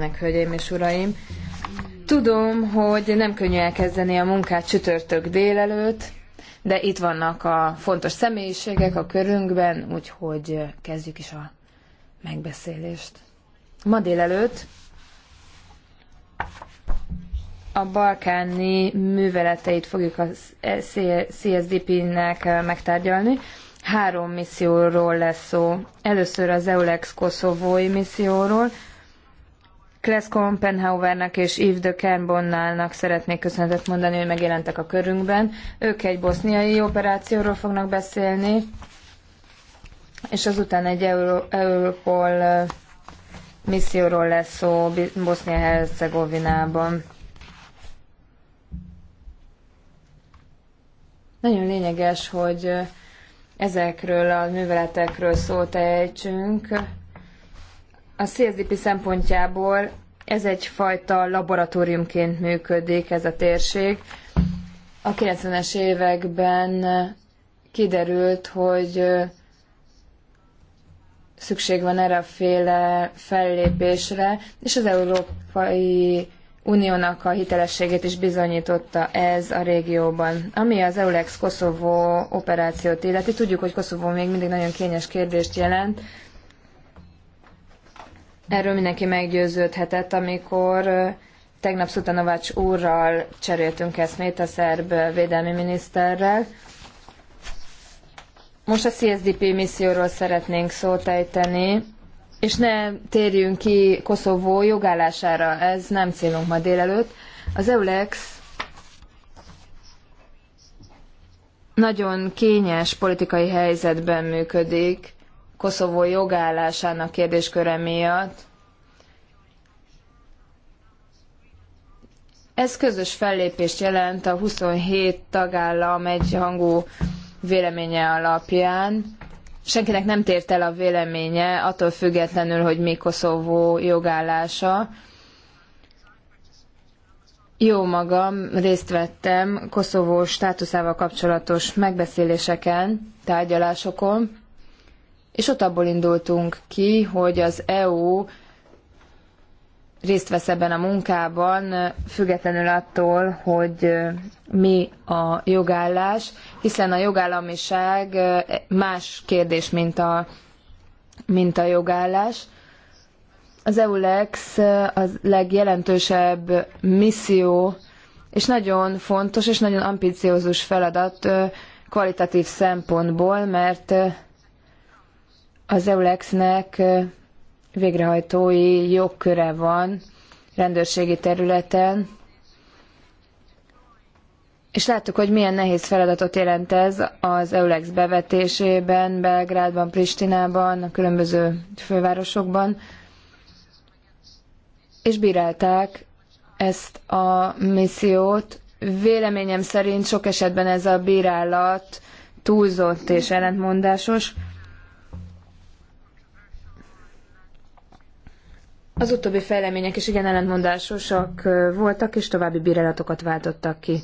Önök, hölgyeim és uraim! Tudom, hogy nem könnyű elkezdeni a munkát csütörtök délelőtt, de itt vannak a fontos személyiségek a körünkben, úgyhogy kezdjük is a megbeszélést. Ma délelőtt a balkáni műveleteit fogjuk a CSDP-nek megtárgyalni. Három misszióról lesz szó. Először az EULEX koszovói misszióról, Klesz Kompenhauernek és Yves de Kernbonnálnak szeretnék köszönetet mondani, hogy megjelentek a körünkben. Ők egy boszniai operációról fognak beszélni, és azután egy Europol misszióról lesz szó Bosznia-Hercegovinában. Nagyon lényeges, hogy ezekről a műveletekről szót ejtsünk a CSDP szempontjából ez egyfajta laboratóriumként működik ez a térség. A 90-es években kiderült, hogy szükség van erre a féle fellépésre, és az Európai Uniónak a hitelességét is bizonyította ez a régióban. Ami az EULEX Koszovó operációt illeti, tudjuk, hogy Koszovó még mindig nagyon kényes kérdést jelent, Erről mindenki meggyőződhetett, amikor tegnap Szutanovács úrral cseréltünk eszmét a szerb védelmi miniszterrel. Most a CSDP misszióról szeretnénk szót ejteni, és ne térjünk ki Koszovó jogállására, ez nem célunk ma délelőtt. Az EULEX nagyon kényes politikai helyzetben működik. Koszovó jogállásának kérdésköre miatt. Ez közös fellépést jelent a 27 tagállam egyhangú véleménye alapján. Senkinek nem tért el a véleménye, attól függetlenül, hogy mi Koszovó jogállása. Jó magam, részt vettem Koszovó státuszával kapcsolatos megbeszéléseken, tárgyalásokon és ott abból indultunk ki, hogy az EU részt vesz ebben a munkában, függetlenül attól, hogy mi a jogállás, hiszen a jogállamiság más kérdés, mint a, mint a jogállás. Az EULEX a legjelentősebb misszió, és nagyon fontos és nagyon ambiciózus feladat kvalitatív szempontból, mert az EULEX-nek végrehajtói jogköre van rendőrségi területen, és láttuk, hogy milyen nehéz feladatot jelent ez az EULEX bevetésében, Belgrádban, Pristinában, a különböző fővárosokban, és bírálták ezt a missziót. Véleményem szerint sok esetben ez a bírálat túlzott és ellentmondásos. Az utóbbi fejlemények is igen ellentmondásosak voltak, és további bírálatokat váltottak ki.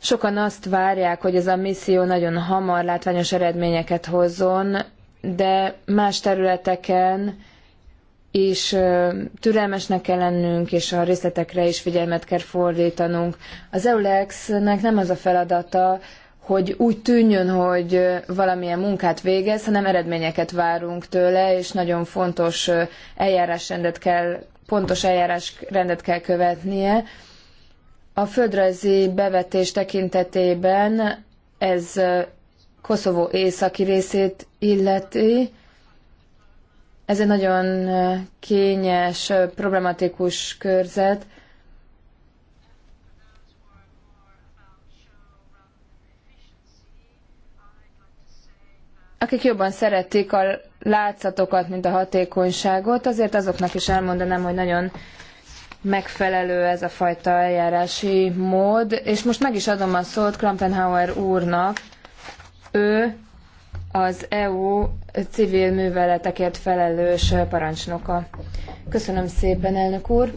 Sokan azt várják, hogy ez a misszió nagyon hamar látványos eredményeket hozzon, de más területeken is türelmesnek kell lennünk, és a részletekre is figyelmet kell fordítanunk. Az EULEX-nek nem az a feladata, hogy úgy tűnjön, hogy valamilyen munkát végez, hanem eredményeket várunk tőle, és nagyon fontos eljárásrendet kell, pontos eljárásrendet kell követnie. A földrajzi bevetés tekintetében ez Koszovó északi részét illeti. Ez egy nagyon kényes, problematikus körzet. akik jobban szeretik a látszatokat, mint a hatékonyságot, azért azoknak is elmondanám, hogy nagyon megfelelő ez a fajta eljárási mód, és most meg is adom a szót Krampenhauer úrnak. Ő az EU civil műveletekért felelős parancsnoka. Köszönöm szépen, elnök úr!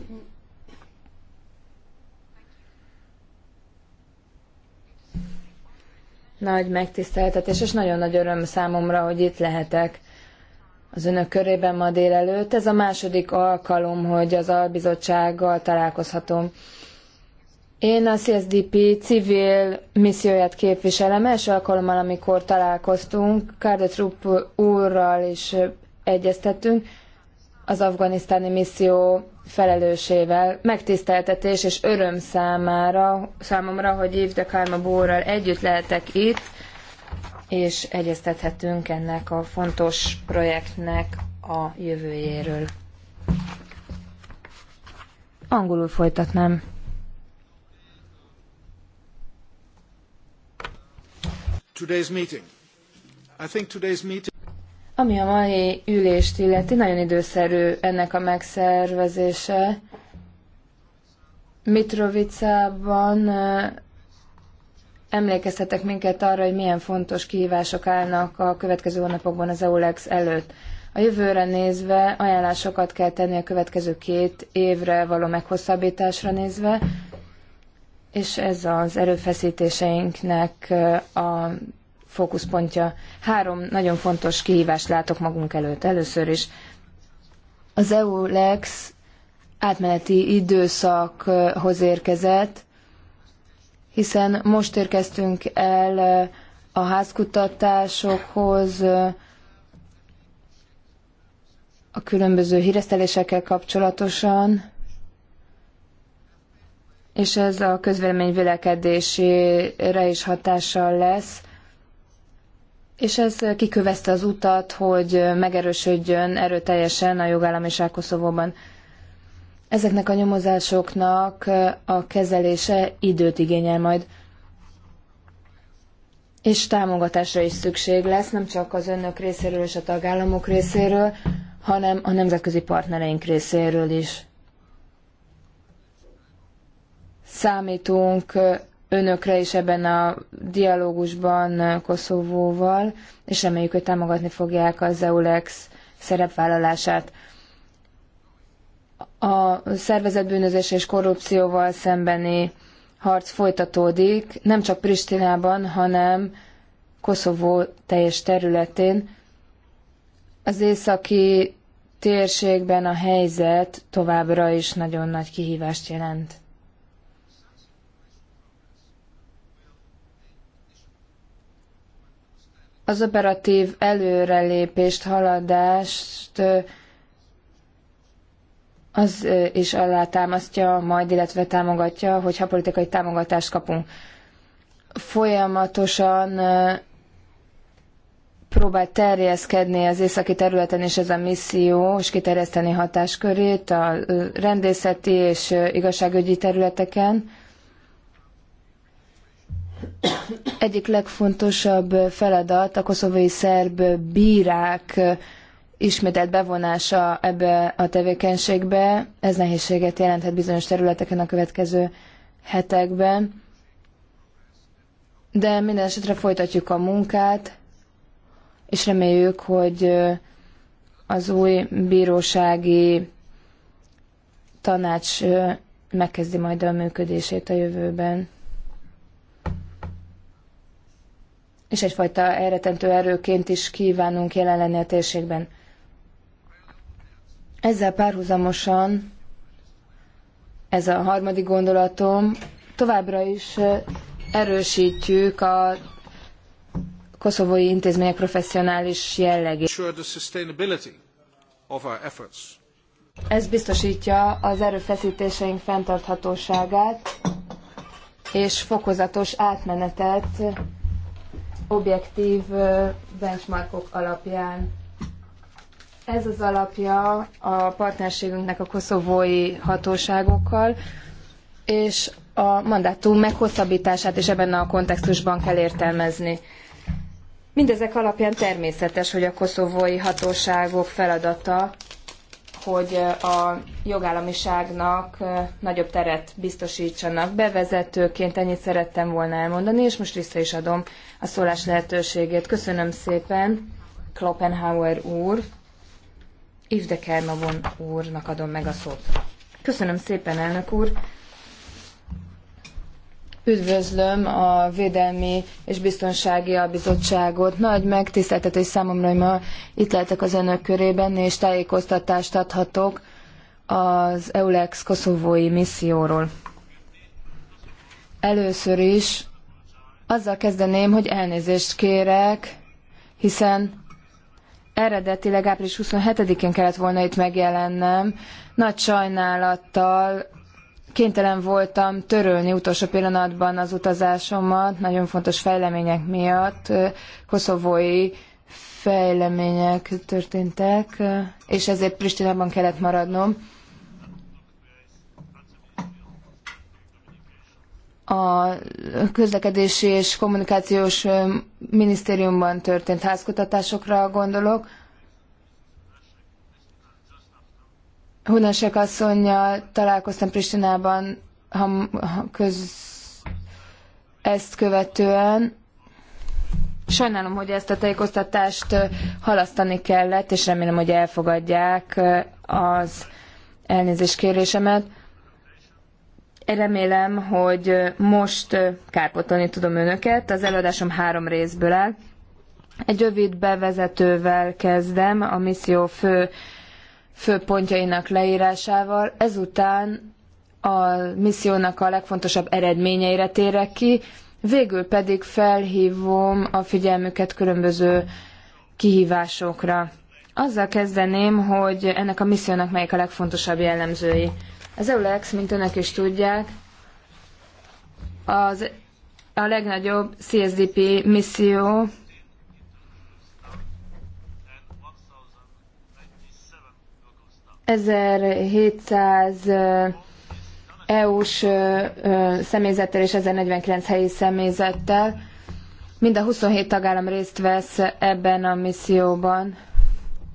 Nagy megtiszteltetés, és nagyon nagy öröm számomra, hogy itt lehetek az önök körében ma délelőtt. Ez a második alkalom, hogy az albizottsággal találkozhatom. Én a CSDP civil misszióját képviselem. Első alkalommal, amikor találkoztunk, Kárdetrup úrral is egyeztettünk, az afganisztáni misszió felelősével. Megtiszteltetés és öröm számára, számomra, hogy Yves de Karma Bóral együtt lehetek itt, és egyeztethetünk ennek a fontos projektnek a jövőjéről. Angolul folytatnám. Today's meeting. I think today's meeting ami a mai ülést illeti, nagyon időszerű ennek a megszervezése. Mitrovicában emlékeztetek minket arra, hogy milyen fontos kihívások állnak a következő hónapokban az EULEX előtt. A jövőre nézve ajánlásokat kell tenni a következő két évre való meghosszabbításra nézve, és ez az erőfeszítéseinknek a fókuszpontja. Három nagyon fontos kihívást látok magunk előtt. Először is az EULEX átmeneti időszakhoz érkezett, hiszen most érkeztünk el a házkutatásokhoz, a különböző híresztelésekkel kapcsolatosan, és ez a közvélemény vélekedésére is hatással lesz. És ez kikövezte az utat, hogy megerősödjön erőteljesen a jogállamiság Koszovóban. Ezeknek a nyomozásoknak a kezelése időt igényel majd. És támogatásra is szükség lesz, nem csak az önök részéről és a tagállamok részéről, hanem a nemzetközi partnereink részéről is. Számítunk önökre is ebben a dialógusban Koszovóval, és reméljük, hogy támogatni fogják az EULEX szerepvállalását. A bűnözés és korrupcióval szembeni harc folytatódik, nem csak Pristinában, hanem Koszovó teljes területén. Az északi térségben a helyzet továbbra is nagyon nagy kihívást jelent. az operatív előrelépést, haladást az is alátámasztja majd, illetve támogatja, hogyha politikai támogatást kapunk. Folyamatosan próbál terjeszkedni az északi területen is ez a misszió, és kiterjeszteni hatáskörét a rendészeti és igazságügyi területeken egyik legfontosabb feladat a koszovói szerb bírák ismételt bevonása ebbe a tevékenységbe. Ez nehézséget jelenthet bizonyos területeken a következő hetekben. De minden esetre folytatjuk a munkát, és reméljük, hogy az új bírósági tanács megkezdi majd a működését a jövőben. és egyfajta elretentő erőként is kívánunk jelen lenni a térségben. Ezzel párhuzamosan ez a harmadik gondolatom, továbbra is erősítjük a koszovói intézmények professzionális jellegét. Ez biztosítja az erőfeszítéseink fenntarthatóságát és fokozatos átmenetet objektív benchmarkok alapján. Ez az alapja a partnerségünknek a koszovói hatóságokkal, és a mandátum meghosszabbítását is ebben a kontextusban kell értelmezni. Mindezek alapján természetes, hogy a koszovói hatóságok feladata hogy a jogállamiságnak nagyobb teret biztosítsanak. Bevezetőként ennyit szerettem volna elmondani, és most vissza is adom a szólás lehetőségét. Köszönöm szépen, Kloppenhauer úr. Yves de Kermavon úrnak adom meg a szót. Köszönöm szépen, elnök úr. Üdvözlöm a Védelmi és Biztonsági Bizottságot. Nagy megtiszteltetés számomra, hogy ma itt lehetek az önök körében, és tájékoztatást adhatok az EULEX koszovói misszióról. Először is azzal kezdeném, hogy elnézést kérek, hiszen eredetileg április 27-én kellett volna itt megjelennem. Nagy sajnálattal kénytelen voltam törölni utolsó pillanatban az utazásomat, nagyon fontos fejlemények miatt, koszovói fejlemények történtek, és ezért Pristinában kellett maradnom. A közlekedési és kommunikációs minisztériumban történt házkutatásokra gondolok, Hunasek asszonynal találkoztam Pristinában ha, ha köz, ezt követően. Sajnálom, hogy ezt a tájékoztatást halasztani kellett, és remélem, hogy elfogadják az elnézés kérésemet. Remélem, hogy most kárpotolni tudom önöket. Az előadásom három részből áll. Egy rövid bevezetővel kezdem a misszió fő fő pontjainak leírásával. Ezután a missziónak a legfontosabb eredményeire térek ki, végül pedig felhívom a figyelmüket különböző kihívásokra. Azzal kezdeném, hogy ennek a missziónak melyik a legfontosabb jellemzői. Az EULEX, mint önök is tudják, az a legnagyobb CSDP misszió 1700 EU-s személyzettel és 1049 helyi személyzettel. Mind a 27 tagállam részt vesz ebben a misszióban,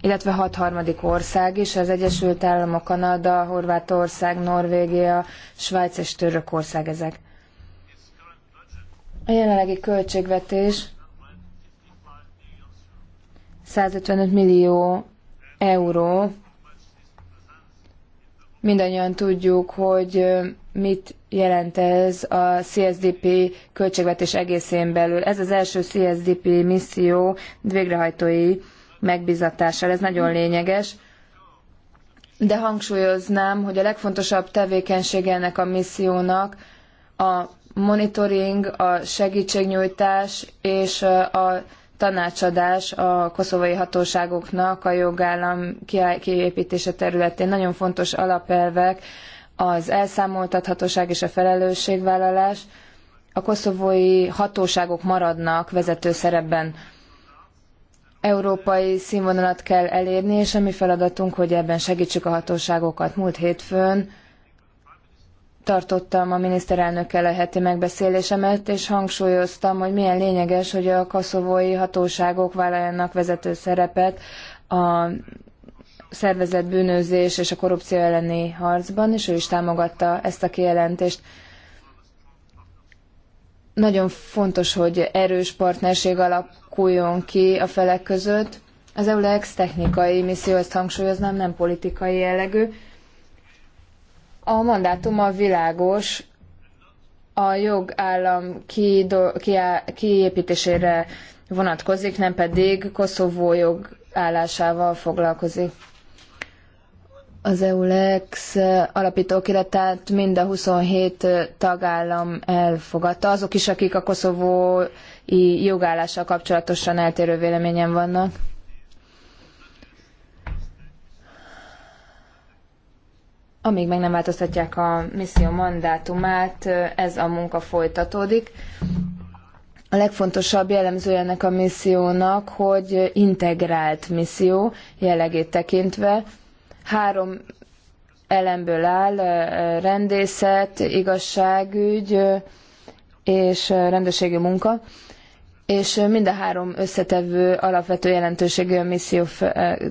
illetve hat harmadik ország is, az Egyesült Államok, Kanada, Horvátország, Norvégia, Svájc és Törökország ezek. A jelenlegi költségvetés 155 millió euró, Mindannyian tudjuk, hogy mit jelent ez a CSDP költségvetés egészén belül. Ez az első CSDP misszió végrehajtói megbizatással. Ez nagyon lényeges. De hangsúlyoznám, hogy a legfontosabb tevékenység ennek a missziónak a monitoring, a segítségnyújtás és a tanácsadás a koszovai hatóságoknak a jogállam kiépítése területén. Nagyon fontos alapelvek az elszámoltathatóság és a felelősségvállalás. A koszovói hatóságok maradnak vezető szerepben. Európai színvonalat kell elérni, és a mi feladatunk, hogy ebben segítsük a hatóságokat. Múlt hétfőn tartottam a miniszterelnökkel a heti megbeszélésemet, és hangsúlyoztam, hogy milyen lényeges, hogy a koszovói hatóságok vállaljanak vezető szerepet a szervezett bűnözés és a korrupció elleni harcban, és ő is támogatta ezt a kijelentést. Nagyon fontos, hogy erős partnerség alakuljon ki a felek között. Az EULEX technikai misszió, ezt hangsúlyoznám, nem politikai jellegű a mandátuma világos, a jogállam kido, kiépítésére vonatkozik, nem pedig Koszovó jogállásával foglalkozik. Az EULEX alapítókiratát mind a 27 tagállam elfogadta, azok is, akik a koszovói jogállással kapcsolatosan eltérő véleményen vannak. amíg meg nem változtatják a misszió mandátumát, ez a munka folytatódik. A legfontosabb jellemzője ennek a missziónak, hogy integrált misszió jellegét tekintve. Három elemből áll, rendészet, igazságügy és rendőrségi munka, és mind a három összetevő alapvető jelentőségű a misszió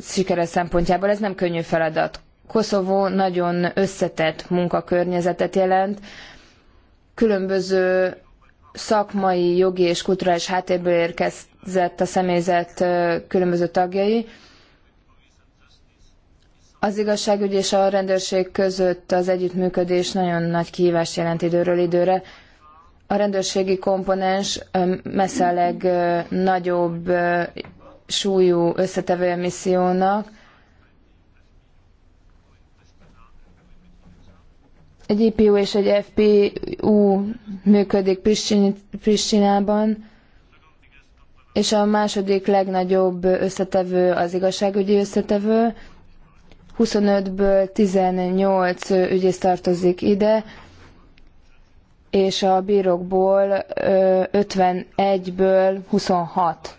sikere szempontjából. Ez nem könnyű feladat. Koszovó nagyon összetett munkakörnyezetet jelent, különböző szakmai, jogi és kulturális háttérből érkezett a személyzet különböző tagjai. Az igazságügy és a rendőrség között az együttműködés nagyon nagy kihívást jelent időről időre. A rendőrségi komponens messze a legnagyobb súlyú összetevője missziónak, Egy IPU és egy FPU működik Pristinában, és a második legnagyobb összetevő az igazságügyi összetevő. 25-ből 18 ügyész tartozik ide, és a bírókból 51-ből 26.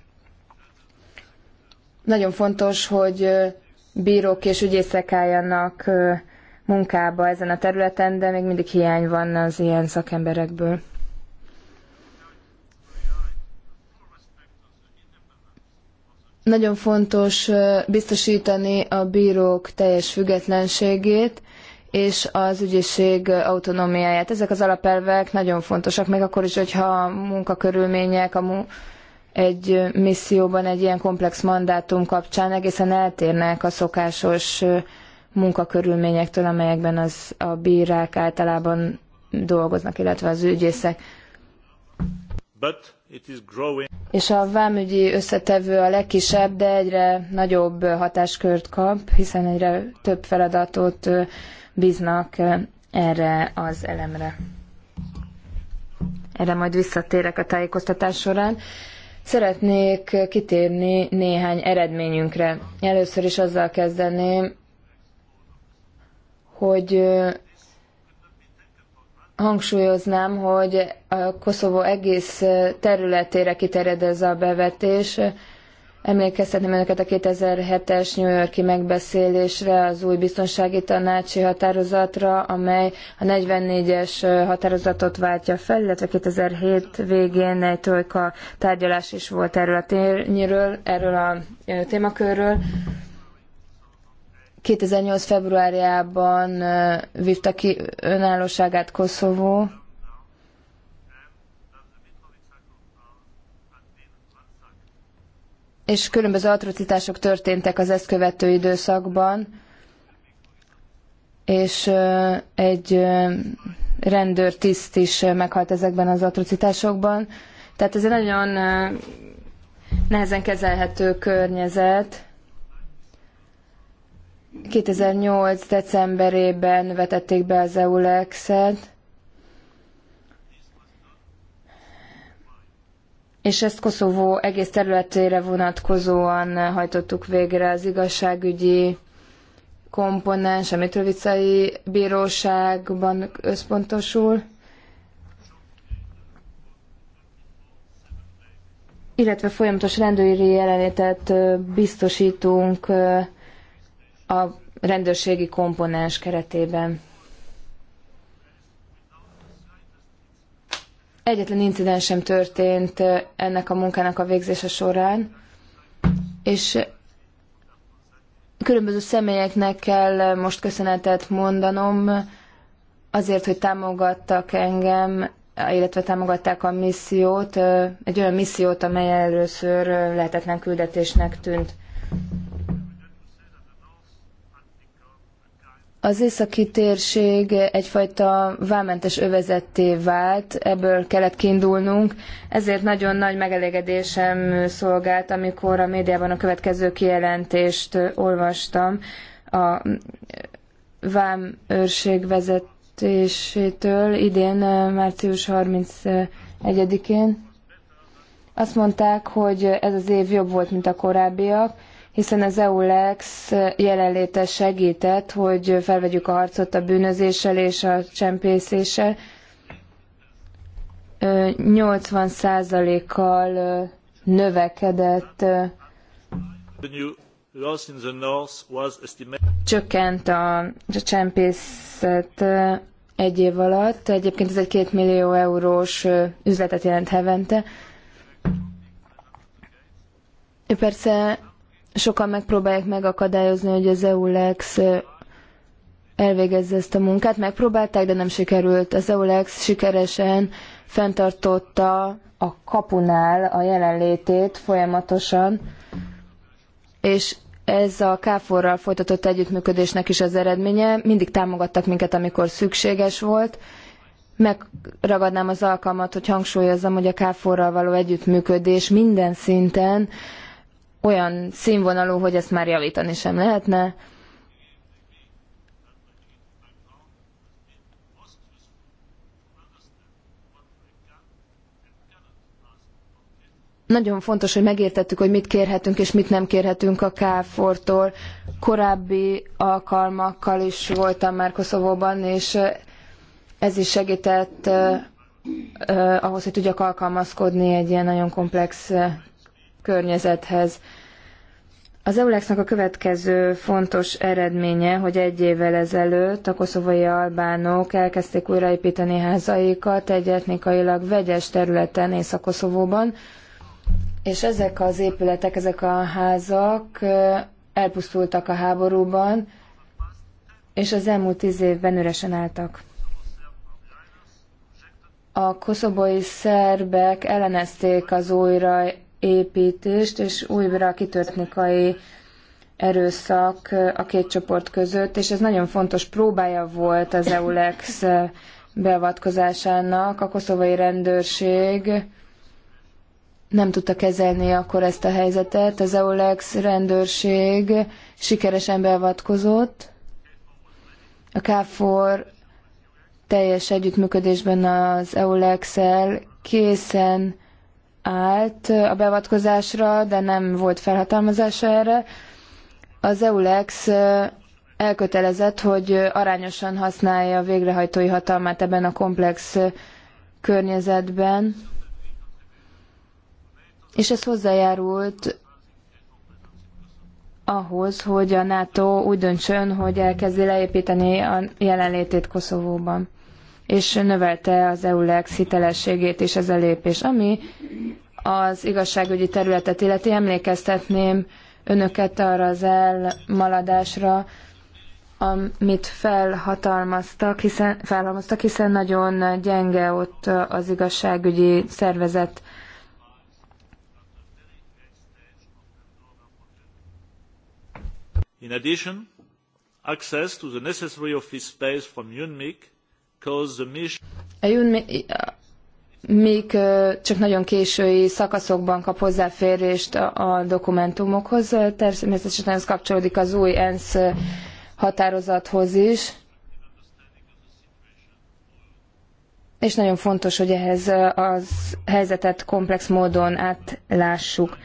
Nagyon fontos, hogy bírók és ügyészek álljanak munkába ezen a területen, de még mindig hiány van az ilyen szakemberekből. Nagyon fontos biztosítani a bírók teljes függetlenségét, és az ügyészség autonómiáját. Ezek az alapelvek nagyon fontosak, még akkor is, hogyha a munkakörülmények a mu- egy misszióban egy ilyen komplex mandátum kapcsán egészen eltérnek a szokásos munkakörülményektől, amelyekben az a bírák általában dolgoznak, illetve az ügyészek. És a vámügyi összetevő a legkisebb, de egyre nagyobb hatáskört kap, hiszen egyre több feladatot bíznak erre az elemre. Erre majd visszatérek a tájékoztatás során. Szeretnék kitérni néhány eredményünkre. Először is azzal kezdeném, hogy hangsúlyoznám, hogy a Koszovó egész területére kitered ez a bevetés. Emlékeztetném önöket a 2007-es New Yorki megbeszélésre, az új biztonsági tanácsi határozatra, amely a 44-es határozatot váltja fel, illetve 2007 végén egy tojka tárgyalás is volt erről a tényről, erről a témakörről. 2008. februárjában vívta ki önállóságát Koszovó. És különböző atrocitások történtek az ezt követő időszakban, és egy rendőrtiszt is meghalt ezekben az atrocitásokban. Tehát ez egy nagyon nehezen kezelhető környezet. 2008. decemberében vetették be az EULEX-et, és ezt Koszovó egész területére vonatkozóan hajtottuk végre az igazságügyi komponens, a Mitrovicai Bíróságban összpontosul, illetve folyamatos rendőri jelenlétet biztosítunk a rendőrségi komponens keretében. Egyetlen incidens sem történt ennek a munkának a végzése során, és különböző személyeknek kell most köszönetet mondanom azért, hogy támogattak engem, illetve támogatták a missziót, egy olyan missziót, amely először lehetetlen küldetésnek tűnt. Az északi térség egyfajta vámentes övezetté vált, ebből kellett kiindulnunk, ezért nagyon nagy megelégedésem szolgált, amikor a médiában a következő kijelentést olvastam a vám őrség vezetésétől idén, március 31-én. Azt mondták, hogy ez az év jobb volt, mint a korábbiak, hiszen az EULEX jelenléte segített, hogy felvegyük a harcot a bűnözéssel és a csempészéssel. 80%-kal növekedett csökkent a csempészet egy év alatt. Egyébként ez egy két millió eurós üzletet jelent hevente. Persze sokan megpróbálják megakadályozni, hogy az EULEX eh, elvégezze ezt a munkát. Megpróbálták, de nem sikerült. Az EULEX sikeresen fenntartotta a kapunál a jelenlétét folyamatosan, és ez a KFOR-ral folytatott együttműködésnek is az eredménye. Mindig támogattak minket, amikor szükséges volt. Megragadnám az alkalmat, hogy hangsúlyozzam, hogy a KFOR-ral való együttműködés minden szinten olyan színvonalú, hogy ezt már javítani sem lehetne. Nagyon fontos, hogy megértettük, hogy mit kérhetünk és mit nem kérhetünk a KFOR-tól. Korábbi alkalmakkal is voltam már Koszovóban, és ez is segített ahhoz, hogy tudjak alkalmazkodni egy ilyen nagyon komplex környezethez. Az EULEX-nak a következő fontos eredménye, hogy egy évvel ezelőtt a koszovói albánok elkezdték újraépíteni házaikat egy etnikailag vegyes területen Észak-Koszovóban, és ezek az épületek, ezek a házak elpusztultak a háborúban, és az elmúlt tíz évben üresen álltak. A koszobói szerbek ellenezték az újra építést, és újra Nikai erőszak a két csoport között, és ez nagyon fontos próbája volt az EULEX beavatkozásának. A koszovai rendőrség nem tudta kezelni akkor ezt a helyzetet. Az EULEX rendőrség sikeresen beavatkozott. A KFOR teljes együttműködésben az EULEX-el készen állt a beavatkozásra, de nem volt felhatalmazása erre. Az EULEX elkötelezett, hogy arányosan használja a végrehajtói hatalmát ebben a komplex környezetben, és ez hozzájárult ahhoz, hogy a NATO úgy döntsön, hogy elkezdi leépíteni a jelenlétét Koszovóban és növelte az EULEX hitelességét is ez a lépés, ami az igazságügyi területet illeti emlékeztetném önöket arra az elmaladásra, amit felhatalmaztak, hiszen, felhalmoztak, hiszen nagyon gyenge ott az igazságügyi szervezet. In addition, access to the necessary office space from UNMIC a Jun még csak nagyon késői szakaszokban kap hozzáférést a dokumentumokhoz. Természetesen ez kapcsolódik az új ENSZ határozathoz is. És nagyon fontos, hogy ehhez a helyzetet komplex módon átlássuk.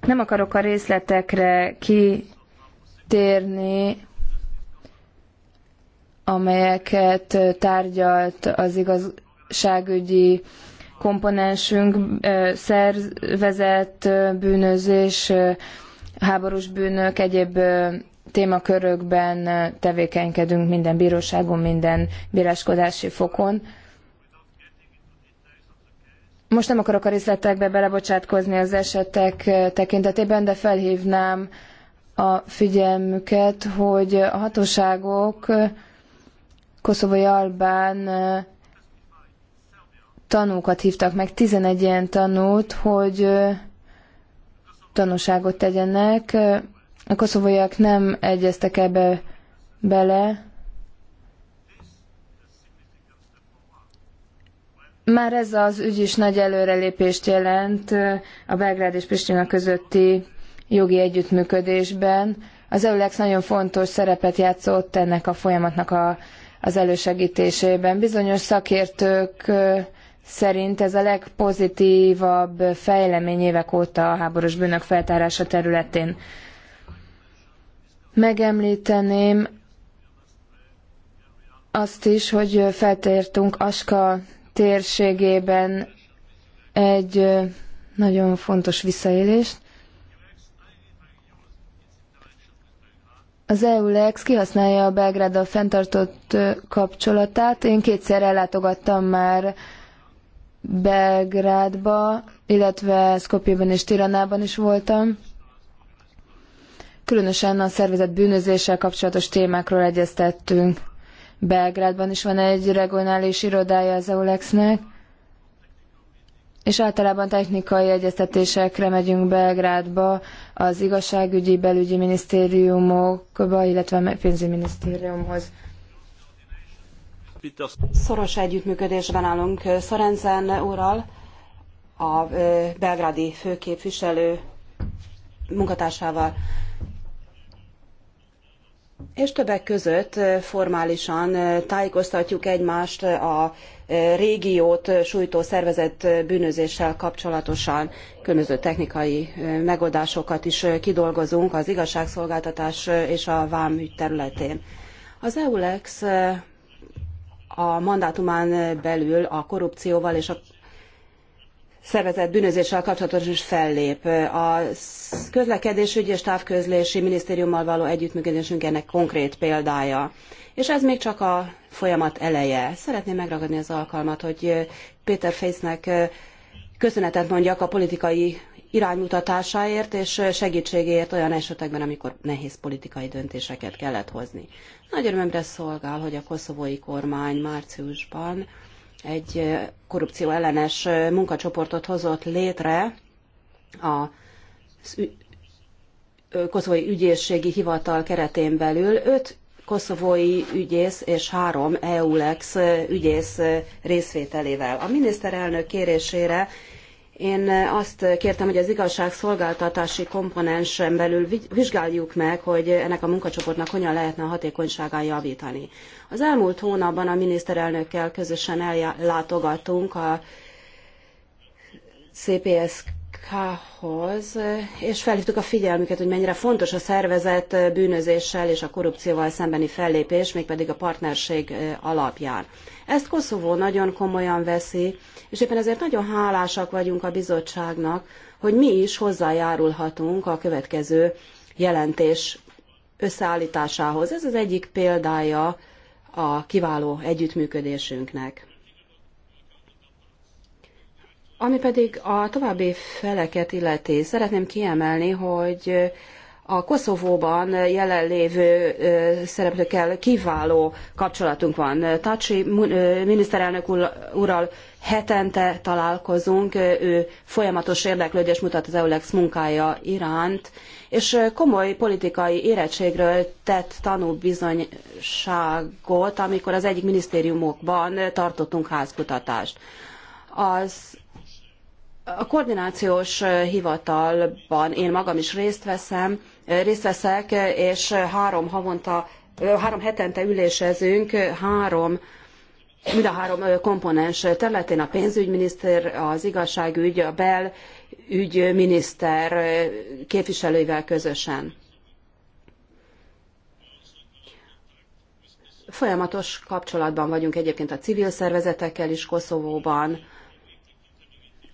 Nem akarok a részletekre kitérni, amelyeket tárgyalt az igazságügyi komponensünk, szervezett bűnözés, háborús bűnök, egyéb témakörökben tevékenykedünk minden bíróságon, minden bíráskodási fokon. Most nem akarok a részletekbe belebocsátkozni az esetek tekintetében, de felhívnám a figyelmüket, hogy a hatóságok koszovai albán tanúkat hívtak meg, 11 ilyen tanút, hogy tanúságot tegyenek. A koszovóiak nem egyeztek ebbe bele. Már ez az ügy is nagy előrelépést jelent a Belgrád és Pristina közötti jogi együttműködésben. Az EULEX nagyon fontos szerepet játszott ennek a folyamatnak a az elősegítésében. Bizonyos szakértők szerint ez a legpozitívabb fejlemény évek óta a háborús bűnök feltárása területén. Megemlíteném azt is, hogy feltértünk Aska térségében egy nagyon fontos visszaélést, Az EULEX kihasználja a Belgráddal fenntartott kapcsolatát. Én kétszer ellátogattam már Belgrádba, illetve Skopjeban és Tiranában is voltam. Különösen a szervezet bűnözéssel kapcsolatos témákról egyeztettünk. Belgrádban is van egy regionális irodája az EULEX-nek és általában technikai egyeztetésekre megyünk Belgrádba, az igazságügyi, belügyi minisztériumokba, illetve a pénzügyminisztériumhoz. Szoros együttműködésben állunk Szorenzen úrral, a belgrádi főképviselő munkatársával. És többek között formálisan tájékoztatjuk egymást a régiót sújtó szervezett bűnözéssel kapcsolatosan különböző technikai megoldásokat is kidolgozunk az igazságszolgáltatás és a vámügy területén. Az EULEX a mandátumán belül a korrupcióval és a szervezett bűnözéssel kapcsolatos is fellép. A közlekedésügyi és távközlési minisztériummal való együttműködésünk ennek konkrét példája. És ez még csak a folyamat eleje. Szeretném megragadni az alkalmat, hogy Peter Facenek köszönetet mondjak a politikai iránymutatásáért és segítségéért olyan esetekben, amikor nehéz politikai döntéseket kellett hozni. Nagy örömömre szolgál, hogy a koszovói kormány márciusban egy korrupció ellenes munkacsoportot hozott létre a koszovói ügyészségi hivatal keretén belül. Öt koszovói ügyész és három EULEX ügyész részvételével. A miniszterelnök kérésére én azt kértem, hogy az igazságszolgáltatási komponensen belül vizsgáljuk meg, hogy ennek a munkacsoportnak hogyan lehetne a hatékonyságán javítani. Az elmúlt hónapban a miniszterelnökkel közösen ellátogattunk a CPS Kához és felhívtuk a figyelmüket, hogy mennyire fontos a szervezet bűnözéssel és a korrupcióval szembeni fellépés, mégpedig a partnerség alapján. Ezt Koszovó nagyon komolyan veszi, és éppen ezért nagyon hálásak vagyunk a bizottságnak, hogy mi is hozzájárulhatunk a következő jelentés összeállításához. Ez az egyik példája a kiváló együttműködésünknek. Ami pedig a további feleket illeti, szeretném kiemelni, hogy a Koszovóban jelenlévő szereplőkkel kiváló kapcsolatunk van. Tacsi miniszterelnök úrral hetente találkozunk, ő folyamatos érdeklődést mutat az EULEX munkája iránt, és komoly politikai érettségről tett tanúbizonyságot, amikor az egyik minisztériumokban tartottunk házkutatást. Az a koordinációs hivatalban én magam is részt, veszem, részt veszek, és három havonta, három hetente ülésezünk, három mind a három komponens területén a pénzügyminiszter, az igazságügy, a belügyminiszter képviselőivel közösen. Folyamatos kapcsolatban vagyunk egyébként a civil szervezetekkel is Koszovóban,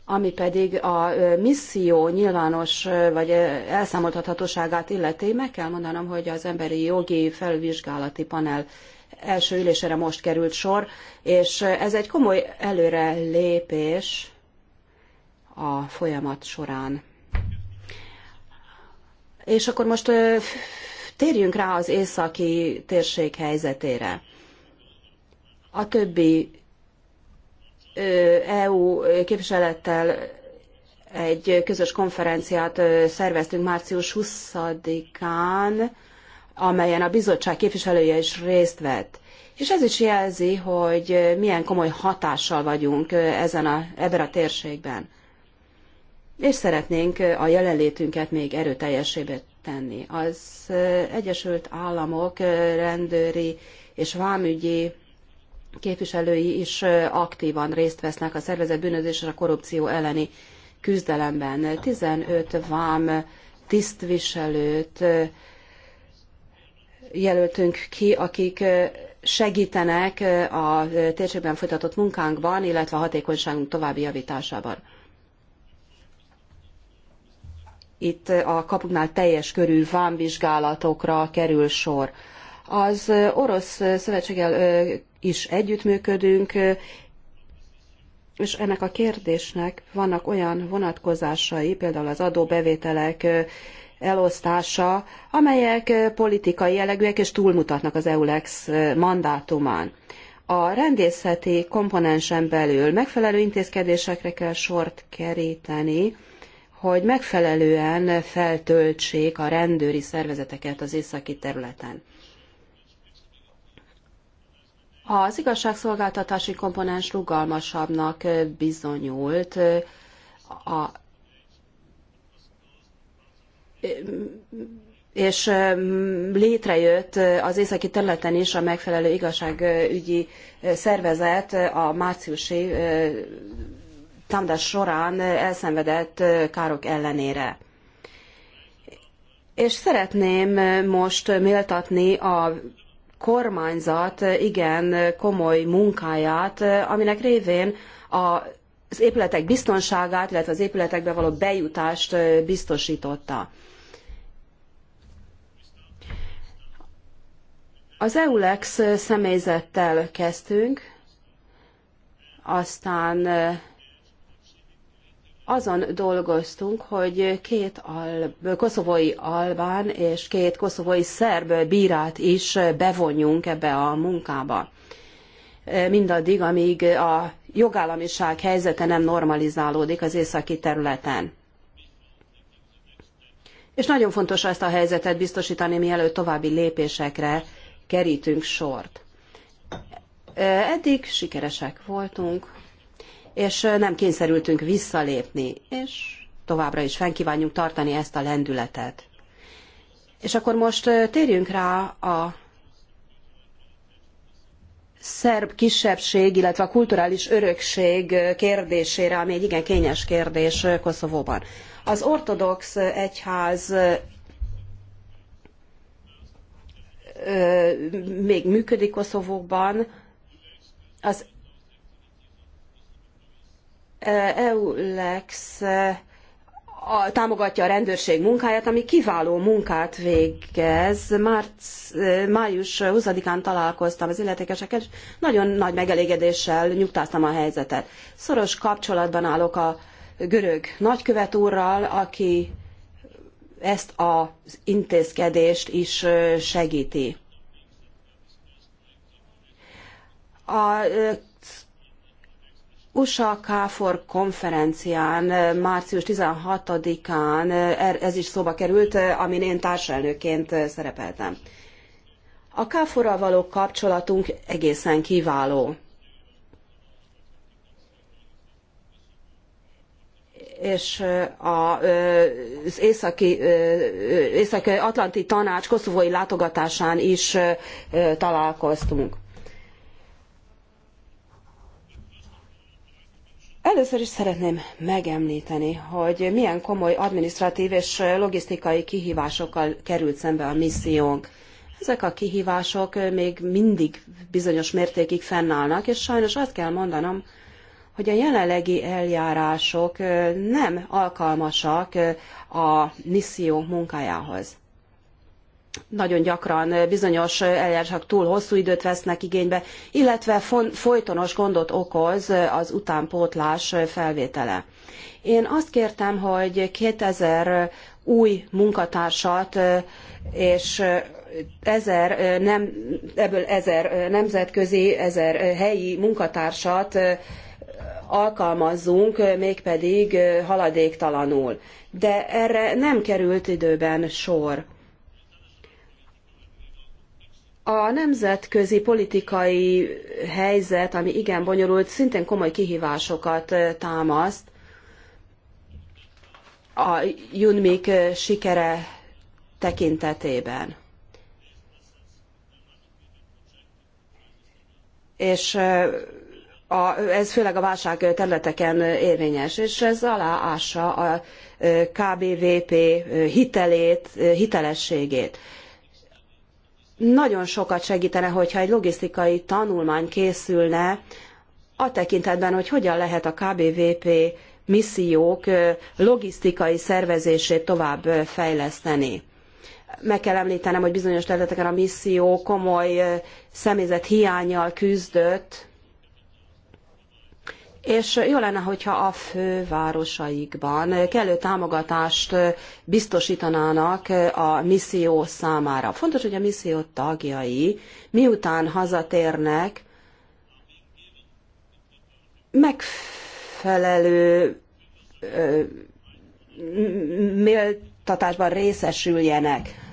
ami pedig a misszió nyilvános vagy elszámoltathatóságát illeti, meg kell mondanom, hogy az emberi jogi felvizsgálati panel első ülésére most került sor, és ez egy komoly előre lépés a folyamat során. És akkor most térjünk rá az északi térség helyzetére. A többi EU e képviselettel egy közös konferenciát szerveztünk március 20-án, amelyen a bizottság képviselője is részt vett. És ez is jelzi, hogy milyen komoly hatással vagyunk ezen a, ebben a térségben. És szeretnénk a jelenlétünket még erőteljesebbé tenni. Az Egyesült Államok rendőri és vámügyi képviselői is aktívan részt vesznek a szervezet bűnözés és a korrupció elleni küzdelemben. 15 vám tisztviselőt jelöltünk ki, akik segítenek a térségben folytatott munkánkban, illetve a hatékonyságunk további javításában. Itt a kapuknál teljes körű vámvizsgálatokra kerül sor. Az orosz szövetséggel is együttműködünk, és ennek a kérdésnek vannak olyan vonatkozásai, például az adóbevételek elosztása, amelyek politikai jellegűek és túlmutatnak az EULEX mandátumán. A rendészeti komponensen belül megfelelő intézkedésekre kell sort keríteni, hogy megfelelően feltöltsék a rendőri szervezeteket az északi területen. Az igazságszolgáltatási komponens rugalmasabbnak bizonyult a és létrejött az északi területen is a megfelelő igazságügyi szervezet a márciusi támadás során elszenvedett károk ellenére. És szeretném most méltatni a kormányzat igen komoly munkáját, aminek révén az épületek biztonságát, illetve az épületekbe való bejutást biztosította. Az EULEX személyzettel kezdtünk, aztán azon dolgoztunk, hogy két al- koszovói albán és két koszovói szerb bírát is bevonjunk ebbe a munkába. Mindaddig, amíg a jogállamiság helyzete nem normalizálódik az északi területen. És nagyon fontos ezt a helyzetet biztosítani, mielőtt további lépésekre kerítünk sort. Eddig sikeresek voltunk, és nem kényszerültünk visszalépni, és továbbra is fennkívánjuk tartani ezt a lendületet. És akkor most térjünk rá a szerb kisebbség, illetve a kulturális örökség kérdésére, ami egy igen kényes kérdés Koszovóban. Az ortodox egyház még működik Koszovóban, az EULEX a, támogatja a rendőrség munkáját, ami kiváló munkát végez. Márc, eh, május 20-án találkoztam az illetékeseket, és nagyon nagy megelégedéssel nyugtáztam a helyzetet. Szoros kapcsolatban állok a görög nagykövet úrral, aki ezt az intézkedést is eh, segíti. A eh, USA KFOR konferencián eh, március 16-án eh, er, ez is szóba került, eh, amin én társelnőként szerepeltem. A KFOR-ral való kapcsolatunk egészen kiváló. és az északi, északi Atlanti Tanács koszovói látogatásán is találkoztunk. Először is szeretném megemlíteni, hogy milyen komoly administratív és logisztikai kihívásokkal került szembe a missziónk. Ezek a kihívások még mindig bizonyos mértékig fennállnak, és sajnos azt kell mondanom, hogy a jelenlegi eljárások nem alkalmasak a misszió munkájához nagyon gyakran eh, bizonyos eh, eljárások túl hosszú időt vesznek igénybe, illetve folytonos gondot okoz eh, az utánpótlás felvétele. Én azt kértem, hogy 2000 új munkatársat és ezer nem, ebből ezer nemzetközi, ezer helyi munkatársat alkalmazzunk, mégpedig haladéktalanul. De erre nem került időben sor. A nemzetközi politikai helyzet, ami igen bonyolult, szintén komoly kihívásokat támaszt. A Junmik sikere tekintetében. És a, ez főleg a válság területeken érvényes, és ez aláássa a KBVP hitelét, hitelességét nagyon sokat segítene, hogyha egy logisztikai tanulmány készülne a tekintetben, hogy hogyan lehet a KBVP missziók logisztikai szervezését tovább fejleszteni. Meg kell említenem, hogy bizonyos területeken a misszió komoly személyzet hiányjal küzdött, és jó lenne, hogyha a fővárosaikban kellő támogatást biztosítanának a misszió számára. Fontos, hogy a misszió tagjai miután hazatérnek, megfelelő méltatásban részesüljenek.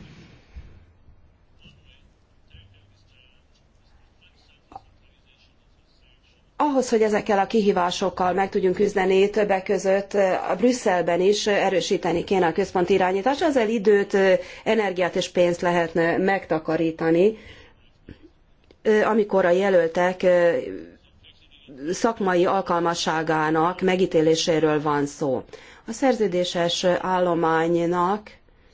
ahhoz, hogy ezekkel a kihívásokkal meg tudjunk küzdeni, többek között a Brüsszelben is erősíteni kéne a központi irányítást, ezzel időt, energiát és pénzt lehetne megtakarítani, amikor a jelöltek szakmai alkalmasságának megítéléséről van szó. A szerződéses állománynak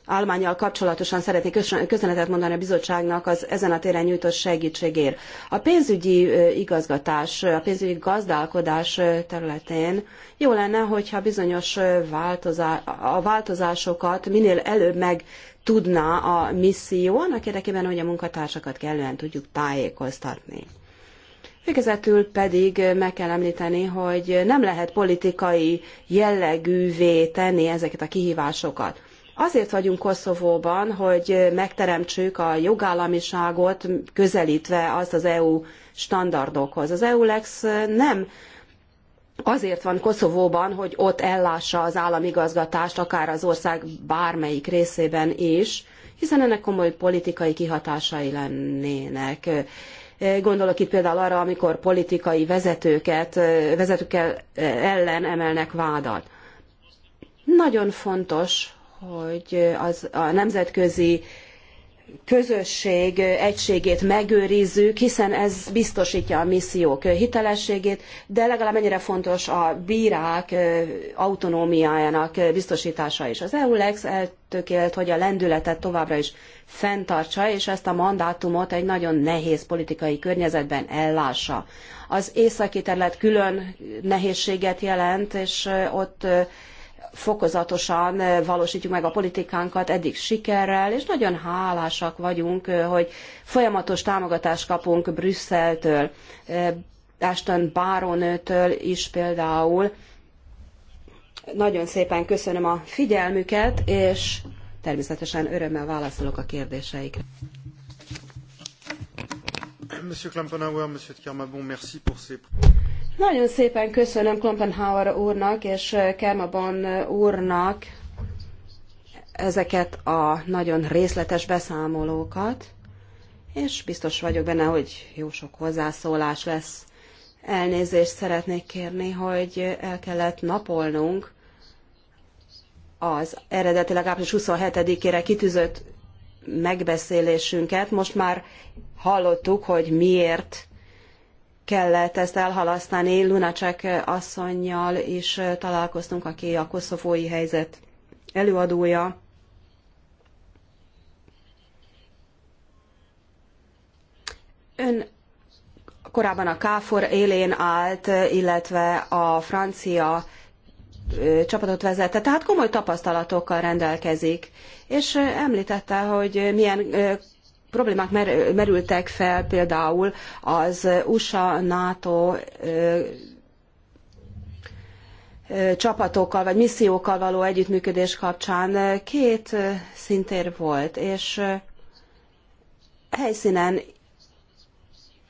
állományjal kapcsolatosan szeretnék köszönetet mondani a bizottságnak az ezen a téren nyújtott segítségért. A pénzügyi igazgatás, a pénzügyi gazdálkodás területén jó lenne, hogyha bizonyos változá- a változásokat minél előbb meg tudná a misszió, annak érdekében, hogy a munkatársakat kellően tudjuk tájékoztatni. Végezetül pedig meg kell említeni, hogy nem lehet politikai jellegűvé tenni ezeket a kihívásokat. Azért vagyunk Koszovóban, hogy megteremtsük a jogállamiságot, közelítve azt az EU standardokhoz. Az EULEX nem azért van Koszovóban, hogy ott ellássa az államigazgatást, akár az ország bármelyik részében is, hiszen ennek komoly politikai kihatásai lennének. Gondolok itt például arra, amikor politikai vezetőket, vezetőkkel ellen emelnek vádat. Nagyon fontos, hogy az, a nemzetközi közösség egységét megőrizzük, hiszen ez biztosítja a missziók hitelességét, de legalább ennyire fontos a bírák autonómiájának biztosítása is. Az EULEX eltökélt, hogy a lendületet továbbra is fenntartsa, és ezt a mandátumot egy nagyon nehéz politikai környezetben ellássa. Az északi terület külön nehézséget jelent, és ott fokozatosan eh, valósítjuk meg a politikánkat, eddig sikerrel, és nagyon hálásak vagyunk, eh, hogy folyamatos támogatást kapunk Brüsszeltől, eh, Ashton Báronőtől is például. Nagyon szépen köszönöm a figyelmüket, és természetesen örömmel válaszolok a kérdéseikre. Monsieur Monsieur Kermabon, merci pour ces... Nagyon szépen köszönöm Klompenhauer úrnak és Kermaban úrnak ezeket a nagyon részletes beszámolókat, és biztos vagyok benne, hogy jó sok hozzászólás lesz. Elnézést szeretnék kérni, hogy el kellett napolnunk az eredetileg április 27-ére kitűzött megbeszélésünket. Most már hallottuk, hogy miért kellett ezt elhalasztani. Lunacek asszonynal is találkoztunk, aki a koszovói helyzet előadója. Ön korábban a KFOR élén állt, illetve a francia csapatot vezette, tehát komoly tapasztalatokkal rendelkezik, és említette, hogy milyen problémák merültek fel például az USA, NATO csapatokkal vagy missziókkal való együttműködés kapcsán két szintér volt, és helyszínen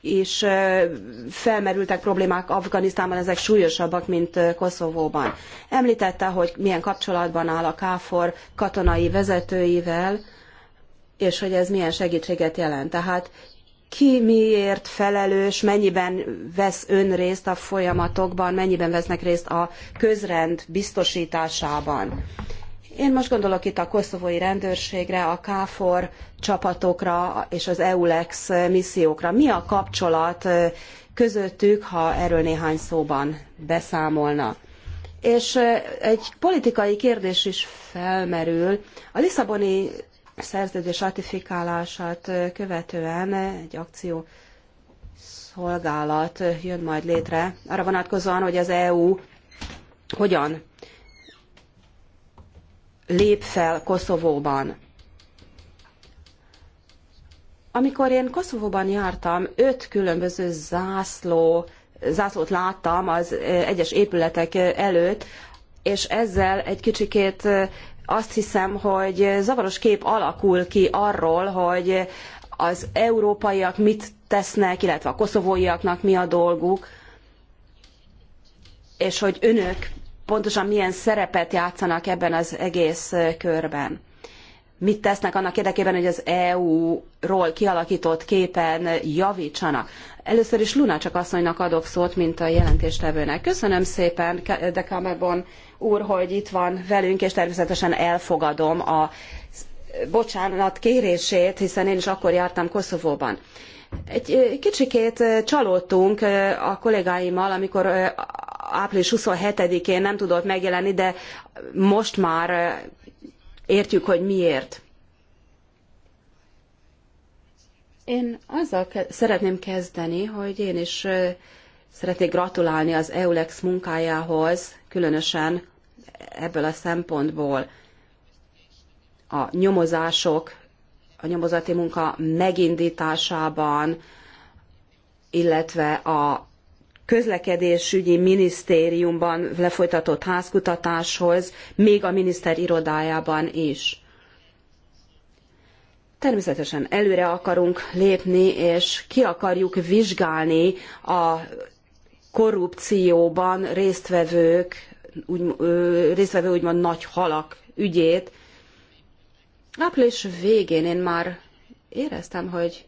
is felmerültek problémák Afganisztánban, ezek súlyosabbak, mint Koszovóban. Említette, hogy milyen kapcsolatban áll a KFOR katonai vezetőivel, és hogy ez milyen segítséget jelent. Tehát ki miért felelős, mennyiben vesz ön részt a folyamatokban, mennyiben vesznek részt a közrend biztosításában. Én most gondolok itt a koszovói rendőrségre, a KFOR csapatokra és az EULEX missziókra. Mi a kapcsolat közöttük, ha erről néhány szóban beszámolna? És egy politikai kérdés is felmerül. A Lisszaboni szerződés ratifikálását követően egy akció szolgálat jön majd létre, arra vonatkozóan, hogy az EU hogyan lép fel Koszovóban. Amikor én Koszovóban jártam, öt különböző zászló, zászlót láttam az egyes épületek előtt, és ezzel egy kicsikét azt hiszem, hogy zavaros kép alakul ki arról, hogy az európaiak mit tesznek, illetve a koszovóiaknak mi a dolguk, és hogy önök pontosan milyen szerepet játszanak ebben az egész körben. Mit tesznek annak érdekében, hogy az EU-ról kialakított képen javítsanak. Először is Lunácsak asszonynak adok szót, mint a jelentéstevőnek. Köszönöm szépen, de Cameron úr, hogy itt van velünk, és természetesen elfogadom a bocsánat kérését, hiszen én is akkor jártam Koszovóban. Egy kicsikét csalódtunk a kollégáimmal, amikor április 27-én nem tudott megjelenni, de most már értjük, hogy miért. Én azzal ke- szeretném kezdeni, hogy én is szeretnék gratulálni az EULEX munkájához, különösen ebből a szempontból a nyomozások, a nyomozati munka megindításában, illetve a közlekedésügyi minisztériumban lefolytatott házkutatáshoz, még a miniszter irodájában is. Természetesen előre akarunk lépni, és ki akarjuk vizsgálni a korrupcióban résztvevők, úgy, résztvevő úgymond nagy halak ügyét. Április végén én már éreztem, hogy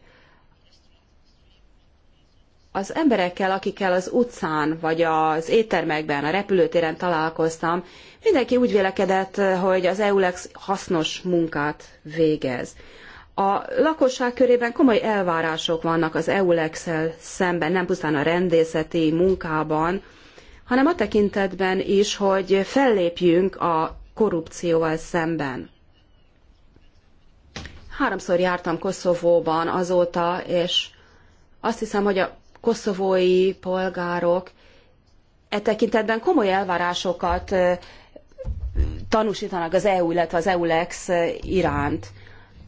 az emberekkel, akikkel az utcán, vagy az éttermekben, a repülőtéren találkoztam, mindenki úgy vélekedett, hogy az EULEX hasznos munkát végez. A lakosság körében komoly elvárások vannak az eulex szemben, nem pusztán a rendészeti munkában, hanem a tekintetben is, hogy fellépjünk a korrupcióval szemben. Háromszor jártam Koszovóban azóta, és azt hiszem, hogy a koszovói polgárok e tekintetben komoly elvárásokat tanúsítanak az EU, illetve az EULEX iránt.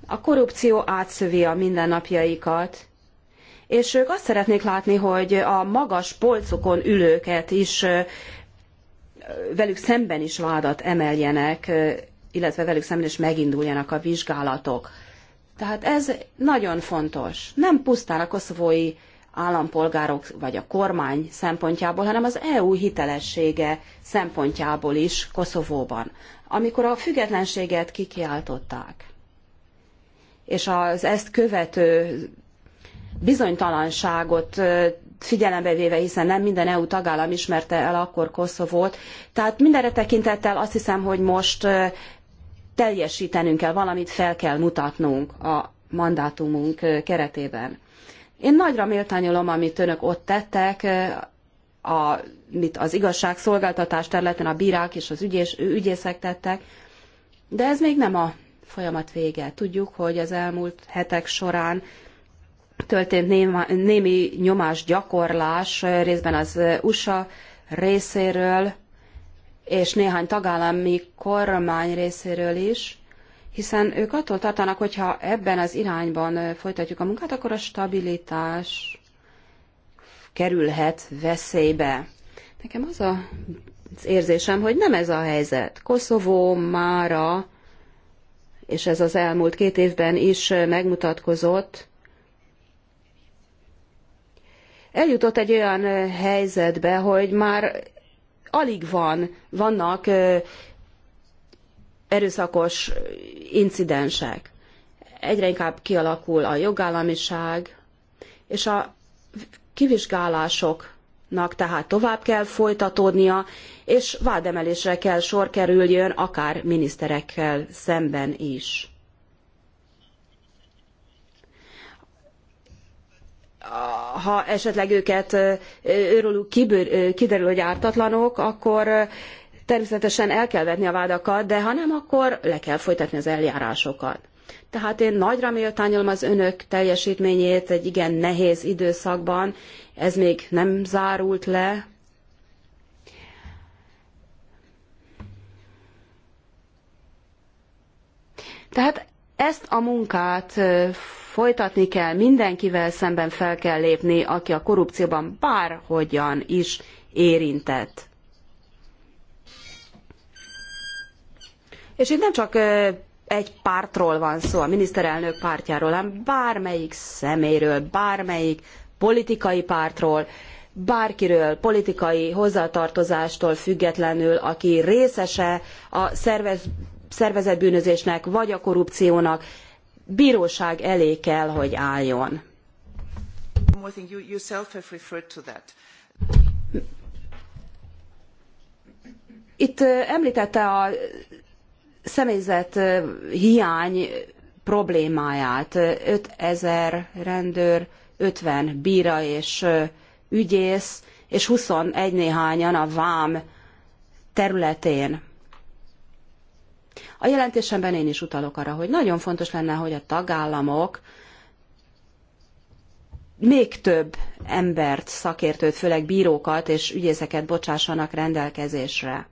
A korrupció átszövi a mindennapjaikat, és ők azt szeretnék látni, hogy a magas polcokon ülőket is velük szemben is vádat emeljenek, illetve velük szemben is meginduljanak a vizsgálatok. Tehát ez nagyon fontos. Nem pusztán a koszovói állampolgárok vagy a kormány szempontjából, hanem az EU hitelessége szempontjából is Koszovóban, amikor a függetlenséget kikiáltották és az ezt követő bizonytalanságot figyelembe véve, hiszen nem minden EU tagállam ismerte el akkor Koszovót. Tehát mindenre tekintettel azt hiszem, hogy most teljesítenünk kell, valamit fel kell mutatnunk a mandátumunk keretében. Én nagyra méltányolom, amit önök ott tettek, a, mit az igazságszolgáltatás területen a bírák és az ügyés, ügyészek tettek, de ez még nem a folyamat vége. Tudjuk, hogy az elmúlt hetek során történt néma, némi gyakorlás részben az USA részéről, és néhány tagállami kormány részéről is, hiszen ők attól tartanak, hogyha ebben az irányban folytatjuk a munkát, akkor a stabilitás kerülhet veszélybe. Nekem az a az érzésem, hogy nem ez a helyzet. Koszovó mára és ez az elmúlt két évben is megmutatkozott, eljutott egy olyan helyzetbe, hogy már alig van, vannak erőszakos incidensek. Egyre inkább kialakul a jogállamiság, és a kivizsgálások nak tehát tovább kell folytatódnia, és vádemelésre kell sor kerüljön, akár miniszterekkel szemben is. Ha esetleg őket őrülük kiderül, hogy ártatlanok, akkor természetesen el kell vetni a vádakat, de ha nem, akkor le kell folytatni az eljárásokat. Tehát én nagyra méltányolom az önök teljesítményét egy igen nehéz időszakban, ez még nem zárult le. Tehát ezt a munkát folytatni kell, mindenkivel szemben fel kell lépni, aki a korrupcióban bárhogyan is érintett. És itt nem csak egy pártról van szó, a miniszterelnök pártjáról, hanem bármelyik szeméről, bármelyik politikai pártról, bárkiről, politikai hozzátartozástól függetlenül, aki részese a szervez, szervezett bűnözésnek vagy a korrupciónak, bíróság elé kell, hogy álljon. Itt említette a személyzet hiány problémáját. 5000 rendőr, 50 bíra és ügyész, és 21 néhányan a vám területén. A jelentésemben én is utalok arra, hogy nagyon fontos lenne, hogy a tagállamok még több embert, szakértőt, főleg bírókat és ügyészeket bocsássanak rendelkezésre.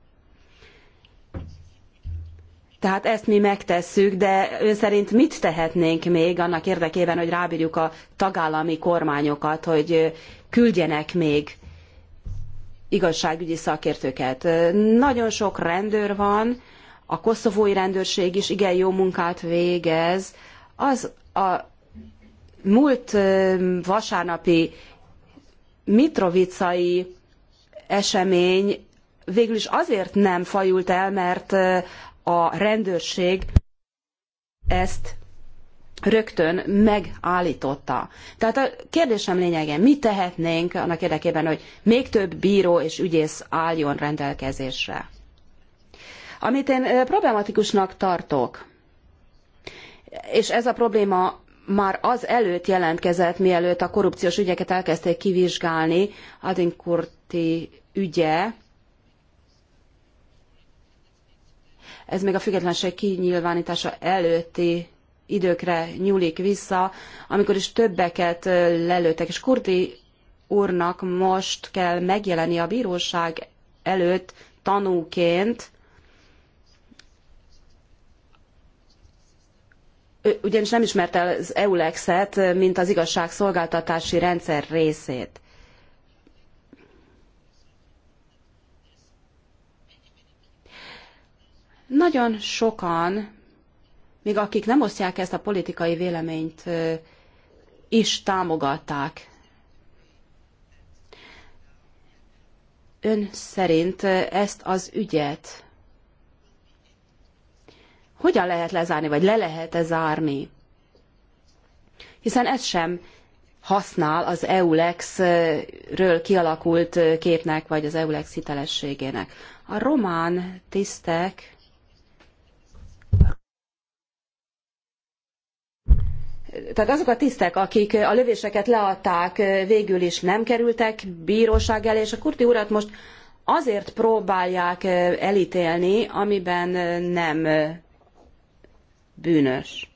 Tehát ezt mi megtesszük, de ön szerint mit tehetnénk még annak érdekében, hogy rábírjuk a tagállami kormányokat, hogy küldjenek még igazságügyi szakértőket. Nagyon sok rendőr van, a koszovói rendőrség is igen jó munkát végez. Az a múlt vasárnapi mitrovicai esemény végül is azért nem fajult el, mert a rendőrség ezt rögtön megállította. Tehát a kérdésem lényege, mit tehetnénk annak érdekében, hogy még több bíró és ügyész álljon rendelkezésre? Amit én problematikusnak tartok, és ez a probléma már az előtt jelentkezett, mielőtt a korrupciós ügyeket elkezdték kivizsgálni, Adinkurti ügye, ez még a függetlenség kinyilvánítása előtti időkre nyúlik vissza, amikor is többeket lelőttek, és Kurdi úrnak most kell megjelenni a bíróság előtt tanúként, ugyanis nem ismerte az EULEX-et, mint az igazságszolgáltatási rendszer részét. Nagyon sokan, még akik nem osztják ezt a politikai véleményt, is támogatták. Ön szerint ezt az ügyet hogyan lehet lezárni, vagy le lehet-e zárni? Hiszen ez sem használ az EULEX-ről kialakult képnek, vagy az EULEX hitelességének. A román tisztek tehát azok a tisztek, akik a lövéseket leadták, végül is nem kerültek bíróság elé, és a Kurti urat most azért próbálják elítélni, amiben nem bűnös.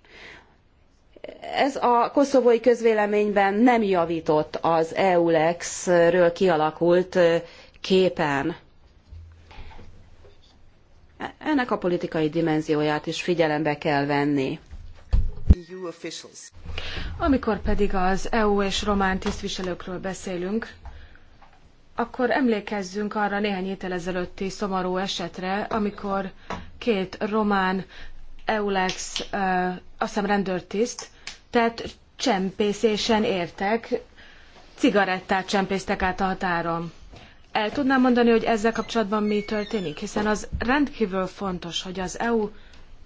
Ez a koszovói közvéleményben nem javított az EULEX-ről kialakult képen. Ennek a politikai dimenzióját is figyelembe kell venni. E amikor pedig az EU és román tisztviselőkről beszélünk, akkor emlékezzünk arra néhány héttel ezelőtti szomorú esetre, amikor két román EULEX, azt hiszem rendőrtiszt, tehát csempészésen értek, cigarettát csempésztek át a határon. El tudnám mondani, hogy ezzel kapcsolatban mi történik? Hiszen az rendkívül fontos, hogy az EU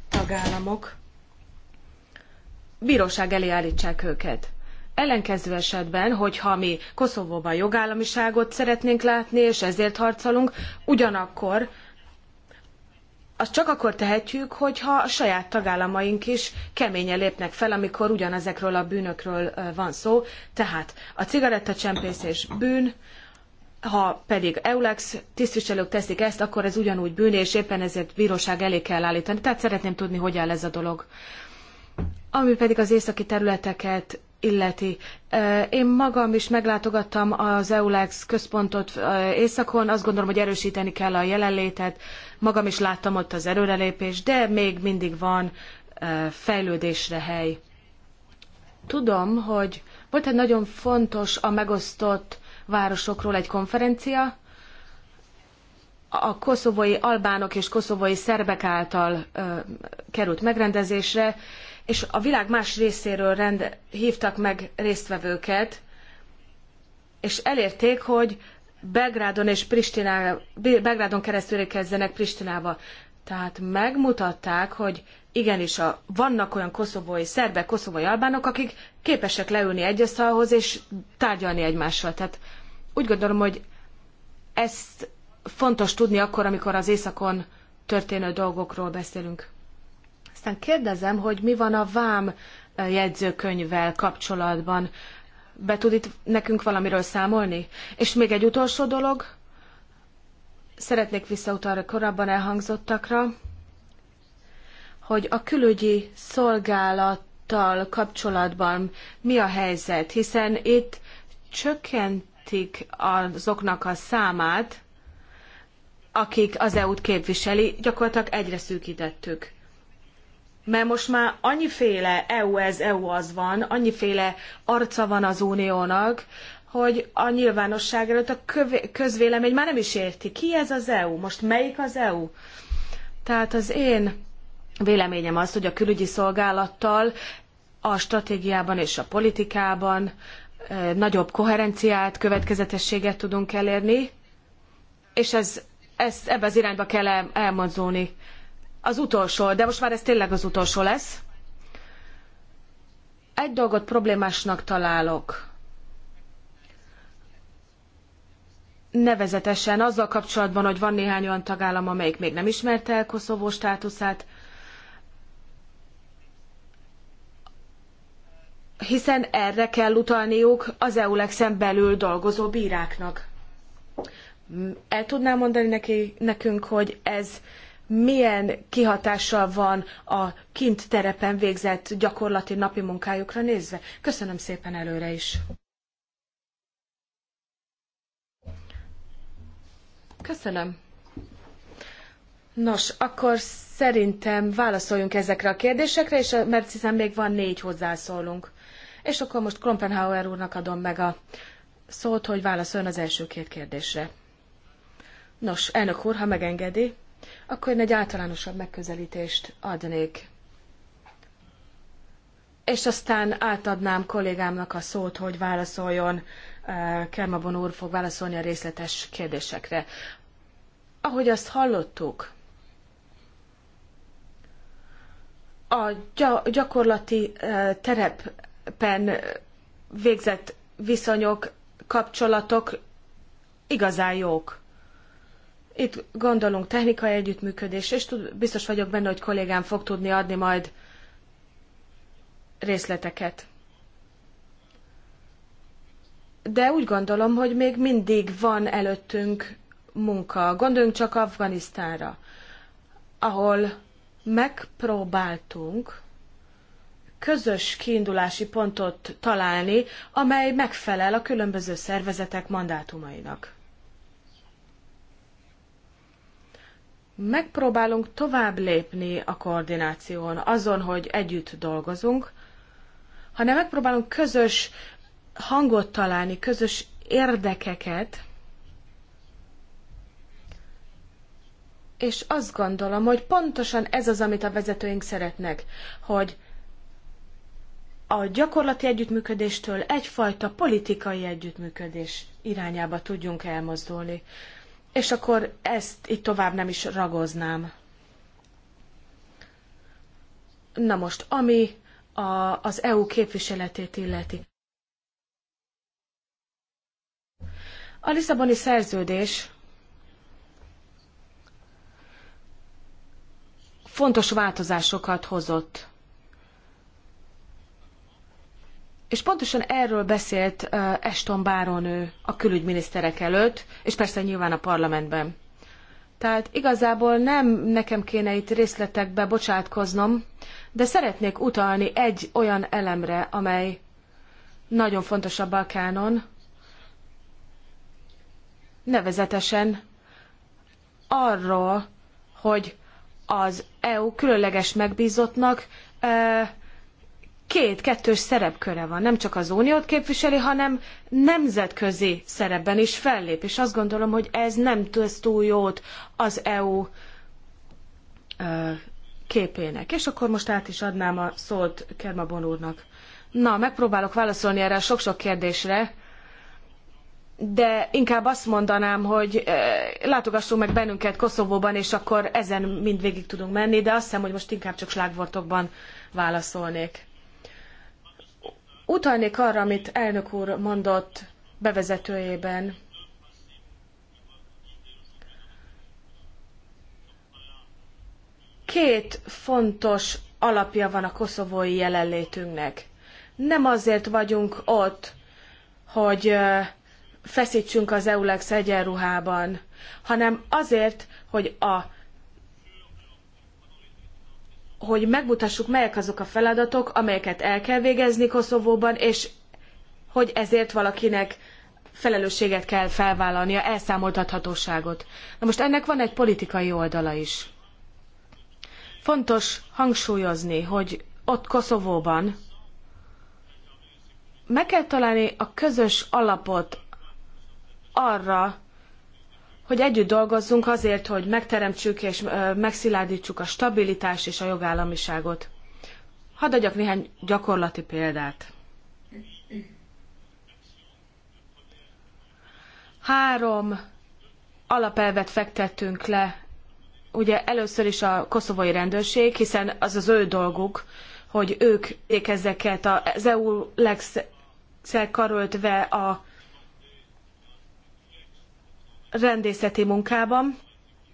tagállamok bíróság elé állítsák őket. Ellenkező esetben, hogyha mi Koszovóban jogállamiságot szeretnénk látni, és ezért harcolunk, ugyanakkor azt csak akkor tehetjük, hogyha a saját tagállamaink is keményen lépnek fel, amikor ugyanezekről a bűnökről van szó. Tehát a cigarettacsempészés bűn, ha pedig EULEX tisztviselők teszik ezt, akkor ez ugyanúgy bűn, és éppen ezért bíróság elé kell állítani. Tehát szeretném tudni, hogy áll ez a dolog. Ami pedig az északi területeket illeti. Én magam is meglátogattam az EULEX központot északon, azt gondolom, hogy erősíteni kell a jelenlétet, magam is láttam ott az erőrelépést, de még mindig van fejlődésre hely. Tudom, hogy volt egy nagyon fontos a megosztott városokról egy konferencia, a koszovói albánok és koszovói szerbek által került megrendezésre, és a világ más részéről rend, hívtak meg résztvevőket, és elérték, hogy Belgrádon és Pristinában, Belgrádon keresztül érkezzenek Pristinába. Tehát megmutatták, hogy igenis a, vannak olyan koszovói szerbek, koszovói albánok, akik képesek leülni egy asztalhoz és tárgyalni egymással. Tehát úgy gondolom, hogy ezt fontos tudni akkor, amikor az északon történő dolgokról beszélünk. Aztán kérdezem, hogy mi van a vám eh, jegyzőkönyvvel kapcsolatban. Be tud itt nekünk valamiről számolni? És még egy utolsó dolog. Szeretnék visszautalni korábban elhangzottakra, hogy a külügyi szolgálattal kapcsolatban mi a helyzet, hiszen itt csökkentik azoknak a számát, akik az EU-t képviseli, gyakorlatilag egyre szűkítettük mert most már annyiféle EU ez, EU az van, annyiféle arca van az uniónak, hogy a nyilvánosság előtt a közvélemény már nem is érti, ki ez az EU, most melyik az EU. Tehát az én véleményem az, hogy a külügyi szolgálattal a stratégiában és a politikában nagyobb koherenciát, következetességet tudunk elérni, és ez, ez ebbe az irányba kell elmozdulni az utolsó, de most már ez tényleg az utolsó lesz. Egy dolgot problémásnak találok. Nevezetesen azzal kapcsolatban, hogy van néhány olyan tagállam, amelyik még nem ismerte el Koszovó státuszát, hiszen erre kell utalniuk az eu legszem belül dolgozó bíráknak. El tudná mondani neki, nekünk, hogy ez milyen kihatással van a kint terepen végzett gyakorlati napi munkájukra nézve. Köszönöm szépen előre is. Köszönöm. Nos, akkor szerintem válaszoljunk ezekre a kérdésekre, és, mert hiszen még van négy hozzászólunk. És akkor most Klompenhauer úrnak adom meg a szót, hogy válaszoljon az első két kérdésre. Nos, elnök úr, ha megengedi, akkor én egy általánosabb megközelítést adnék. És aztán átadnám kollégámnak a szót, hogy válaszoljon, eh, Kermabon úr fog válaszolni a részletes kérdésekre. Ahogy azt hallottuk, a gyakorlati eh, terepen végzett viszonyok, kapcsolatok igazán jók. Itt gondolunk technikai együttműködés, és tud, biztos vagyok benne, hogy kollégám fog tudni adni majd részleteket. De úgy gondolom, hogy még mindig van előttünk munka. Gondoljunk csak Afganisztánra, ahol megpróbáltunk közös kiindulási pontot találni, amely megfelel a különböző szervezetek mandátumainak. megpróbálunk tovább lépni a koordináción, azon, hogy együtt dolgozunk, hanem megpróbálunk közös hangot találni, közös érdekeket, és azt gondolom, hogy pontosan ez az, amit a vezetőink szeretnek, hogy a gyakorlati együttműködéstől egyfajta politikai együttműködés irányába tudjunk elmozdulni. És akkor ezt itt tovább nem is ragoznám. Na most, ami a, az EU képviseletét illeti. A Lisszaboni szerződés fontos változásokat hozott És pontosan erről beszélt Eston Báronő a külügyminiszterek előtt, és persze nyilván a parlamentben. Tehát igazából nem nekem kéne itt részletekbe bocsátkoznom, de szeretnék utalni egy olyan elemre, amely nagyon fontos a Balkánon, nevezetesen arról, hogy az EU különleges megbízottnak két kettős szerepköre van. Nem csak az uniót képviseli, hanem nemzetközi szerepben is fellép. És azt gondolom, hogy ez nem tesz túl jót az EU képének. És akkor most át is adnám a szót Kermabon úrnak. Na, megpróbálok válaszolni erre a sok-sok kérdésre, de inkább azt mondanám, hogy látogassunk meg bennünket Koszovóban, és akkor ezen mind végig tudunk menni, de azt hiszem, hogy most inkább csak slágvortokban válaszolnék. Utalnék arra, amit elnök úr mondott bevezetőjében. Két fontos alapja van a koszovói jelenlétünknek. Nem azért vagyunk ott, hogy feszítsünk az EULEX egyenruhában, hanem azért, hogy a hogy megmutassuk, melyek azok a feladatok, amelyeket el kell végezni Koszovóban, és hogy ezért valakinek felelősséget kell felvállalnia, elszámoltathatóságot. Na most ennek van egy politikai oldala is. Fontos hangsúlyozni, hogy ott Koszovóban meg kell találni a közös alapot arra, hogy együtt dolgozzunk azért, hogy megteremtsük és megszilárdítsuk a stabilitást és a jogállamiságot. Hadd adjak néhány gyakorlati példát. Három alapelvet fektettünk le, ugye először is a koszovói rendőrség, hiszen az az ő dolguk, hogy ők ezeket az EU legszer karöltve a rendészeti munkában.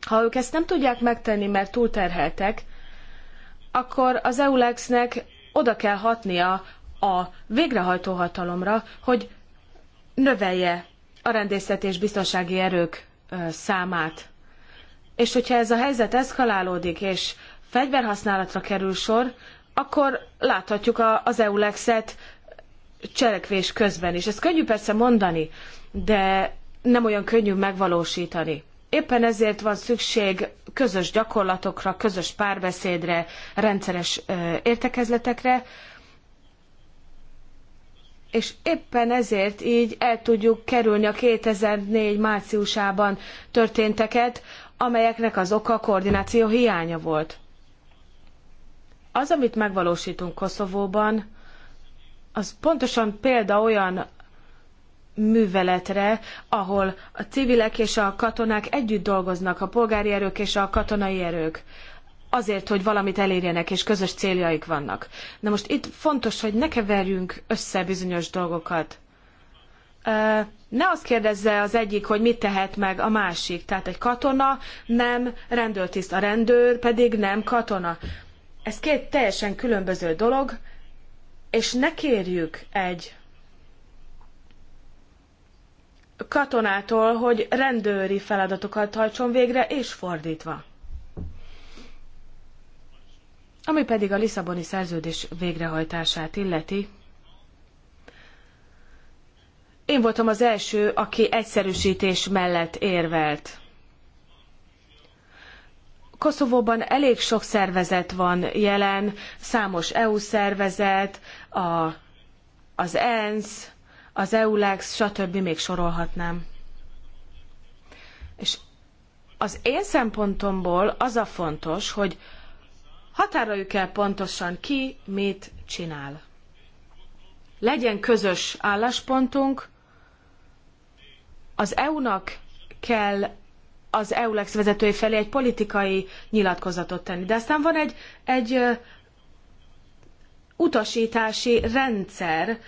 Ha ők ezt nem tudják megtenni, mert túlterheltek, akkor az EULEX-nek oda kell hatnia a végrehajtó hatalomra, hogy növelje a rendészeti és biztonsági erők számát. És hogyha ez a helyzet eszkalálódik, és fegyverhasználatra kerül sor, akkor láthatjuk az EULEX-et cselekvés közben is. Ez könnyű persze mondani, de nem olyan könnyű megvalósítani. Éppen ezért van szükség közös gyakorlatokra, közös párbeszédre, rendszeres értekezletekre, és éppen ezért így el tudjuk kerülni a 2004 márciusában történteket, amelyeknek az oka a koordináció hiánya volt. Az, amit megvalósítunk Koszovóban, az pontosan példa olyan műveletre, ahol a civilek és a katonák együtt dolgoznak, a polgári erők és a katonai erők azért, hogy valamit elérjenek, és közös céljaik vannak. Na most itt fontos, hogy ne keverjünk össze bizonyos dolgokat. Ne azt kérdezze az egyik, hogy mit tehet meg a másik. Tehát egy katona nem rendőrtiszt, a rendőr pedig nem katona. Ez két teljesen különböző dolog, és ne kérjük egy katonától, hogy rendőri feladatokat hajtson végre, és fordítva. Ami pedig a Lisszaboni szerződés végrehajtását illeti, én voltam az első, aki egyszerűsítés mellett érvelt. Koszovóban elég sok szervezet van jelen, számos EU szervezet, a, az ENSZ, az EULEX, stb. még sorolhatnám. És az én szempontomból az a fontos, hogy határoljuk el pontosan ki, mit csinál. Legyen közös álláspontunk, az EU-nak kell az EULEX vezetői felé egy politikai nyilatkozatot tenni. De aztán van egy, egy utasítási rendszer,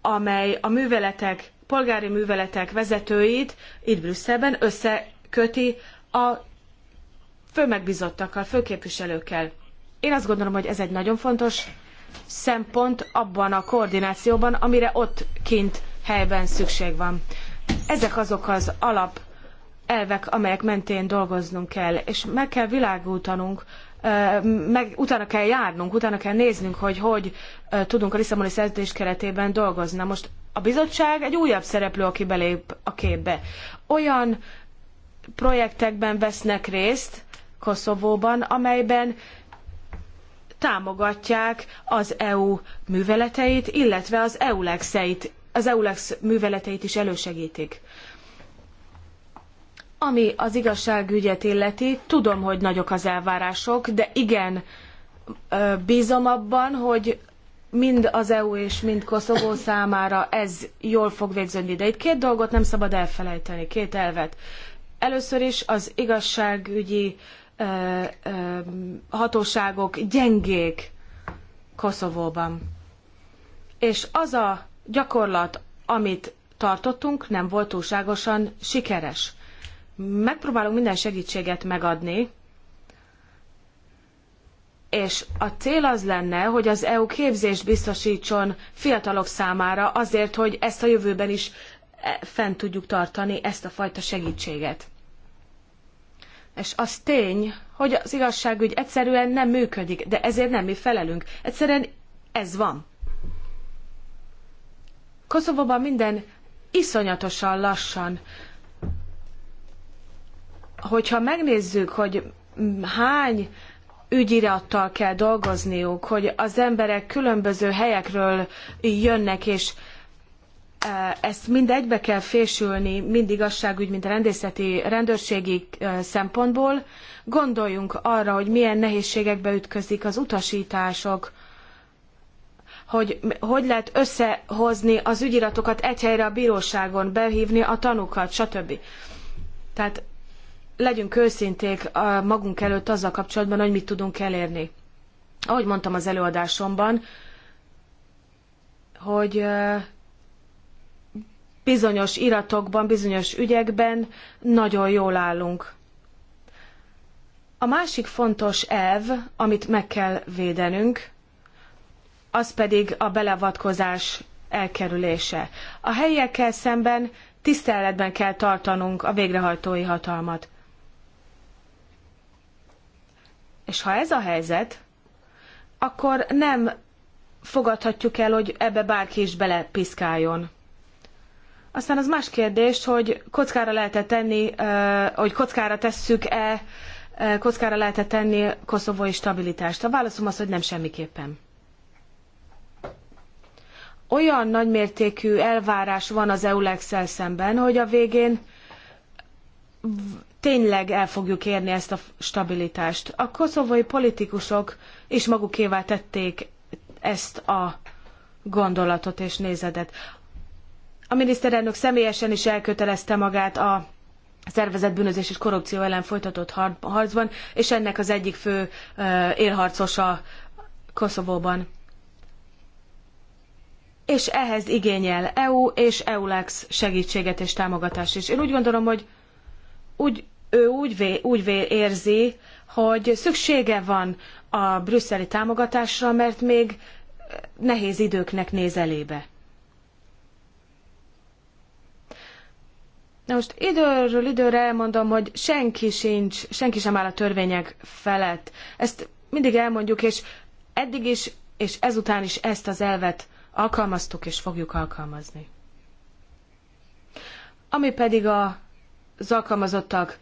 amely a műveletek, polgári műveletek vezetőit itt Brüsszelben összeköti a főmegbizottakkal, főképviselőkkel. Én azt gondolom, hogy ez egy nagyon fontos szempont abban a koordinációban, amire ott kint helyben szükség van. Ezek azok az alap elvek, amelyek mentén dolgoznunk kell, és meg kell világítanunk meg utána kell járnunk, utána kell néznünk, hogy hogy tudunk a Lisszaboni szerződés keretében dolgozni. Na most a bizottság egy újabb szereplő, aki belép a képbe. Olyan projektekben vesznek részt Koszovóban, amelyben támogatják az EU műveleteit, illetve az EULEX-eit, az EULEX műveleteit is elősegítik. Ami az igazságügyet illeti, tudom, hogy nagyok az elvárások, de igen, bízom abban, hogy mind az EU és mind Koszovó számára ez jól fog végződni. De itt két dolgot nem szabad elfelejteni, két elvet. Először is az igazságügyi ö, ö, hatóságok gyengék Koszovóban. És az a gyakorlat, amit tartottunk, nem volt túlságosan sikeres megpróbálunk minden segítséget megadni, és a cél az lenne, hogy az EU képzést biztosítson fiatalok számára azért, hogy ezt a jövőben is e, fent tudjuk tartani, ezt a fajta segítséget. És az tény, hogy az igazságügy egyszerűen nem működik, de ezért nem mi felelünk. Egyszerűen ez van. Koszovóban minden iszonyatosan lassan hogyha megnézzük, hogy hány ügyirattal kell dolgozniuk, hogy az emberek különböző helyekről jönnek, és e, ezt mind egybe kell fésülni, mind igazságügy, mind rendészeti, rendőrségi e, szempontból. Gondoljunk arra, hogy milyen nehézségekbe ütközik az utasítások, hogy hogy lehet összehozni az ügyiratokat egy helyre a bíróságon, behívni a tanúkat, stb. Tehát legyünk őszinték magunk előtt azzal kapcsolatban, hogy mit tudunk elérni. Ahogy mondtam az előadásomban, hogy bizonyos iratokban, bizonyos ügyekben nagyon jól állunk. A másik fontos elv, amit meg kell védenünk, az pedig a beleavatkozás elkerülése. A helyiekkel szemben tiszteletben kell tartanunk a végrehajtói hatalmat. És ha ez a helyzet, akkor nem fogadhatjuk el, hogy ebbe bárki is belepiszkáljon. Aztán az más kérdés, hogy kockára lehet-e tenni, hogy kockára tesszük-e, kockára lehet-e tenni koszovói stabilitást. A válaszom az, hogy nem semmiképpen. Olyan nagymértékű elvárás van az eulex szemben, hogy a végén tényleg el fogjuk érni ezt a stabilitást. A koszovói politikusok is magukévá tették ezt a gondolatot és nézetet. A miniszterelnök személyesen is elkötelezte magát a szervezett bűnözés és korrupció ellen folytatott harcban, és ennek az egyik fő élharcosa Koszovóban. És ehhez igényel EU és EULEX segítséget és támogatást is. Én úgy gondolom, hogy úgy ő úgy, vé, úgy vé, érzi, hogy szüksége van a brüsszeli támogatásra, mert még eh, nehéz időknek néz elébe. Na most időről időre elmondom, hogy senki sincs, senki sem áll a törvények felett. Ezt mindig elmondjuk, és eddig is, és ezután is ezt az elvet alkalmaztuk, és fogjuk alkalmazni. Ami pedig a, az alkalmazottak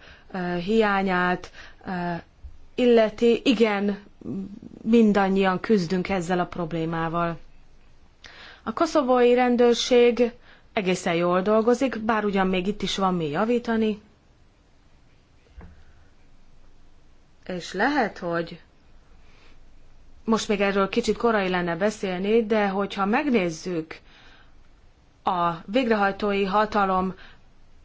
hiányát illeti, igen, mindannyian küzdünk ezzel a problémával. A koszovói rendőrség egészen jól dolgozik, bár ugyan még itt is van mi javítani. És lehet, hogy most még erről kicsit korai lenne beszélni, de hogyha megnézzük a végrehajtói hatalom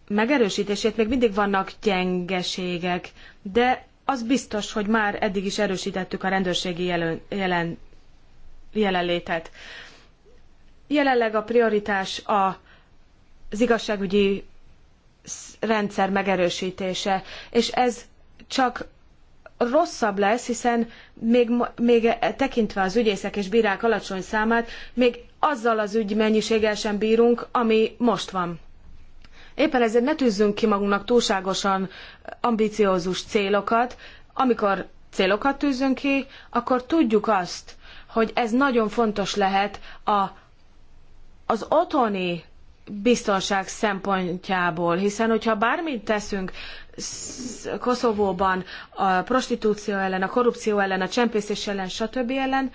megerősítését még mindig vannak gyengeségek, de az biztos, hogy már eddig is erősítettük a rendőrségi jelen, jelen, jelenlétet. Jelenleg a prioritás a, az igazságügyi rendszer megerősítése, és ez csak rosszabb lesz, hiszen még, még tekintve az ügyészek és bírák alacsony számát, még azzal az ügy mennyiséggel sem bírunk, ami most van Éppen ezért ne tűzzünk ki magunknak túlságosan ambiciózus célokat. Amikor célokat tűzünk ki, akkor tudjuk azt, hogy ez nagyon fontos lehet a, az otthoni biztonság szempontjából, hiszen hogyha bármit teszünk Koszovóban a prostitúció ellen, a korrupció ellen, a csempészés ellen, stb. ellen,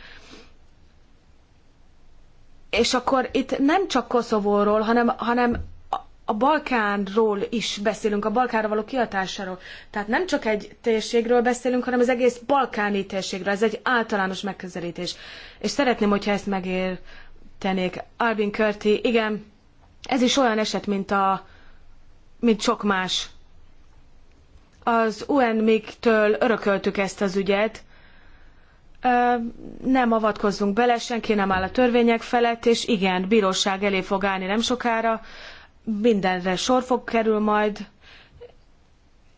és akkor itt nem csak Koszovóról, hanem, hanem a Balkánról is beszélünk, a Balkánra való kiatásáról. Tehát nem csak egy térségről beszélünk, hanem az egész balkáni térségről. Ez egy általános megközelítés. És szeretném, hogyha ezt megértenék. Albin Körti, igen, ez is olyan eset, mint, a, mint sok más. Az UN-től örököltük ezt az ügyet, nem avatkozzunk bele, senki nem áll a törvények felett, és igen, bíróság elé fog állni nem sokára, mindenre sor fog kerül majd,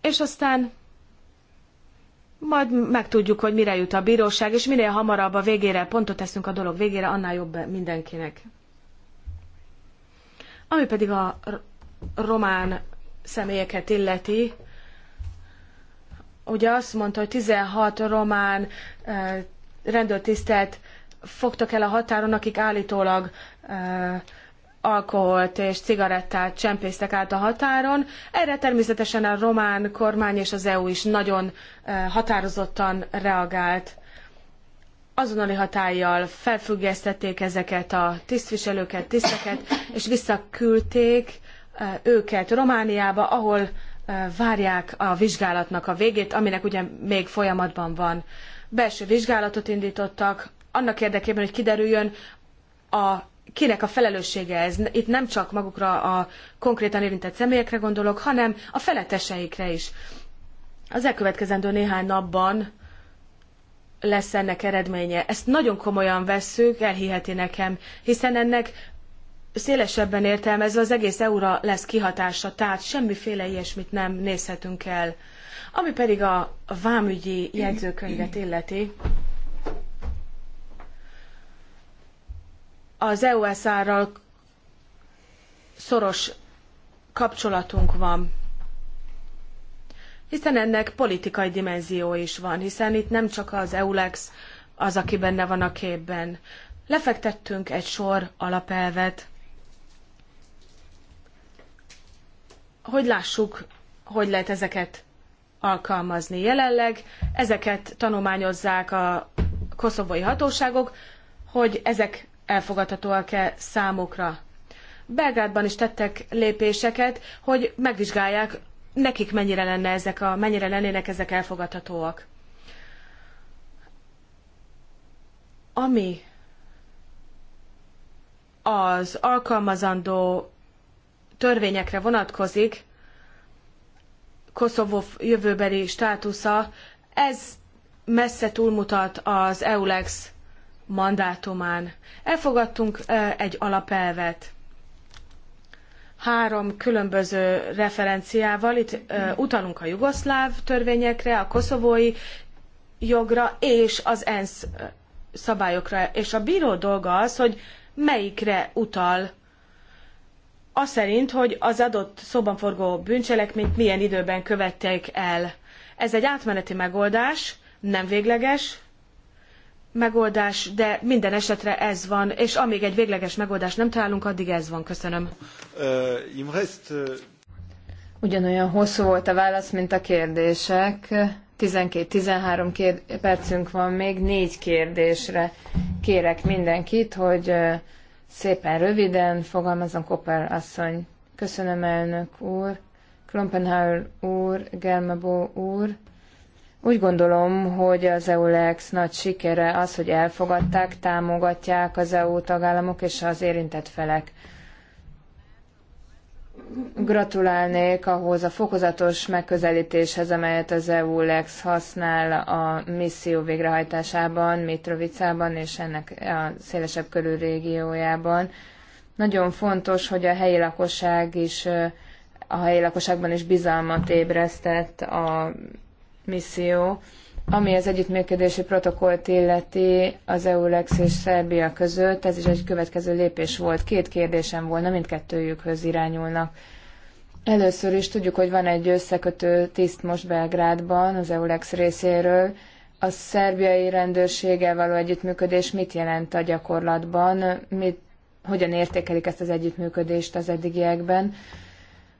és aztán majd megtudjuk, hogy mire jut a bíróság, és minél hamarabb a végére pontot teszünk a dolog végére, annál jobb mindenkinek. Ami pedig a román személyeket illeti, ugye azt mondta, hogy 16 román rendőrtisztet fogtak el a határon, akik állítólag alkoholt és cigarettát csempésztek át a határon. Erre természetesen a román kormány és az EU is nagyon eh, határozottan reagált. Azonnali hatállyal felfüggesztették ezeket a tisztviselőket, tiszteket, és visszaküldték eh, őket Romániába, ahol eh, várják a vizsgálatnak a végét, aminek ugye még folyamatban van. Belső vizsgálatot indítottak, annak érdekében, hogy kiderüljön a kinek a felelőssége ez. Itt nem csak magukra a konkrétan érintett személyekre gondolok, hanem a feletteseikre is. Az elkövetkezendő néhány napban lesz ennek eredménye. Ezt nagyon komolyan vesszük, elhiheti nekem, hiszen ennek szélesebben értelmezve az egész EU-ra lesz kihatása, tehát semmiféle ilyesmit nem nézhetünk el. Ami pedig a vámügyi jegyzőkönyvet illeti, az EUSZ-ral szoros kapcsolatunk van. Hiszen ennek politikai dimenzió is van, hiszen itt nem csak az EULEX az, aki benne van a képben. Lefektettünk egy sor alapelvet, hogy lássuk, hogy lehet ezeket alkalmazni. Jelenleg ezeket tanulmányozzák a koszovói hatóságok, hogy ezek elfogadhatóak-e számukra. Belgrádban is tettek lépéseket, hogy megvizsgálják, nekik mennyire, lenne ezek a, mennyire lennének ezek elfogadhatóak. Ami az alkalmazandó törvényekre vonatkozik, Koszovó jövőbeli státusza, ez messze túlmutat az EULEX mandátumán. Elfogadtunk egy alapelvet három különböző referenciával, itt utalunk a jugoszláv törvényekre, a koszovói jogra és az ENSZ szabályokra. És a bíró dolga az, hogy melyikre utal az szerint, hogy az adott szóban forgó bűncselekményt milyen időben követték el. Ez egy átmeneti megoldás, nem végleges, megoldás, de minden esetre ez van, és amíg egy végleges megoldást nem találunk, addig ez van. Köszönöm. Ugyanolyan hosszú volt a válasz, mint a kérdések. 12-13 kér- percünk van még négy kérdésre. Kérek mindenkit, hogy szépen röviden fogalmazom Koper asszony. Köszönöm elnök úr, Klompenhauer úr, Gelmebó úr. Úgy gondolom, hogy az EULEX nagy sikere az, hogy elfogadták, támogatják az EU tagállamok és az érintett felek. Gratulálnék ahhoz a fokozatos megközelítéshez, amelyet az EULEX használ a misszió végrehajtásában, Mitrovicában és ennek a szélesebb körű régiójában. Nagyon fontos, hogy a helyi lakosság is, a helyi lakosságban is bizalmat ébresztett a misszió, ami az együttműködési protokollt illeti az EULEX és Szerbia között. Ez is egy következő lépés volt. Két kérdésem volna, mindkettőjükhöz irányulnak. Először is tudjuk, hogy van egy összekötő tiszt most Belgrádban az EULEX részéről. A szerbiai rendőrséggel való együttműködés mit jelent a gyakorlatban? Mit, hogyan értékelik ezt az együttműködést az eddigiekben?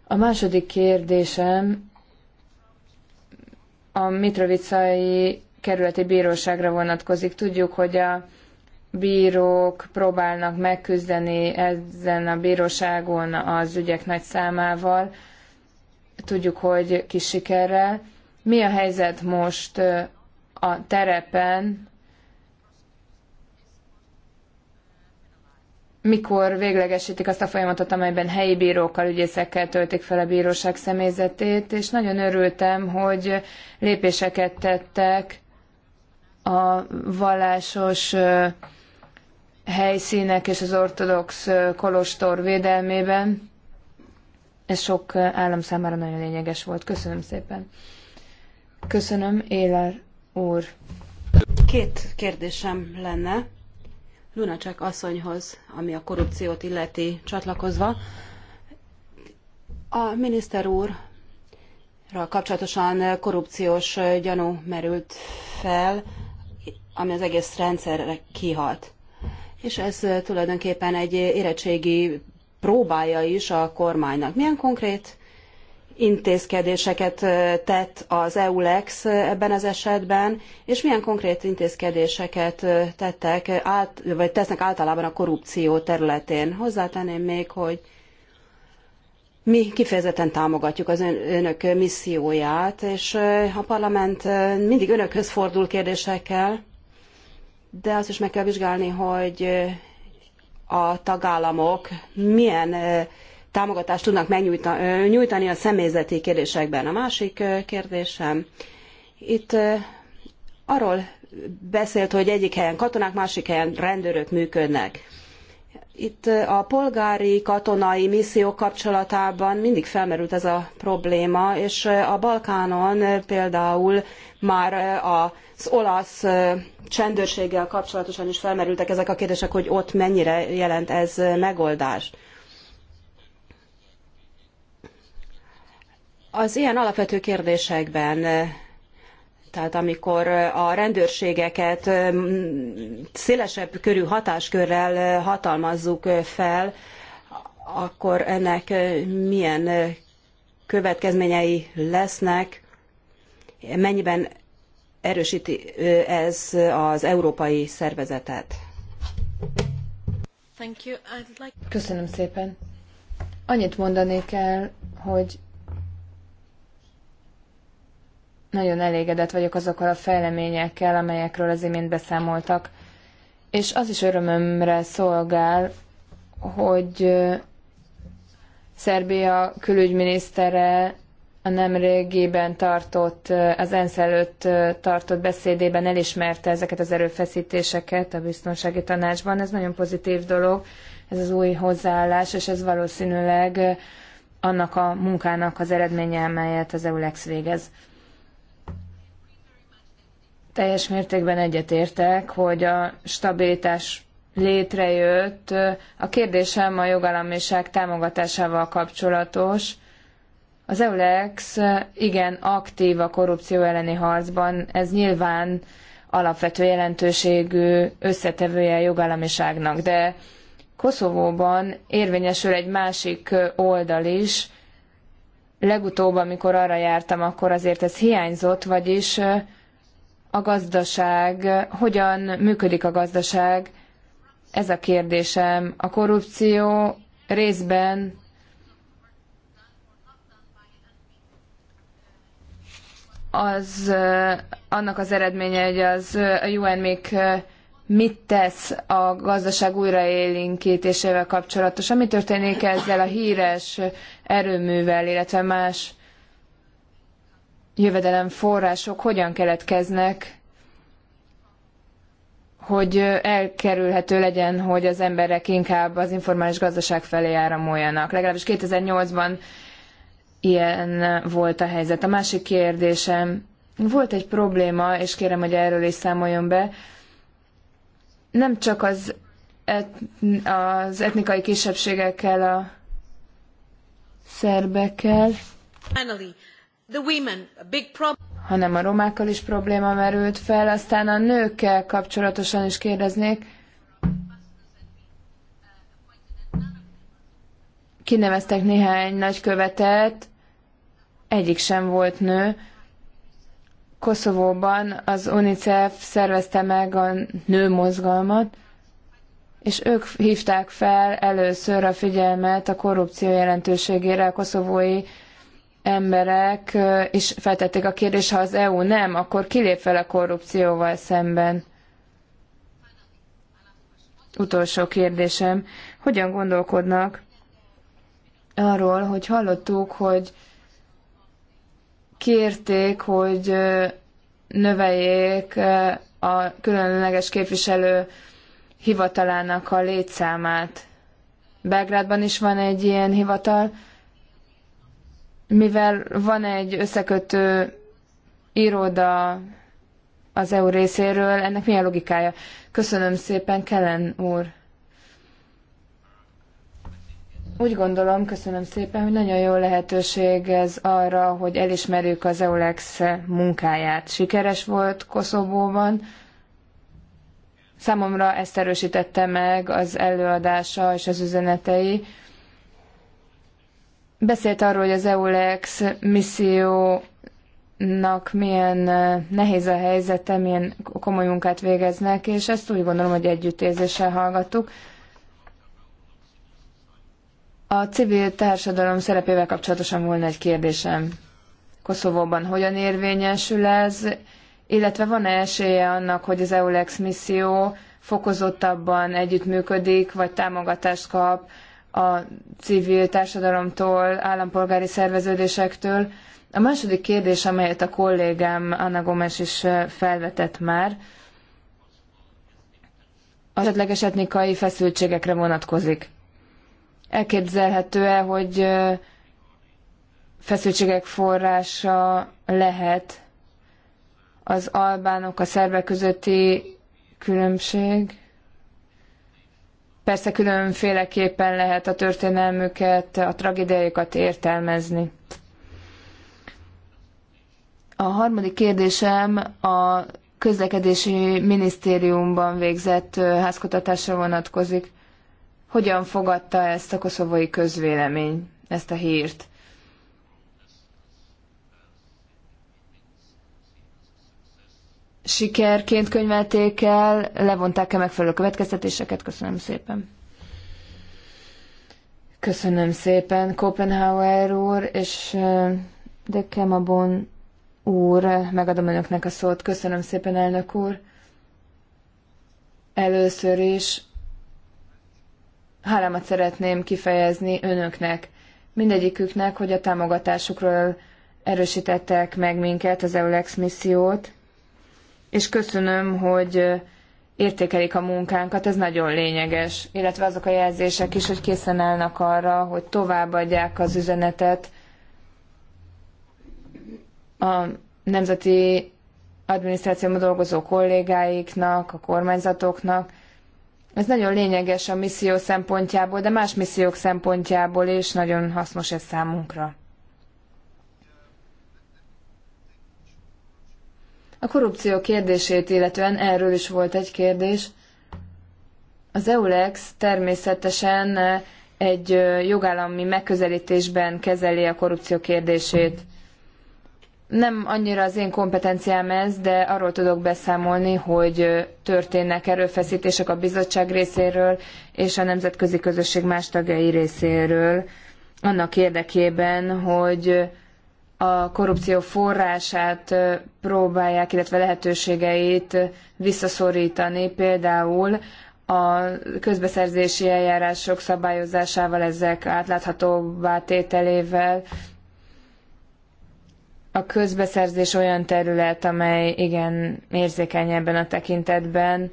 A második kérdésem a Mitrovicai kerületi bíróságra vonatkozik. Tudjuk, hogy a bírók próbálnak megküzdeni ezen a bíróságon az ügyek nagy számával. Tudjuk, hogy kis sikerrel. Mi a helyzet most a terepen mikor véglegesítik azt a folyamatot, amelyben helyi bírókkal, ügyészekkel töltik fel a bíróság személyzetét, és nagyon örültem, hogy lépéseket tettek a vallásos helyszínek és az ortodox kolostor védelmében. Ez sok állam számára nagyon lényeges volt. Köszönöm szépen. Köszönöm, Éler úr. Két kérdésem lenne. Lunacek asszonyhoz, ami a korrupciót illeti csatlakozva. A miniszter úrral kapcsolatosan korrupciós gyanú merült fel, ami az egész rendszerre kihat. És ez tulajdonképpen egy érettségi próbája is a kormánynak. Milyen konkrét intézkedéseket tett az EULEX ebben az esetben, és milyen konkrét intézkedéseket tettek, át, vagy tesznek általában a korrupció területén. Hozzátenném még, hogy mi kifejezetten támogatjuk az önök misszióját, és a parlament mindig önökhöz fordul kérdésekkel, de azt is meg kell vizsgálni, hogy a tagállamok milyen támogatást tudnak megnyújtani a személyzeti kérdésekben. A másik kérdésem, itt arról beszélt, hogy egyik helyen katonák, másik helyen rendőrök működnek. Itt a polgári katonai missziók kapcsolatában mindig felmerült ez a probléma, és a Balkánon például már az olasz csendőrséggel kapcsolatosan is felmerültek ezek a kérdések, hogy ott mennyire jelent ez megoldást. Az ilyen alapvető kérdésekben tehát amikor a rendőrségeket mm, szélesebb körű hatáskörrel hatalmazzuk fel, akkor ennek milyen következményei lesznek, mennyiben erősíti ez az európai szervezetet? Köszönöm szépen. Annyit mondanék el, hogy nagyon elégedett vagyok azokkal a fejleményekkel, amelyekről az imént beszámoltak. És az is örömömre szolgál, hogy Szerbia külügyminisztere a nemrégiben tartott, az ENSZ előtt tartott beszédében elismerte ezeket az erőfeszítéseket a biztonsági tanácsban. Ez nagyon pozitív dolog, ez az új hozzáállás, és ez valószínűleg annak a munkának az eredménye, amelyet az EULEX végez teljes mértékben egyetértek, hogy a stabilitás létrejött. A kérdésem a jogállamiság támogatásával kapcsolatos. Az EULEX igen aktív a korrupció elleni harcban, ez nyilván alapvető jelentőségű összetevője a jogállamiságnak, de Koszovóban érvényesül egy másik oldal is. Legutóbb, amikor arra jártam, akkor azért ez hiányzott, vagyis a gazdaság, hogyan működik a gazdaság, ez a kérdésem. A korrupció részben az eh, annak az eredménye, hogy az eh, a UN még eh, mit tesz a gazdaság újraélinkítésével kapcsolatosan, mi történik ezzel a híres erőművel, illetve más jövedelem források hogyan keletkeznek, hogy elkerülhető legyen, hogy az emberek inkább az informális gazdaság felé áramoljanak. Legalábbis 2008-ban ilyen volt a helyzet. A másik kérdésem, volt egy probléma, és kérem, hogy erről is számoljon be, nem csak az, et, az etnikai kisebbségekkel, a szerbekkel. Finally, hanem a romákkal is probléma merült fel, aztán a nőkkel kapcsolatosan is kérdeznék, kineveztek néhány nagykövetet, egyik sem volt nő. Koszovóban az UNICEF szervezte meg a nőmozgalmat, és ők hívták fel először a figyelmet a korrupció jelentőségére a koszovói emberek, és feltették a kérdést, ha az EU nem, akkor kilép fel a korrupcióval szemben. Utolsó kérdésem, hogyan gondolkodnak arról, hogy hallottuk, hogy kérték, hogy növeljék a különleges képviselő hivatalának a létszámát. Belgrádban is van egy ilyen hivatal, mivel van egy összekötő iroda az EU részéről, ennek milyen logikája? Köszönöm szépen, Kellen úr. Úgy gondolom, köszönöm szépen, hogy nagyon jó lehetőség ez arra, hogy elismerjük az EULEX munkáját. Sikeres volt Koszovóban. Számomra ezt erősítette meg az előadása és az üzenetei. Beszélt arról, hogy az EULEX missziónak milyen nehéz a helyzete, milyen komoly munkát végeznek, és ezt úgy gondolom, hogy együttérzéssel hallgattuk. A civil társadalom szerepével kapcsolatosan volna egy kérdésem. Koszovóban hogyan érvényesül ez, illetve van-e esélye annak, hogy az EULEX misszió fokozottabban együttműködik, vagy támogatást kap a civil társadalomtól, állampolgári szerveződésektől. A második kérdés, amelyet a kollégám Anna Gomes is felvetett már, az esetleges etnikai feszültségekre vonatkozik. Elképzelhető-e, hogy feszültségek forrása lehet az albánok, a szerbek közötti különbség? Persze különféleképpen lehet a történelmüket, a tragédiájukat értelmezni. A harmadik kérdésem a közlekedési minisztériumban végzett házkutatásra vonatkozik. Hogyan fogadta ezt a koszovói közvélemény, ezt a hírt? sikerként könyvelték el, levonták-e megfelelő következtetéseket? Köszönöm szépen. Köszönöm szépen, Kopenhauer úr, és de Kemabon úr, megadom önöknek a szót. Köszönöm szépen, elnök úr. Először is hálámat szeretném kifejezni önöknek, mindegyiküknek, hogy a támogatásukról erősítettek meg minket, az EULEX missziót és köszönöm, hogy értékelik a munkánkat, ez nagyon lényeges, illetve azok a jelzések is, hogy készen állnak arra, hogy továbbadják az üzenetet a nemzeti adminisztrációban dolgozó kollégáiknak, a kormányzatoknak. Ez nagyon lényeges a misszió szempontjából, de más missziók szempontjából is nagyon hasznos ez számunkra. A korrupció kérdését illetően erről is volt egy kérdés. Az EULEX természetesen eh, egy eh, jogállami megközelítésben kezeli a korrupció kérdését. Nem annyira az én kompetenciám ez, de arról tudok beszámolni, hogy eh, történnek erőfeszítések a bizottság részéről és a nemzetközi közösség más tagjai részéről annak érdekében, hogy a korrupció forrását próbálják, illetve lehetőségeit visszaszorítani, például a közbeszerzési eljárások szabályozásával, ezek átláthatóbbá tételével. A közbeszerzés olyan terület, amely igen érzékeny ebben a tekintetben.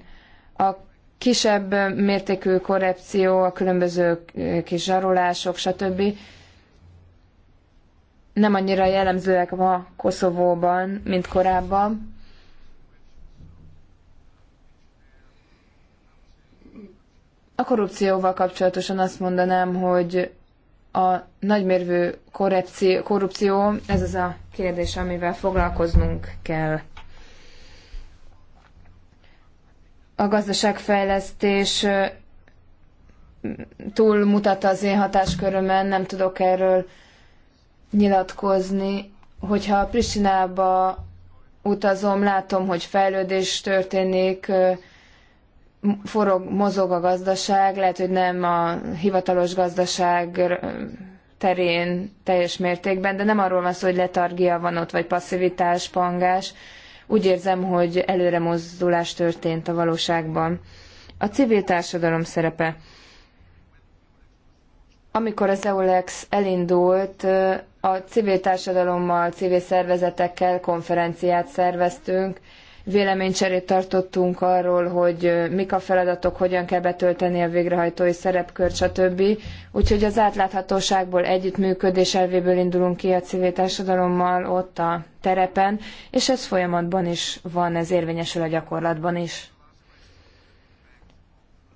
A kisebb mértékű korrupció, a különböző kis zsarolások, stb nem annyira jellemzőek ma Koszovóban, mint korábban. A korrupcióval kapcsolatosan azt mondanám, hogy a nagymérvű korrupció, ez az a kérdés, amivel foglalkoznunk kell. A gazdaságfejlesztés túlmutat az én hatáskörömen, nem tudok erről nyilatkozni, hogyha Pristinába utazom, látom, hogy fejlődés történik, forog, mozog a gazdaság, lehet, hogy nem a hivatalos gazdaság terén teljes mértékben, de nem arról van szó, hogy letargia van ott, vagy passzivitás, pangás. Úgy érzem, hogy előremozdulás történt a valóságban. A civil társadalom szerepe amikor az EULEX elindult, a civil társadalommal, civil szervezetekkel konferenciát szerveztünk, véleménycserét tartottunk arról, hogy mik a feladatok, hogyan kell betölteni a végrehajtói szerepkört, stb. Úgyhogy az átláthatóságból, együttműködés elvéből indulunk ki a civil társadalommal ott a terepen, és ez folyamatban is van, ez érvényesül a gyakorlatban is.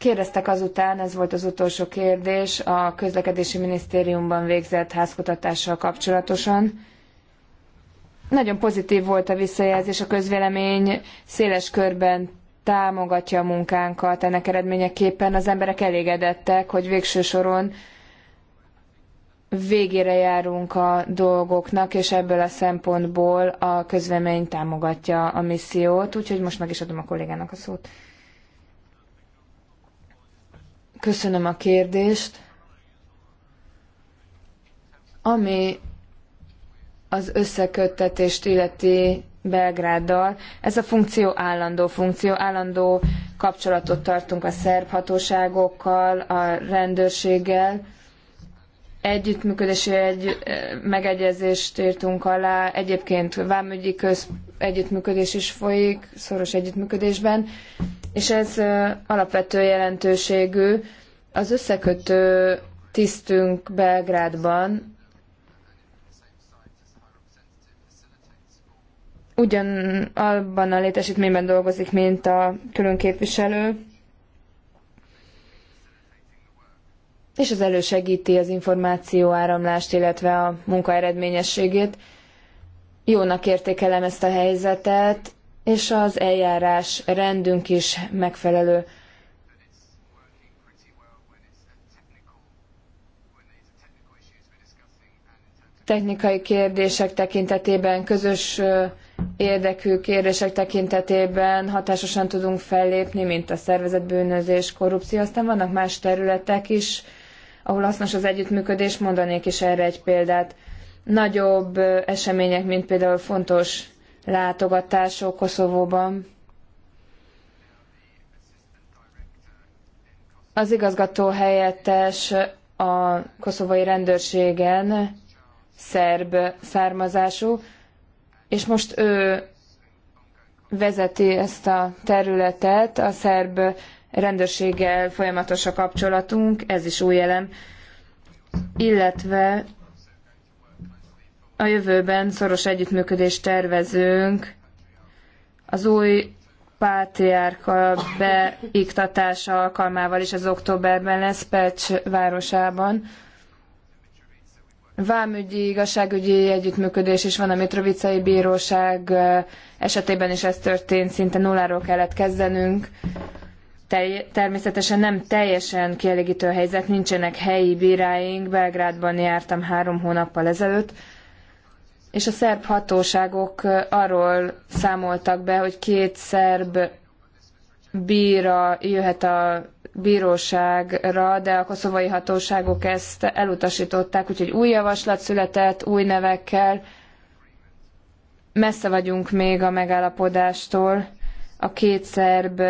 Kérdeztek azután, ez volt az utolsó kérdés, a közlekedési minisztériumban végzett házkutatással kapcsolatosan. Nagyon pozitív volt a visszajelzés, a közvélemény széles körben támogatja a munkánkat, ennek eredményeképpen az emberek elégedettek, hogy végső soron végére járunk a dolgoknak, és ebből a szempontból a közvélemény támogatja a missziót, úgyhogy most meg is adom a kollégának a szót. Köszönöm a kérdést. Ami az összeköttetést illeti Belgráddal, ez a funkció állandó funkció, állandó kapcsolatot tartunk a szerb hatóságokkal, a rendőrséggel, együttműködési egy, megegyezést írtunk alá, egyébként vámügyi köz együttműködés is folyik, szoros együttműködésben, és ez alapvető jelentőségű. Az összekötő tisztünk Belgrádban ugyanabban a létesítményben dolgozik, mint a külön képviselő, és ez elősegíti az információ áramlást, illetve a munka eredményességét. Jónak értékelem ezt a helyzetet, és az eljárás rendünk is megfelelő. Technikai kérdések tekintetében, közös érdekű kérdések tekintetében hatásosan tudunk fellépni, mint a szervezetbűnözés, korrupció. Aztán vannak más területek is, ahol hasznos az együttműködés, mondanék is erre egy példát. Nagyobb események, mint például fontos látogatások Koszovóban. Az igazgató helyettes a koszovai rendőrségen szerb származású, és most ő vezeti ezt a területet, a szerb rendőrséggel folyamatos a kapcsolatunk, ez is új elem, illetve a jövőben szoros együttműködést tervezünk az új pátriárka beiktatása alkalmával is az októberben lesz Pecs városában. Vámügyi, igazságügyi együttműködés is van a Mitrovicai Bíróság esetében is ez történt, szinte nulláról kellett kezdenünk természetesen nem teljesen kielégítő a helyzet, nincsenek helyi bíráink, Belgrádban jártam három hónappal ezelőtt, és a szerb hatóságok arról számoltak be, hogy két szerb bíra jöhet a bíróságra, de a koszovai hatóságok ezt elutasították, úgyhogy új javaslat született, új nevekkel. Messze vagyunk még a megállapodástól a két szerb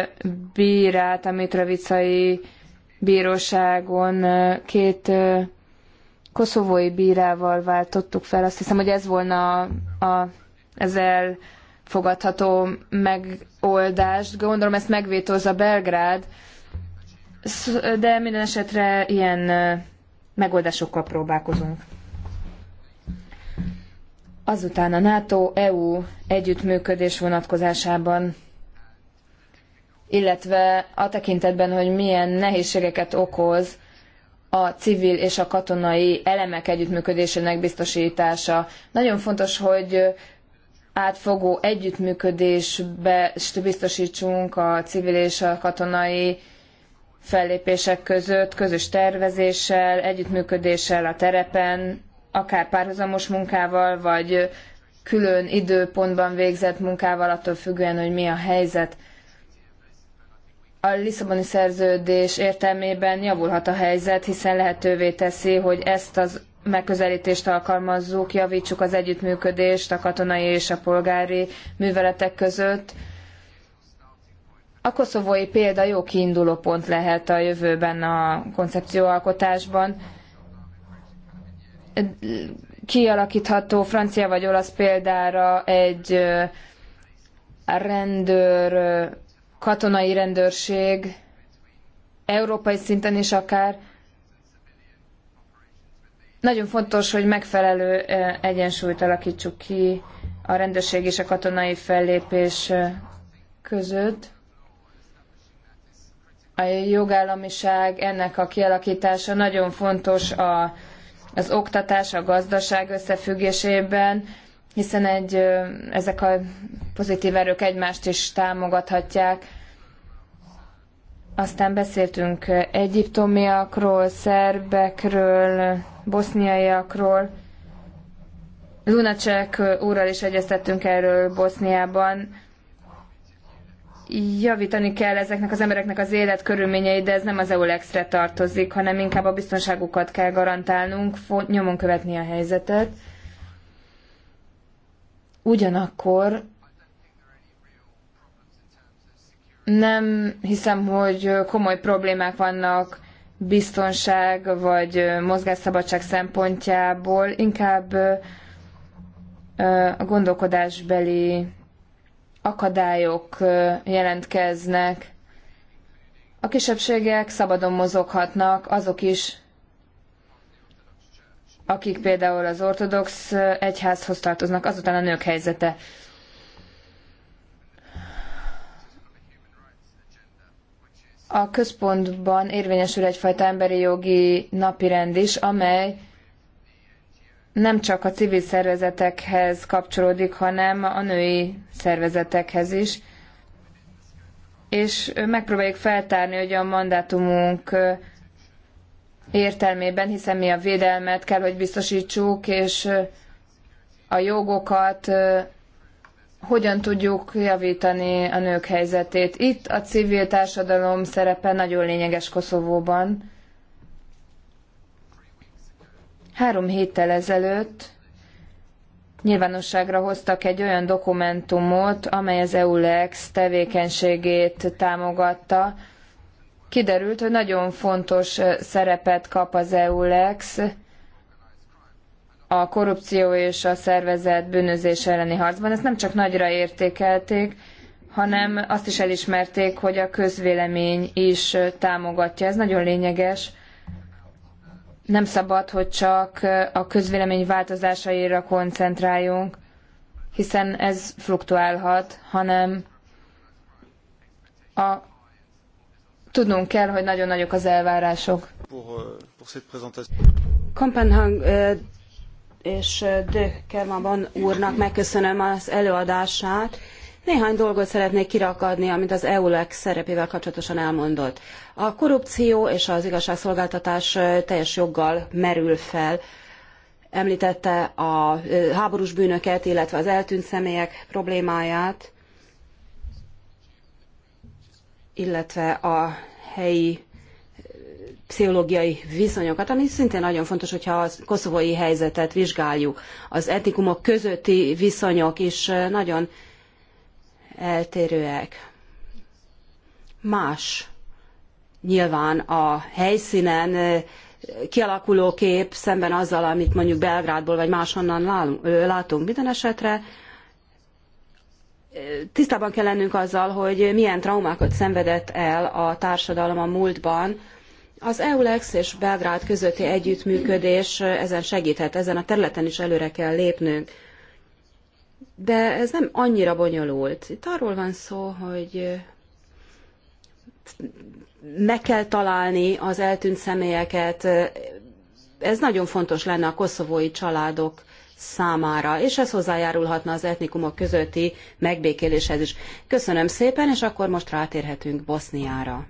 bírát a Mitrovicai bíróságon két koszovói bírával váltottuk fel. Azt hiszem, hogy ez volna a, a, ez elfogadható megoldást. Gondolom ezt megvétózza Belgrád, de minden esetre ilyen megoldásokkal próbálkozunk. Azután a NATO-EU együttműködés vonatkozásában illetve a tekintetben, hogy milyen nehézségeket okoz a civil és a katonai elemek együttműködésének biztosítása. Nagyon fontos, hogy átfogó együttműködésbe biztosítsunk a civil és a katonai fellépések között, közös tervezéssel, együttműködéssel a terepen, akár párhuzamos munkával, vagy külön időpontban végzett munkával, attól függően, hogy mi a helyzet a Lisszaboni szerződés értelmében javulhat a helyzet, hiszen lehetővé teszi, hogy ezt az megközelítést alkalmazzuk, javítsuk az együttműködést a katonai és a polgári műveletek között. A koszovói példa jó kiindulópont lehet a jövőben a koncepcióalkotásban. Kialakítható francia vagy olasz példára egy rendőr katonai rendőrség, európai szinten is akár. Nagyon fontos, hogy megfelelő e, egyensúlyt alakítsuk ki a rendőrség és a katonai fellépés e, között. A jogállamiság ennek a kialakítása nagyon fontos a, az oktatás, a gazdaság összefüggésében, hiszen egy, ezek a pozitív erők egymást is támogathatják. Aztán beszéltünk egyiptomiakról, szerbekről, boszniaiakról. Lunacek úrral is egyeztettünk erről Boszniában. Javítani kell ezeknek az embereknek az életkörülményeit, de ez nem az eu tartozik, hanem inkább a biztonságukat kell garantálnunk, nyomon követni a helyzetet. Ugyanakkor nem hiszem, hogy komoly problémák vannak biztonság vagy mozgásszabadság szempontjából, inkább a gondolkodásbeli akadályok jelentkeznek. A kisebbségek szabadon mozoghatnak, azok is, akik például az ortodox egyházhoz tartoznak, azután a nők helyzete. A központban érvényesül egyfajta emberi jogi napirend is, amely nem csak a civil szervezetekhez kapcsolódik, hanem a női szervezetekhez is. És megpróbáljuk feltárni, hogy a mandátumunk értelmében, hiszen mi a védelmet kell, hogy biztosítsuk, és a jogokat hogyan tudjuk javítani a nők helyzetét. Itt a civil társadalom szerepe nagyon lényeges Koszovóban. Három héttel ezelőtt nyilvánosságra hoztak egy olyan dokumentumot, amely az EULEX tevékenységét támogatta, kiderült, hogy nagyon fontos szerepet kap az EULEX a korrupció és a szervezett bűnözés elleni harcban. Ezt nem csak nagyra értékelték, hanem azt is elismerték, hogy a közvélemény is támogatja. Ez nagyon lényeges. Nem szabad, hogy csak a közvélemény változásaira koncentráljunk, hiszen ez fluktuálhat, hanem a Tudnunk kell, hogy nagyon nagyok az elvárások. Euh, Kompenhang euh, és euh, De Kermaban úrnak megköszönöm az előadását. Néhány dolgot szeretnék kirakadni, amit az EULEX szerepével kapcsolatosan elmondott. A korrupció és az igazságszolgáltatás teljes joggal merül fel. Említette a háborús bűnöket, illetve az eltűnt személyek problémáját illetve a helyi eh, pszichológiai viszonyokat, ami szintén nagyon fontos, hogyha a koszovói helyzetet vizsgáljuk. Az etnikumok közötti viszonyok is eh, nagyon eltérőek. Más nyilván a helyszínen eh, kialakuló kép szemben azzal, amit mondjuk Belgrádból vagy máshonnan látunk. Minden esetre tisztában kell lennünk azzal, hogy milyen traumákat szenvedett el a társadalom a múltban. Az EULEX és Belgrád közötti együttműködés ezen segíthet, ezen a területen is előre kell lépnünk. De ez nem annyira bonyolult. Itt arról van szó, hogy meg kell találni az eltűnt személyeket. Ez nagyon fontos lenne a koszovói családok számára, és ez hozzájárulhatna az etnikumok közötti megbékéléshez is. Köszönöm szépen, és akkor most rátérhetünk Boszniára.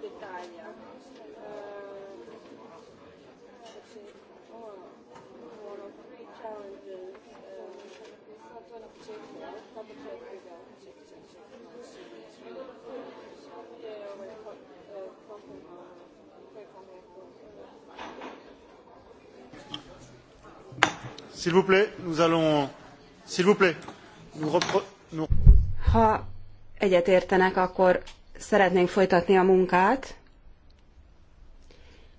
d'Italia. S'il vous plaît, nous allons. S'il vous plaît, nous reprenons. Ha egyetértenek, akkor szeretnénk folytatni a munkát,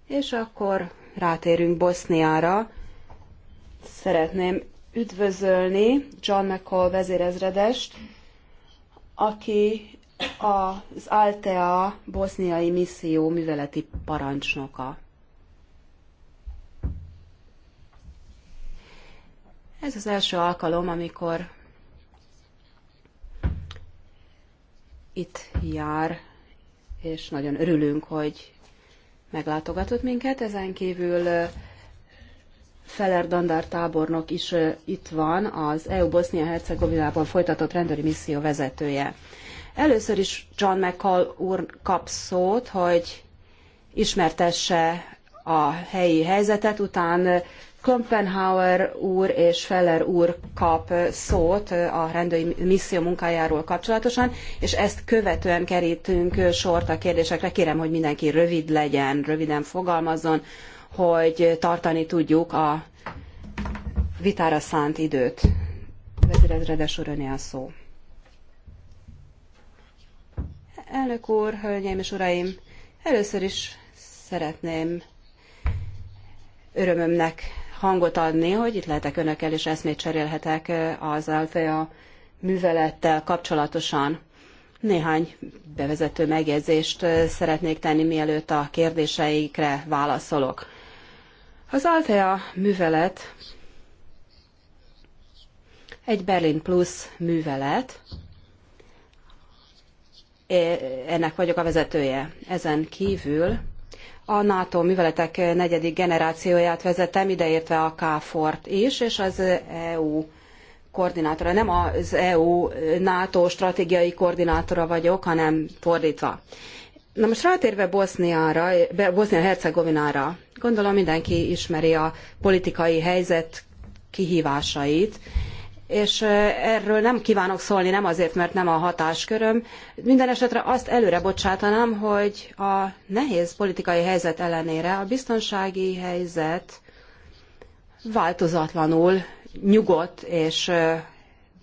és akkor rátérünk Boszniára. Szeretném üdvözölni John McCall vezérezredest, aki az Altea boszniai misszió műveleti parancsnoka. Ez az első alkalom, amikor itt jár, és nagyon örülünk, hogy meglátogatott minket. Ezen kívül Feller Dandár tábornok is itt van, az EU Bosznia-Hercegovinában folytatott rendőri misszió vezetője. Először is John McCall úr kap szót, hogy ismertesse a helyi helyzetet, után Kompenhauer úr és Feller úr kap szót a rendőri misszió munkájáról kapcsolatosan, és ezt követően kerítünk sort a kérdésekre. Kérem, hogy mindenki rövid legyen, röviden fogalmazzon, hogy tartani tudjuk a vitára szánt időt. Vezérezredes úr, a szó. Elnök úr, hölgyeim és uraim, először is szeretném örömömnek hangot adni, hogy itt lehetek önökkel, és eszmét cserélhetek az Alfea művelettel kapcsolatosan. Néhány bevezető megjegyzést szeretnék tenni, mielőtt a kérdéseikre válaszolok. Az Altea művelet egy Berlin Plus művelet, ennek vagyok a vezetője. Ezen kívül a NATO műveletek negyedik generációját vezetem, ideértve a KFOR-t is, és az EU koordinátora. Nem az EU NATO stratégiai koordinátora vagyok, hanem fordítva. Na most rátérve Boszniára, Bosznia-Hercegovinára, gondolom mindenki ismeri a politikai helyzet kihívásait, és erről nem kívánok szólni, nem azért, mert nem a hatásköröm. Minden esetre azt előre bocsátanám, hogy a nehéz politikai helyzet ellenére a biztonsági helyzet változatlanul nyugodt és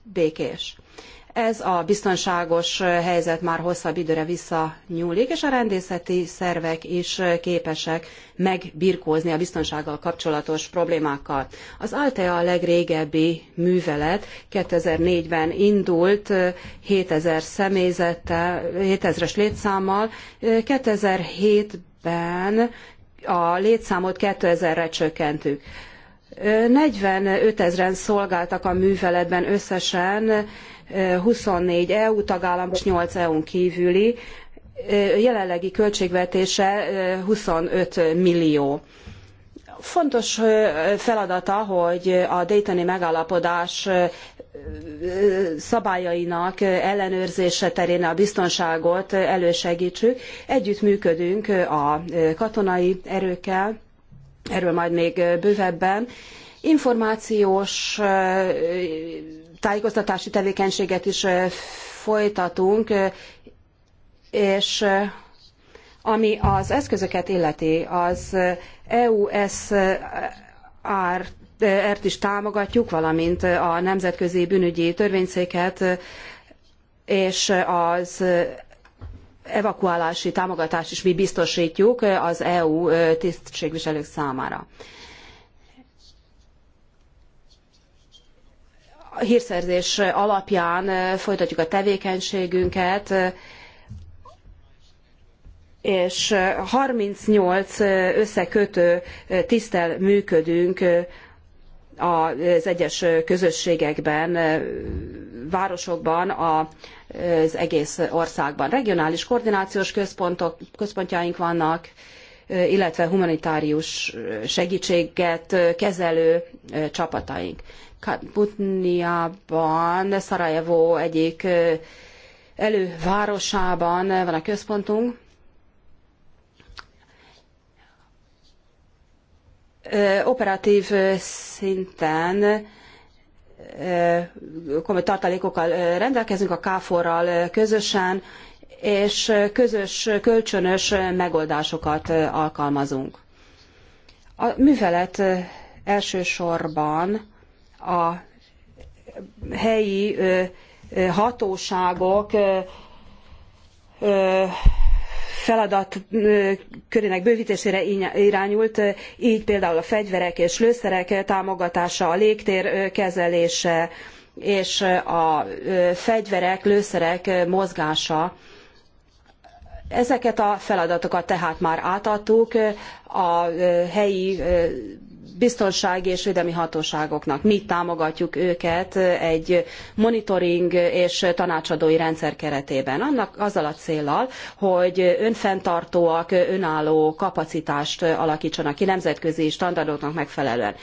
békés. Ez a biztonságos helyzet már hosszabb időre visszanyúlik, és a rendészeti szervek is képesek megbirkózni a biztonsággal kapcsolatos problémákkal. Az Altea a legrégebbi művelet, 2004-ben indult 7000 személyzettel, 7000-es létszámmal, 2007-ben a létszámot 2000-re csökkentük. 45 ezeren szolgáltak a műveletben összesen, 24 EU tagállam és 8 EU-n kívüli, jelenlegi költségvetése 25 millió. Fontos feladata, hogy a Daytoni megállapodás szabályainak ellenőrzése terén a biztonságot elősegítsük. Együttműködünk a katonai erőkkel, erről majd még bővebben. Információs tájékoztatási tevékenységet is folytatunk, és ami az eszközöket illeti, az EUSR ert is támogatjuk, valamint a Nemzetközi Bűnügyi Törvényszéket és az evakuálási támogatást is mi biztosítjuk az EU tisztségviselők számára. hírszerzés alapján folytatjuk a tevékenységünket, és 38 összekötő tisztel működünk az egyes közösségekben, városokban, az egész országban. Regionális koordinációs központok, központjaink vannak, illetve humanitárius segítséget kezelő csapataink. Butniában, Szarajevó egyik elővárosában van a központunk. Operatív szinten komoly tartalékokkal rendelkezünk a KFOR-ral közösen, és közös, kölcsönös megoldásokat alkalmazunk. A művelet elsősorban a helyi hatóságok feladatkörének bővítésére irányult, így például a fegyverek és lőszerek támogatása, a légtér kezelése és a fegyverek, lőszerek mozgása. Ezeket a feladatokat tehát már átadtuk a helyi biztonsági és védelmi hatóságoknak. Mi támogatjuk őket egy monitoring és tanácsadói rendszer keretében, annak azzal a célral, hogy önfenntartóak, önálló kapacitást alakítsanak ki nemzetközi standardoknak megfelelően.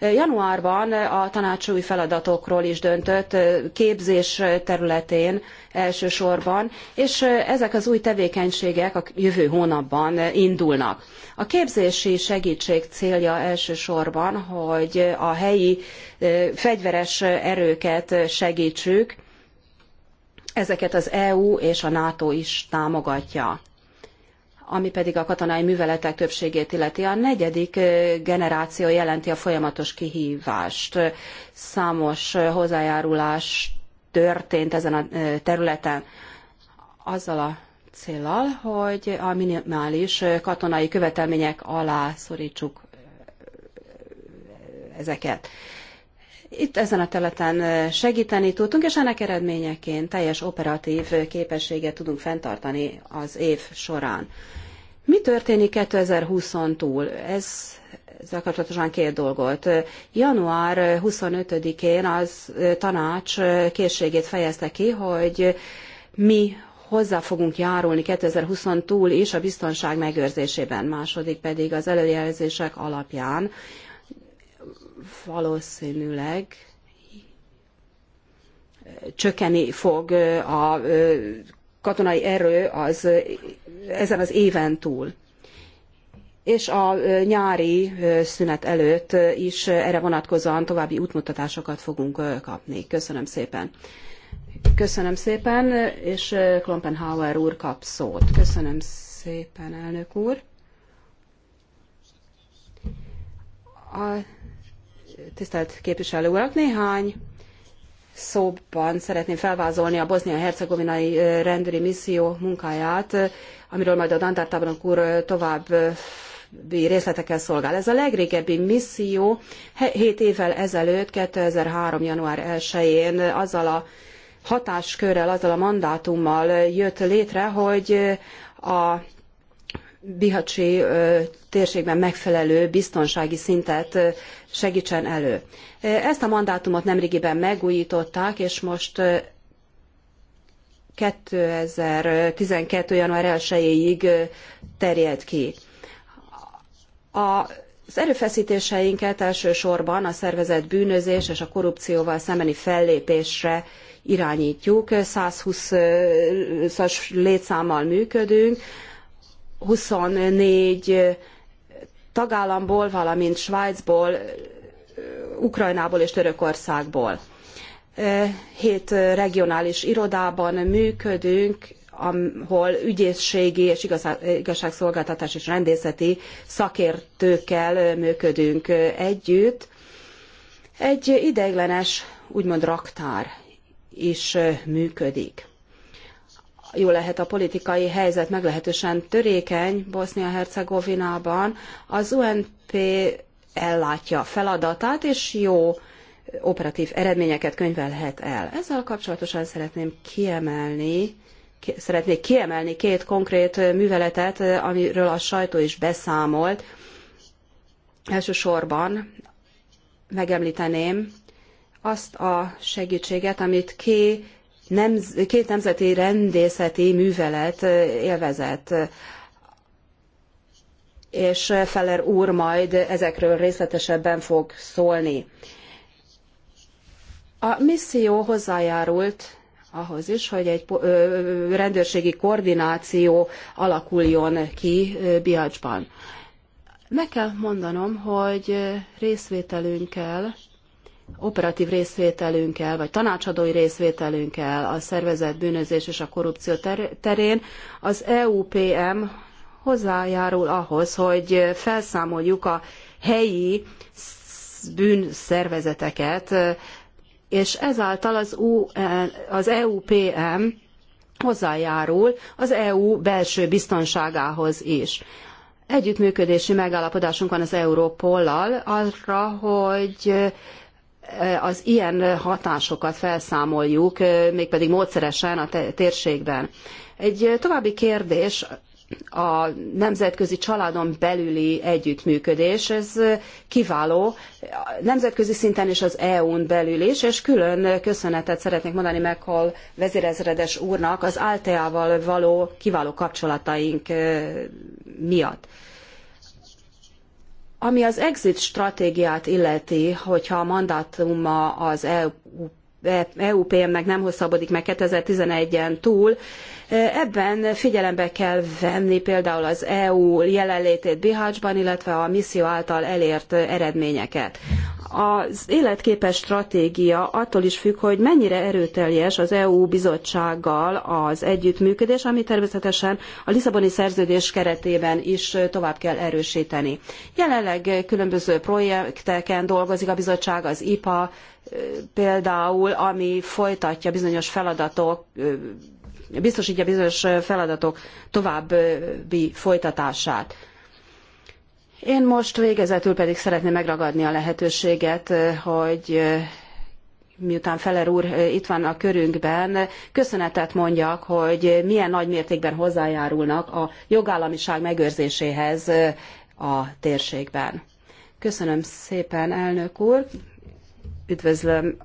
Januárban a tanács új feladatokról is döntött, képzés területén elsősorban, és ezek az új tevékenységek a jövő hónapban indulnak. A képzési segítség célja elsősorban, hogy a helyi fegyveres erőket segítsük, ezeket az EU és a NATO is támogatja ami pedig a katonai műveletek többségét illeti. A negyedik generáció jelenti a folyamatos kihívást. Számos hozzájárulás történt ezen a területen azzal a célral, hogy a minimális katonai követelmények alá szorítsuk ezeket. Itt ezen a területen segíteni tudtunk, és ennek eredményeként teljes operatív képességet tudunk fenntartani az év során. Mi történik 2020-on túl? Ez, ezzel kapcsolatosan két dolgot. Január 25-én az tanács készségét fejezte ki, hogy mi hozzá fogunk járulni 2020-on túl is a biztonság megőrzésében, második pedig az előjelzések alapján valószínűleg csökkeni fog a katonai erő az ezen az éven túl. És a nyári szünet előtt is erre vonatkozóan további útmutatásokat fogunk kapni. Köszönöm szépen. Köszönöm szépen, és Klompenhauer úr kap szót. Köszönöm szépen, elnök úr. A tisztelt képviselő urak, néhány szóban szeretném felvázolni a bosznia-hercegovinai rendőri misszió munkáját, amiről majd a Dandártábornok úr további részletekkel szolgál. Ez a legrégebbi misszió 7 évvel ezelőtt, 2003. január 1-én azzal a hatáskörrel, azzal a mandátummal jött létre, hogy a Bihacsi térségben megfelelő biztonsági szintet segítsen elő. Ezt a mandátumot nemrégiben megújították, és most 2012. január 1-ig terjed ki. A az erőfeszítéseinket elsősorban a szervezett bűnözés és a korrupcióval szembeni fellépésre irányítjuk. 120-as létszámmal működünk, 24 tagállamból, valamint Svájcból, Ukrajnából és Törökországból. Hét regionális irodában működünk, ahol ügyészségi és igazságszolgáltatás és rendészeti szakértőkkel működünk együtt. Egy ideiglenes, úgymond raktár is működik jó lehet a politikai helyzet meglehetősen törékeny Bosznia-Hercegovinában, az UNP ellátja feladatát, és jó operatív eredményeket könyvelhet el. Ezzel kapcsolatosan szeretném kiemelni, ki, szeretnék kiemelni két konkrét műveletet, amiről a sajtó is beszámolt. Elsősorban megemlíteném azt a segítséget, amit ki nemz, két nemzeti rendészeti művelet élvezett. És Feller úr majd ezekről részletesebben fog szólni. A misszió hozzájárult ahhoz is, hogy egy rendőrségi koordináció alakuljon ki Biacsban. Meg kell mondanom, hogy részvételünkkel operatív részvételünkkel, vagy tanácsadói részvételünkkel a szervezett bűnözés és a korrupció terén, az EUPM hozzájárul ahhoz, hogy felszámoljuk a helyi bűnszervezeteket, és ezáltal az, UN, az EUPM hozzájárul az EU belső biztonságához is. Együttműködési megállapodásunk van az Európollal arra, hogy az ilyen hatásokat felszámoljuk, mégpedig módszeresen a térségben. Egy további kérdés a nemzetközi családon belüli együttműködés, ez kiváló nemzetközi szinten és az EU-n belül is, és külön köszönetet szeretnék mondani McCall vezérezredes úrnak az Alteával való kiváló kapcsolataink miatt. Ami az exit stratégiát illeti, hogyha a mandátuma az EU EUPM-nek e nem hosszabbodik meg 2011-en túl. Ebben figyelembe kell venni például az EU jelenlétét Bihácsban, illetve a misszió által elért eredményeket. Az életképes stratégia attól is függ, hogy mennyire erőteljes az EU bizottsággal az együttműködés, ami természetesen a Lisszaboni szerződés keretében is tovább kell erősíteni. Jelenleg különböző projekteken dolgozik a bizottság, az IPA például, ami folytatja bizonyos feladatok, biztosítja bizonyos feladatok további folytatását. Én most végezetül pedig szeretném megragadni a lehetőséget, hogy miután Feller úr itt van a körünkben, köszönetet mondjak, hogy milyen nagy mértékben hozzájárulnak a jogállamiság megőrzéséhez a térségben. Köszönöm szépen, elnök úr! Üdvözlöm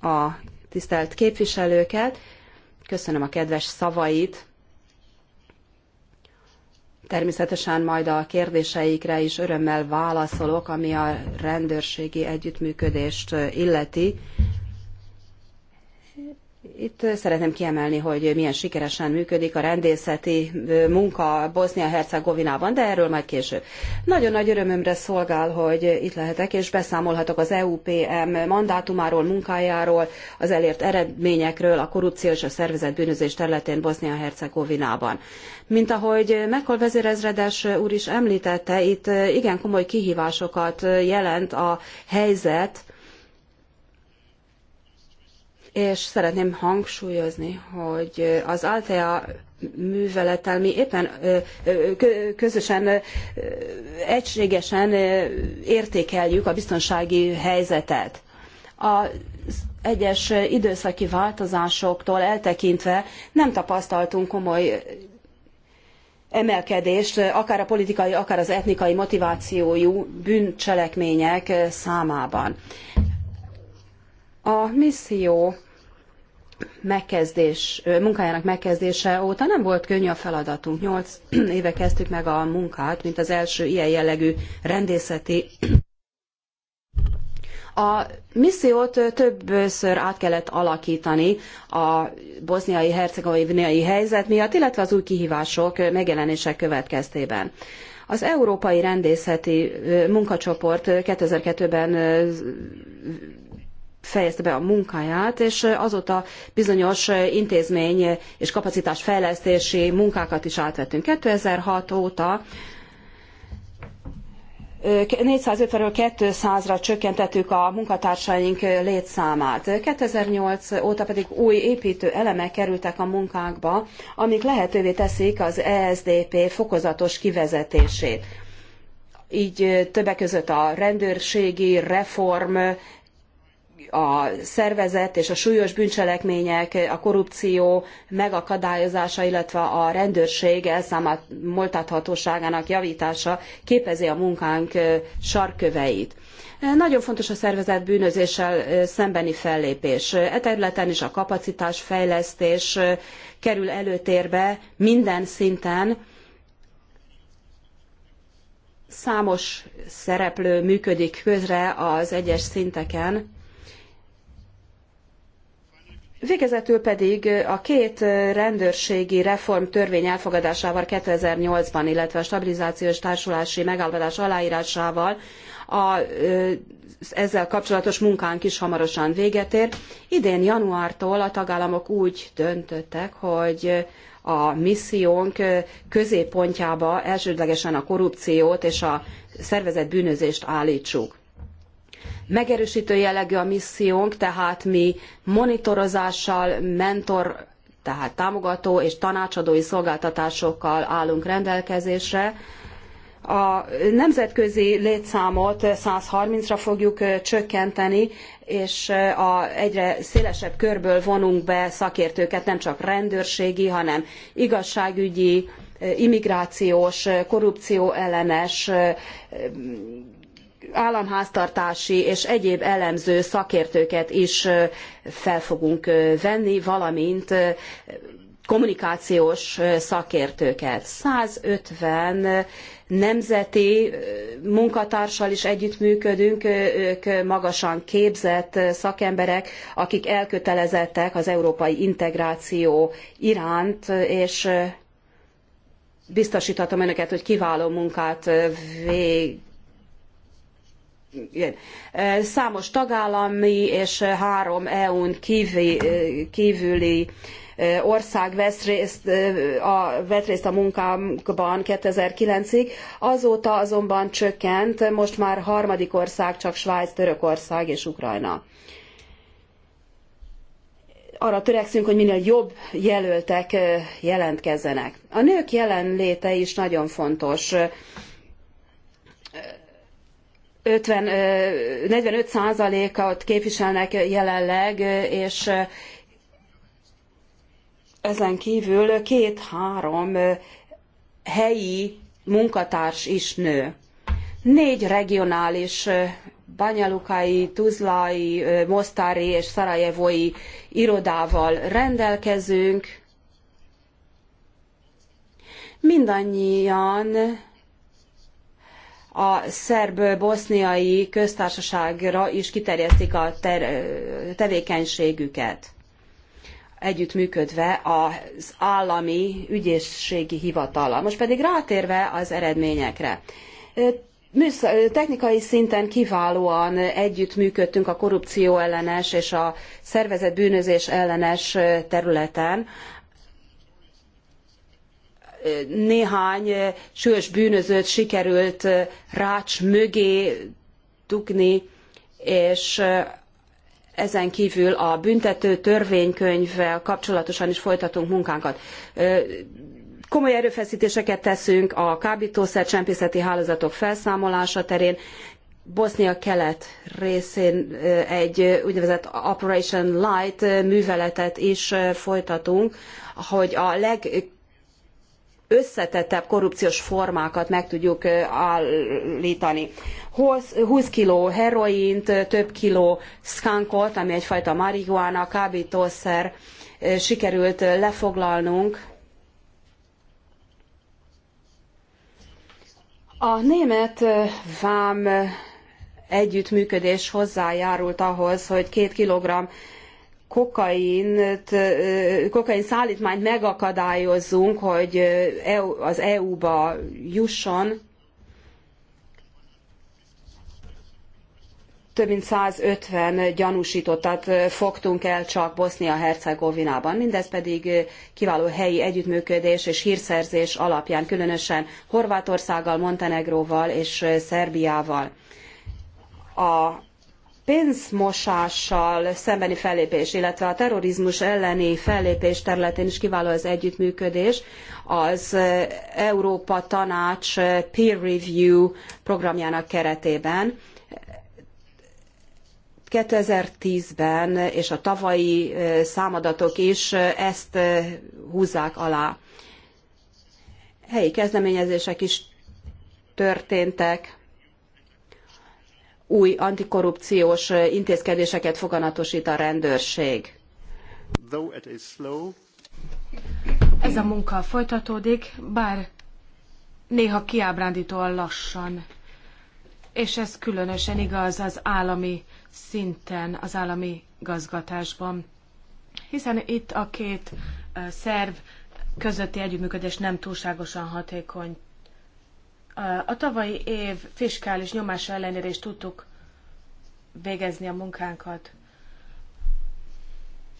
a tisztelt képviselőket, köszönöm a kedves szavait. Természetesen majd a kérdéseikre is örömmel válaszolok, ami a rendőrségi együttműködést illeti. Itt szeretném kiemelni, hogy milyen sikeresen működik a rendészeti munka Bosznia-Hercegovinában, de erről majd később. Nagyon nagy örömömre szolgál, hogy itt lehetek, és beszámolhatok az EUPM mandátumáról, munkájáról, az elért eredményekről a korrupció és a szervezett bűnözés területén Bosznia-Hercegovinában. Mint ahogy Mekol vezérezredes úr is említette, itt igen komoly kihívásokat jelent a helyzet, és szeretném hangsúlyozni, hogy az Altea művelettel mi éppen közösen, egységesen értékeljük a biztonsági helyzetet. Az egyes időszaki változásoktól eltekintve nem tapasztaltunk komoly emelkedést, akár a politikai, akár az etnikai motivációjú bűncselekmények számában. A misszió megkezdés, munkájának megkezdése óta nem volt könnyű a feladatunk. Nyolc éve kezdtük meg a munkát, mint az első ilyen jellegű rendészeti. A missziót többször át kellett alakítani a boszniai hercegovinai helyzet miatt, illetve az új kihívások megjelenése következtében. Az Európai Rendészeti Munkacsoport 2002-ben fejezte be a munkáját, és azóta bizonyos intézmény és kapacitásfejlesztési munkákat is átvettünk. 2006 óta 450-ről 200-ra csökkentettük a munkatársaink létszámát. 2008 óta pedig új építő elemek kerültek a munkánkba, amik lehetővé teszik az ESDP fokozatos kivezetését. Így többek között a rendőrségi reform a szervezet és a súlyos bűncselekmények, a korrupció megakadályozása, illetve a rendőrség elszámoltathatóságának javítása képezi a munkánk sarköveit. Nagyon fontos a szervezet bűnözéssel szembeni fellépés. E területen is a kapacitásfejlesztés kerül előtérbe minden szinten, számos szereplő működik közre az egyes szinteken, Végezetül pedig a két rendőrségi reform törvény elfogadásával 2008-ban, illetve a stabilizációs társulási megállapodás aláírásával a, ezzel kapcsolatos munkánk is hamarosan véget ér. Idén januártól a tagállamok úgy döntöttek, hogy a missziónk középpontjába elsődlegesen a korrupciót és a szervezett bűnözést állítsuk megerősítő jellegű a missziónk, tehát mi monitorozással, mentor, tehát támogató és tanácsadói szolgáltatásokkal állunk rendelkezésre. A nemzetközi létszámot 130-ra fogjuk csökkenteni, és a egyre szélesebb körből vonunk be szakértőket, nem csak rendőrségi, hanem igazságügyi, immigrációs, korrupcióellenes államháztartási és egyéb elemző szakértőket is fel fogunk venni, valamint kommunikációs szakértőket. 150 nemzeti munkatársal is együttműködünk, ők magasan képzett szakemberek, akik elkötelezettek az európai integráció iránt, és biztosíthatom önöket, hogy kiváló munkát vég, számos tagállami és három EU-n kívüli ország vesz részt, a, vett részt a munkámban 2009-ig, azóta azonban csökkent, most már harmadik ország csak Svájc, Törökország és Ukrajna. Arra törekszünk, hogy minél jobb jelöltek jelentkezzenek. A nők jelenléte is nagyon fontos 50, 45 százalékat képviselnek jelenleg, és ezen kívül két-három helyi munkatárs is nő. Négy regionális banyalukai, tuzlai, mosztári és szarajevói irodával rendelkezünk. Mindannyian a szerb-boszniai köztársaságra is kiterjesztik a tevékenységüket, együttműködve az állami ügyészségi hivatala. Most pedig rátérve az eredményekre. Technikai szinten kiválóan együttműködtünk a korrupció ellenes és a szervezett bűnözés ellenes területen néhány súlyos bűnözőt sikerült rács mögé dugni, és ezen kívül a büntető törvénykönyvvel kapcsolatosan is folytatunk munkánkat. Komoly erőfeszítéseket teszünk a kábítószer csempészeti hálózatok felszámolása terén. Bosznia kelet részén egy úgynevezett Operation Light műveletet is folytatunk, hogy a leg összetettebb korrupciós formákat meg tudjuk állítani. 20 kiló heroint, több kiló skankot, ami egyfajta marihuána, kábítószer sikerült lefoglalnunk. A német vám együttműködés hozzájárult ahhoz, hogy két kilogramm kokaint, kokain szállítmányt megakadályozzunk, hogy az EU-ba jusson. Több mint 150 gyanúsítottat fogtunk el csak Bosznia-Hercegovinában, mindez pedig kiváló helyi együttműködés és hírszerzés alapján, különösen Horvátországgal, Montenegróval és Szerbiával. A pénzmosással szembeni fellépés, illetve a terrorizmus elleni fellépés területén is kiváló az együttműködés. Az Európa Tanács Peer Review programjának keretében 2010-ben és a tavalyi számadatok is ezt húzzák alá. Helyi kezdeményezések is történtek, új antikorrupciós intézkedéseket foganatosít a rendőrség. Ez a munka folytatódik, bár néha kiábrándítóan lassan. És ez különösen igaz az állami szinten, az állami gazgatásban. Hiszen itt a két szerv közötti együttműködés nem túlságosan hatékony. A tavalyi év fiskális nyomása ellenére is tudtuk végezni a munkánkat.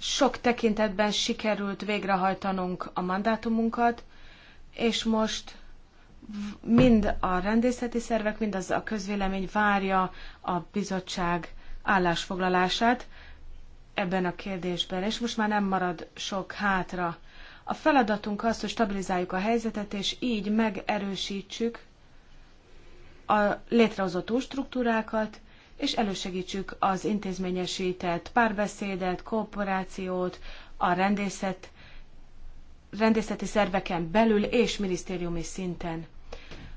Sok tekintetben sikerült végrehajtanunk a mandátumunkat, és most mind a rendészeti szervek, mind az a közvélemény várja a bizottság állásfoglalását ebben a kérdésben, és most már nem marad sok hátra. A feladatunk az, hogy stabilizáljuk a helyzetet, és így megerősítsük a létrehozott új struktúrákat, és elősegítsük az intézményesített párbeszédet, kooperációt, a rendészet, rendészeti szerveken belül és minisztériumi szinten.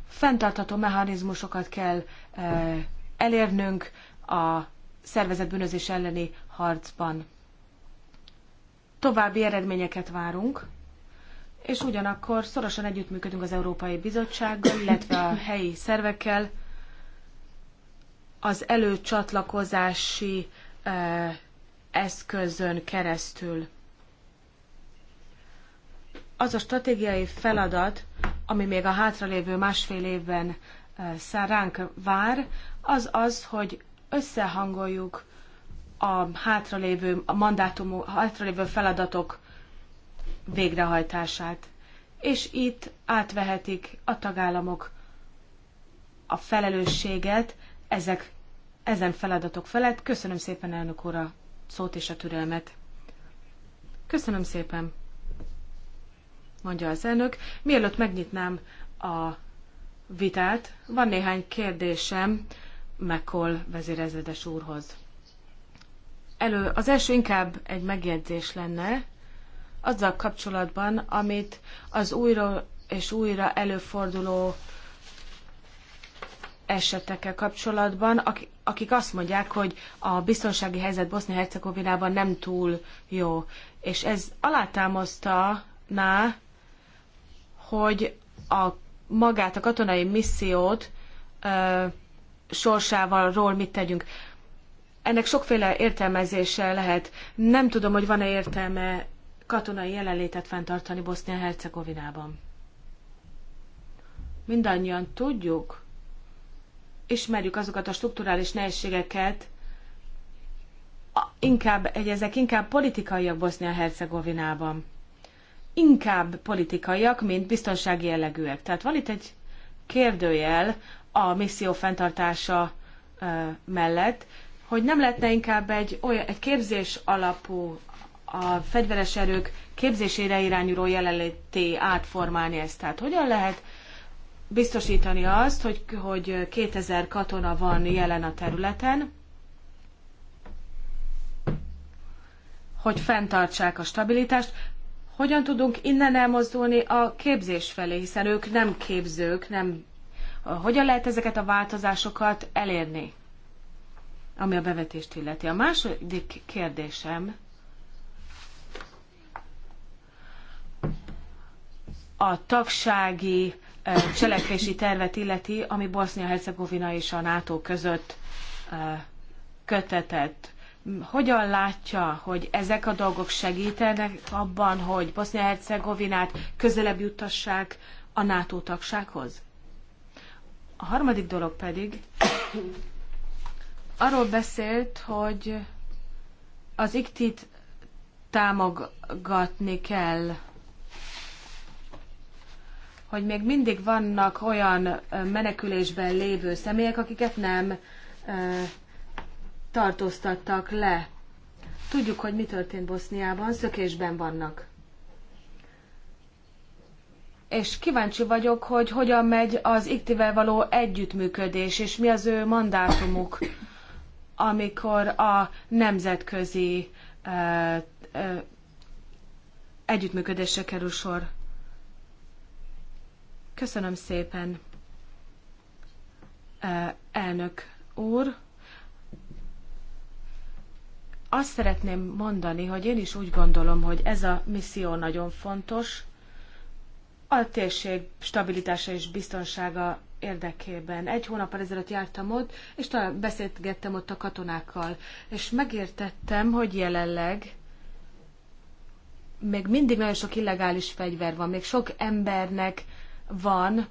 Fenntartható mechanizmusokat kell e, elérnünk a szervezet bűnözés elleni harcban. További eredményeket várunk és ugyanakkor szorosan együttműködünk az Európai Bizottsággal, illetve a helyi szervekkel az előcsatlakozási e, eszközön keresztül. Az a stratégiai feladat, ami még a hátralévő másfél évben e, ránk vár, az az, hogy összehangoljuk a hátralévő a mandátum, a hátralévő feladatok végrehajtását, és itt átvehetik a tagállamok a felelősséget ezek, ezen feladatok felett. Köszönöm szépen, elnök úr, a szót és a türelmet. Köszönöm szépen, mondja az elnök. Mielőtt megnyitnám a vitát, van néhány kérdésem McCall vezérezredes úrhoz. Elő, az első inkább egy megjegyzés lenne, azzal kapcsolatban, amit az újra és újra előforduló esetekkel kapcsolatban, akik azt mondják, hogy a biztonsági helyzet Bosznia-Hercegovinában nem túl jó. És ez ná, hogy a magát, a katonai missziót ö, sorsával ról mit tegyünk. Ennek sokféle értelmezése lehet. Nem tudom, hogy van-e értelme katonai jelenlétet fenntartani Bosznia-Hercegovinában. Mindannyian tudjuk, ismerjük azokat a strukturális nehézségeket, inkább, egy, ezek inkább politikaiak Bosznia-Hercegovinában. Inkább politikaiak, mint biztonsági jellegűek. Tehát van itt egy kérdőjel a misszió fenntartása mellett, hogy nem lehetne inkább egy, olyan, egy képzés alapú a fegyveres erők képzésére irányuló jelenlété átformálni ezt. Tehát hogyan lehet biztosítani azt, hogy, hogy 2000 katona van jelen a területen, hogy fenntartsák a stabilitást, hogyan tudunk innen elmozdulni a képzés felé, hiszen ők nem képzők, nem hogyan lehet ezeket a változásokat elérni, ami a bevetést illeti. A második kérdésem a tagsági eh, cselekvési tervet illeti, ami Bosznia-Hercegovina és a NATO között eh, kötetett. Hogyan látja, hogy ezek a dolgok segítenek abban, hogy Bosznia-Hercegovinát közelebb juttassák a NATO tagsághoz? A harmadik dolog pedig arról beszélt, hogy az iktit támogatni kell hogy még mindig vannak olyan menekülésben lévő személyek, akiket nem tartóztattak le. Tudjuk, hogy mi történt Boszniában, szökésben vannak. És kíváncsi vagyok, hogy hogyan megy az iktivel való együttműködés, és mi az ő mandátumuk, amikor a nemzetközi ö, ö, együttműködésre kerül sor. Köszönöm szépen, elnök úr. Azt szeretném mondani, hogy én is úgy gondolom, hogy ez a misszió nagyon fontos, a térség stabilitása és biztonsága érdekében. Egy hónappal ezelőtt jártam ott, és talán beszélgettem ott a katonákkal, és megértettem, hogy jelenleg még mindig nagyon sok illegális fegyver van, még sok embernek van,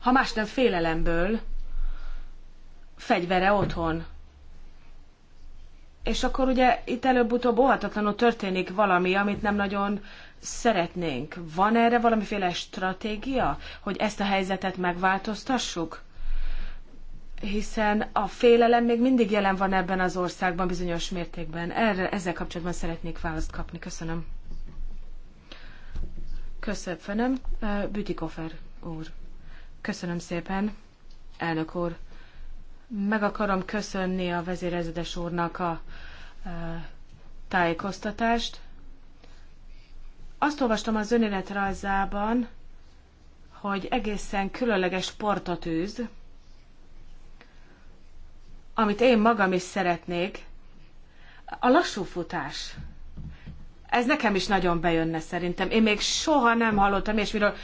ha más nem félelemből, fegyvere otthon. És akkor ugye itt előbb-utóbb óhatatlanul történik valami, amit nem nagyon szeretnénk. Van erre valamiféle stratégia, hogy ezt a helyzetet megváltoztassuk? Hiszen a félelem még mindig jelen van ebben az országban bizonyos mértékben. Erre, ezzel kapcsolatban szeretnék választ kapni. Köszönöm. Köszönöm, Bütikofer úr. Köszönöm szépen, elnök úr. Meg akarom köszönni a vezérezedes úrnak a tájékoztatást. Azt olvastam az önéletrajzában, hogy egészen különleges sportot űz, amit én magam is szeretnék, a lassú futás. Ez nekem is nagyon bejönne szerintem. Én még soha nem hallottam miről...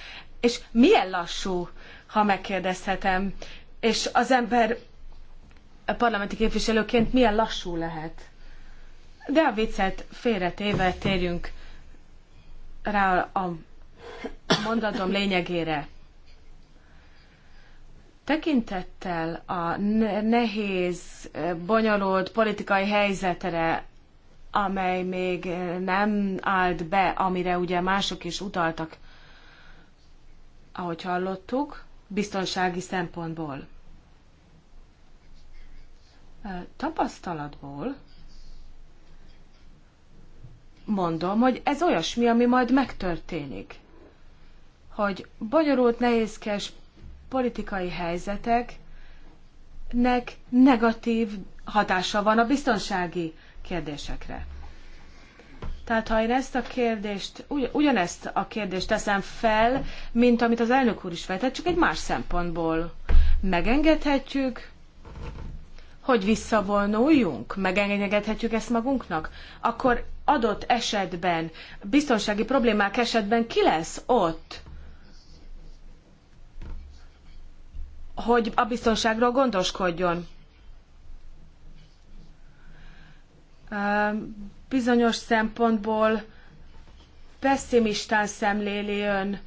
És milyen lassú, ha megkérdezhetem. És az ember a parlamenti képviselőként milyen lassú lehet. De a viccet félretéve térjünk rá a mondatom lényegére. Tekintettel a nehéz, bonyolult politikai helyzetre, amely még nem állt be, amire ugye mások is utaltak, ahogy hallottuk, biztonsági szempontból. Tapasztalatból mondom, hogy ez olyasmi, ami majd megtörténik. Hogy bonyolult, nehézkes politikai helyzeteknek negatív hatása van a biztonsági kérdésekre. Tehát ha én ezt a kérdést, ugyanezt a kérdést teszem fel, mint amit az elnök úr is feltett, csak egy más szempontból megengedhetjük, hogy visszavonuljunk, megengedhetjük ezt magunknak, akkor adott esetben, biztonsági problémák esetben ki lesz ott, hogy a biztonságról gondoskodjon. bizonyos szempontból pessimistán szemléli ön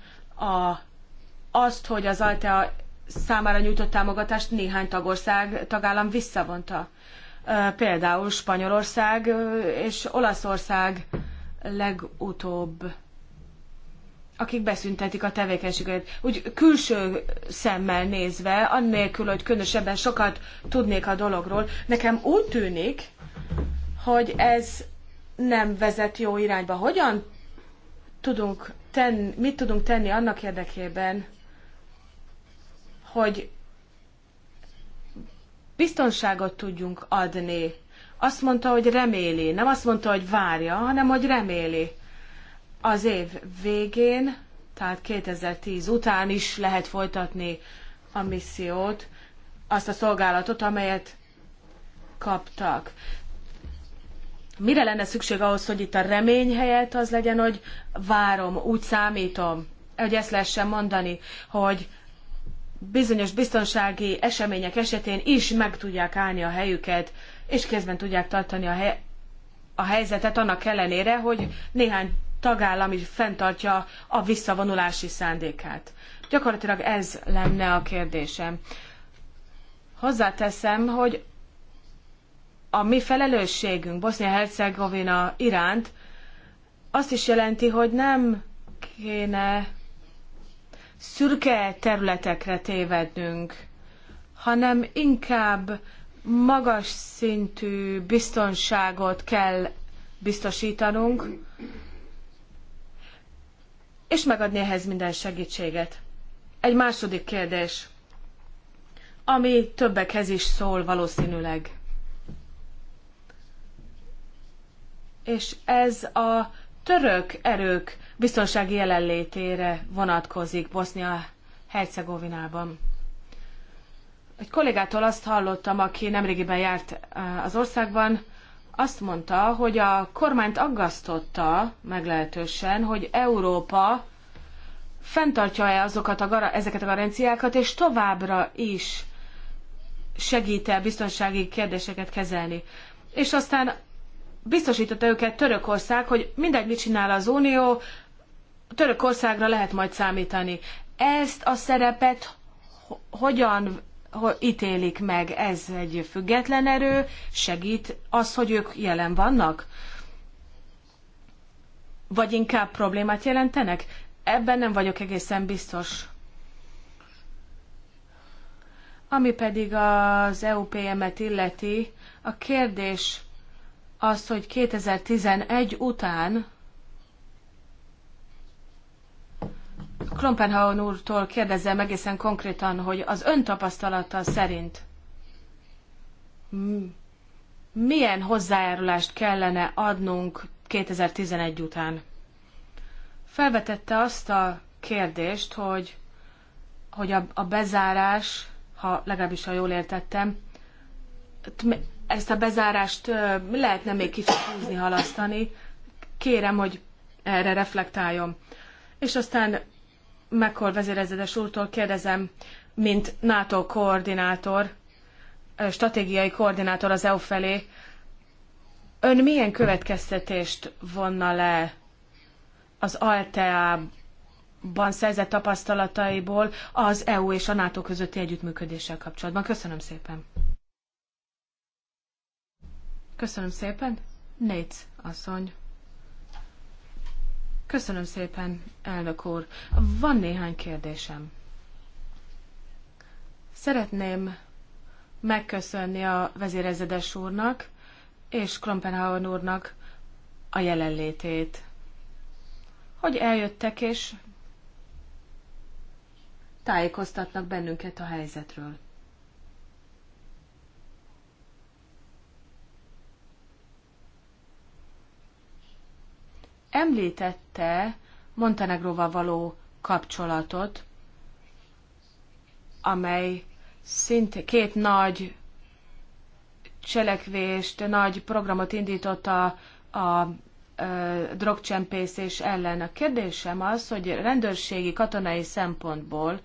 a, azt, hogy az Altea számára nyújtott támogatást néhány tagország, tagállam visszavonta. Például Spanyolország és Olaszország legutóbb, akik beszüntetik a tevékenységet. Úgy külső szemmel nézve, annélkül, hogy különösebben sokat tudnék a dologról, nekem úgy tűnik, hogy ez nem vezet jó irányba. Hogyan tudunk tenni, mit tudunk tenni annak érdekében, hogy biztonságot tudjunk adni. Azt mondta, hogy reméli, nem azt mondta, hogy várja, hanem hogy reméli. Az év végén, tehát 2010 után is lehet folytatni a missziót, azt a szolgálatot, amelyet kaptak mire lenne szükség ahhoz, hogy itt a remény helyett az legyen, hogy várom, úgy számítom, hogy ezt lehessen mondani, hogy bizonyos biztonsági események esetén is meg tudják állni a helyüket, és kézben tudják tartani a, hely, a helyzetet annak ellenére, hogy néhány tagállam is fenntartja a visszavonulási szándékát. Gyakorlatilag ez lenne a kérdésem. Hozzáteszem, hogy a mi felelősségünk Bosznia-Hercegovina iránt azt is jelenti, hogy nem kéne szürke területekre tévednünk, hanem inkább magas szintű biztonságot kell biztosítanunk, és megadni ehhez minden segítséget. Egy második kérdés, ami többekhez is szól valószínűleg. és ez a török erők biztonsági jelenlétére vonatkozik Bosznia-Hercegovinában. Egy kollégától azt hallottam, aki nemrégiben járt eh, az országban, azt mondta, hogy a kormányt aggasztotta meglehetősen, hogy Európa fenntartja-e azokat a, ezeket a garanciákat, és továbbra is segít-e biztonsági kérdéseket kezelni. És aztán biztosította őket Törökország, hogy mindegy, mit csinál az Unió, Törökországra lehet majd számítani. Ezt a szerepet hogyan ítélik meg? Ez egy független erő, segít az, hogy ők jelen vannak? Vagy inkább problémát jelentenek? Ebben nem vagyok egészen biztos. Ami pedig az EUPM-et illeti, a kérdés azt, hogy 2011 után Klompenhaun úrtól kérdezzem egészen konkrétan, hogy az ön tapasztalata szerint milyen hozzájárulást kellene adnunk 2011 után? Felvetette azt a kérdést, hogy, hogy a, a bezárás, ha legalábbis ha jól értettem, ezt a bezárást lehetne még kicsit húzni, halasztani. Kérem, hogy erre reflektáljon. És aztán Mekkor vezérezedes úrtól kérdezem, mint NATO koordinátor, stratégiai koordinátor az EU felé, ön milyen következtetést vonna le az Alteában szerzett tapasztalataiból az EU és a NATO közötti együttműködéssel kapcsolatban? Köszönöm szépen! Köszönöm szépen. Négy asszony. Köszönöm szépen, elnök úr. Van néhány kérdésem. Szeretném megköszönni a vezérezedes úrnak és Krompenhauer úrnak a jelenlétét, hogy eljöttek és tájékoztatnak bennünket a helyzetről. említette Montenegróval való kapcsolatot, amely szinte két nagy cselekvést, nagy programot indított a, a, a drogcsempészés ellen. A kérdésem az, hogy rendőrségi, katonai szempontból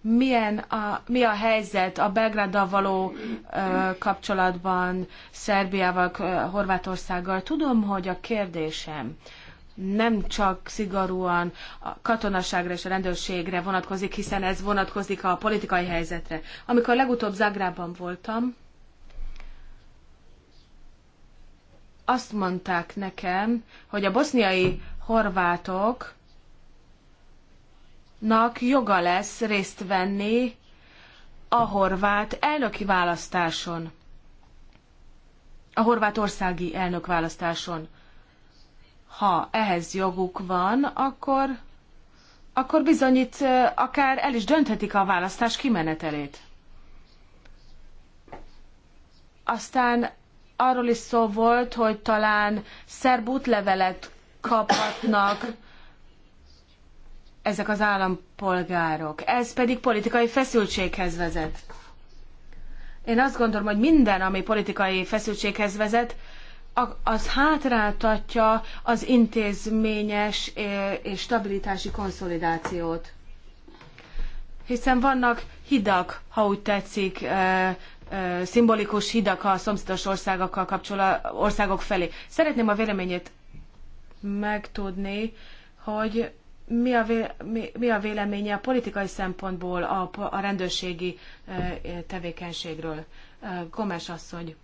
milyen a, mi a helyzet a Belgráddal való ö, kapcsolatban, Szerbiával, ö, Horvátországgal. Tudom, hogy a kérdésem nem csak szigorúan a katonaságra és a rendőrségre vonatkozik, hiszen ez vonatkozik a politikai helyzetre. Amikor legutóbb Zagrában voltam, azt mondták nekem, hogy a boszniai horvátoknak joga lesz részt venni a horvát elnöki választáson. A horvátországi elnökválasztáson ha ehhez joguk van, akkor, akkor bizonyít, akár el is dönthetik a választás kimenetelét. Aztán arról is szó volt, hogy talán szerb útlevelet kaphatnak ezek az állampolgárok. Ez pedig politikai feszültséghez vezet. Én azt gondolom, hogy minden, ami politikai feszültséghez vezet, az hátráltatja az intézményes eh, és stabilitási konszolidációt. Hiszen vannak hidak, ha úgy tetszik, eh, eh, szimbolikus hidak a szomszédos országokkal kapcsolat, országok felé. Szeretném a véleményét megtudni, hogy mi a, vé, mi, mi a véleménye a politikai szempontból a, a rendőrségi tevékenységről. Gomes asszony.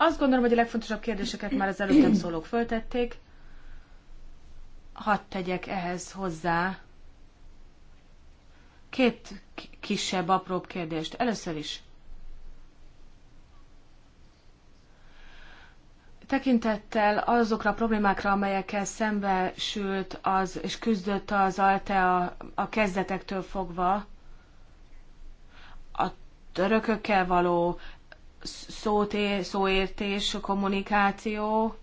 Azt gondolom, hogy a legfontosabb kérdéseket már az előttem szólók föltették. Hadd tegyek ehhez hozzá két kisebb, apróbb kérdést. Először is. Tekintettel azokra a problémákra, amelyekkel szembesült az, és küzdött az Altea a kezdetektől fogva, a törökökkel való szóté, szóértés, kommunikáció,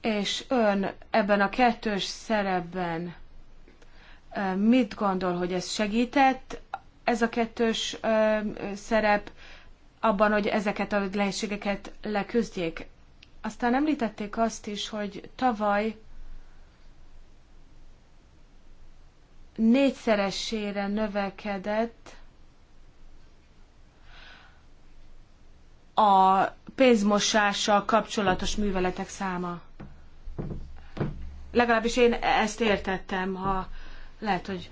és ön ebben a kettős szerepben mit gondol, hogy ez segített, ez a kettős szerep abban, hogy ezeket a lehetségeket leküzdjék? Aztán említették azt is, hogy tavaly négyszeresére növekedett a pénzmosással kapcsolatos műveletek száma. Legalábbis én ezt értettem, ha lehet, hogy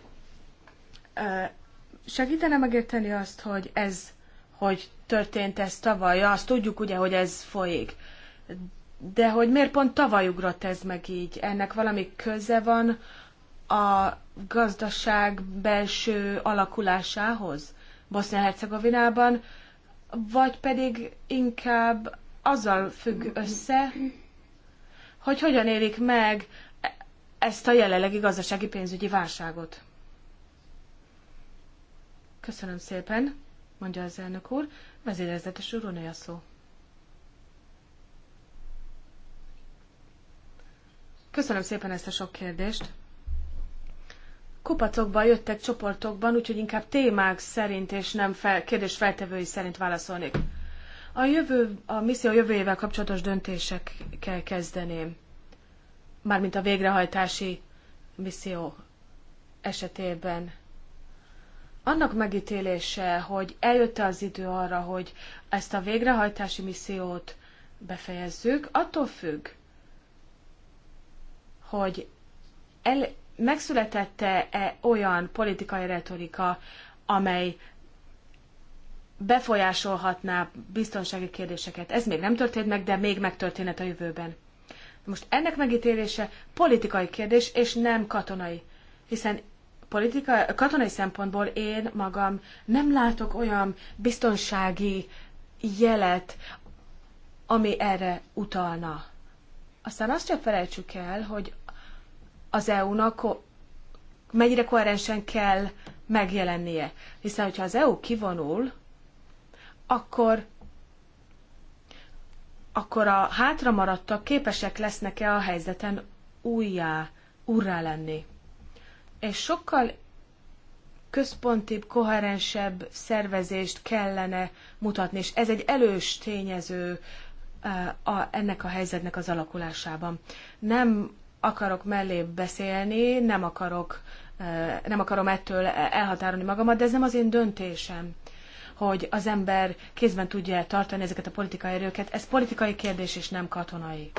segítene megérteni azt, hogy ez, hogy történt ez tavaly, azt tudjuk ugye, hogy ez folyik. De hogy miért pont tavaly ugrott ez meg így? Ennek valami köze van a gazdaság belső alakulásához? Bosznia-Hercegovinában vagy pedig inkább azzal függ össze, hogy hogyan élik meg ezt a jelenlegi gazdasági pénzügyi válságot. Köszönöm szépen, mondja az elnök úr. vezérezetes úr, a szó. Köszönöm szépen ezt a sok kérdést kupacokban jöttek csoportokban, úgyhogy inkább témák szerint és nem fel, kérdés feltevői szerint válaszolnék. A, jövő, a misszió jövőjével kapcsolatos döntésekkel kezdeném. Mármint a végrehajtási misszió esetében. Annak megítélése, hogy eljött -e az idő arra, hogy ezt a végrehajtási missziót befejezzük, attól függ, hogy el, megszületette-e olyan politikai retorika, amely befolyásolhatná biztonsági kérdéseket. Ez még nem történt meg, de még megtörténhet a jövőben. Most ennek megítélése politikai kérdés, és nem katonai. Hiszen politika, katonai szempontból én magam nem látok olyan biztonsági jelet, ami erre utalna. Aztán azt se felejtsük el, hogy az EU-nak mennyire koherensen kell megjelennie. Hiszen, hogyha az EU kivonul, akkor akkor a hátramaradtak képesek lesznek-e a helyzeten újjá, urrá lenni. És sokkal központibb, koherensebb szervezést kellene mutatni, és ez egy elős tényező eh, a, ennek a helyzetnek az alakulásában. Nem akarok mellé beszélni, nem akarok, nem akarom ettől elhatárolni magamat, de ez nem az én döntésem hogy az ember kézben tudja tartani ezeket a politikai erőket. Ez politikai kérdés, és nem katonai.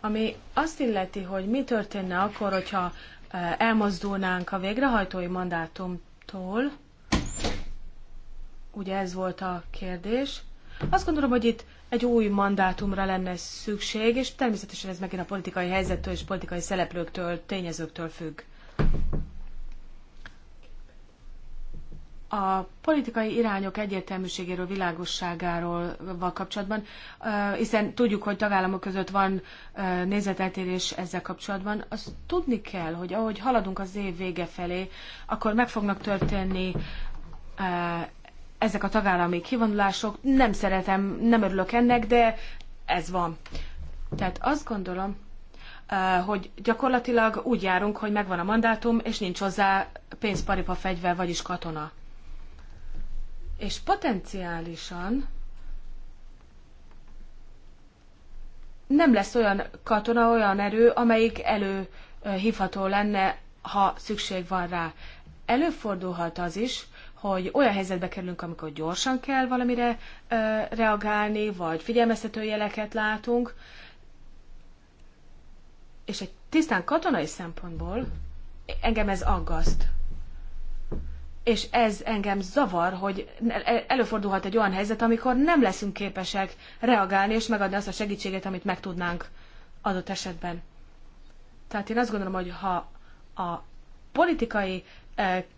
Ami azt illeti, hogy mi történne akkor, hogyha elmozdulnánk a végrehajtói mandátumtól, ugye ez volt a kérdés. Azt gondolom, hogy itt egy új mandátumra lenne szükség, és természetesen ez megint a politikai helyzettől és politikai szereplőktől, tényezőktől függ. a politikai irányok egyértelműségéről, világosságáról kapcsolatban, hiszen tudjuk, hogy tagállamok között van nézeteltérés ezzel kapcsolatban, azt tudni kell, hogy ahogy haladunk az év vége felé, akkor meg fognak történni ezek a tagállami kivonulások, nem szeretem, nem örülök ennek, de ez van. Tehát azt gondolom, eh, hogy gyakorlatilag úgy járunk, hogy megvan a mandátum, és nincs hozzá pénzparipa fegyver, vagyis katona. És potenciálisan nem lesz olyan katona, olyan erő, amelyik előhívható eh, lenne, ha szükség van rá. Előfordulhat az is, hogy olyan helyzetbe kerülünk, amikor gyorsan kell valamire ö, reagálni, vagy figyelmeztető jeleket látunk, és egy tisztán katonai szempontból engem ez aggaszt. És ez engem zavar, hogy e- előfordulhat egy olyan helyzet, amikor nem leszünk képesek reagálni és megadni azt a segítséget, amit meg tudnánk adott esetben. Tehát én azt gondolom, hogy ha a politikai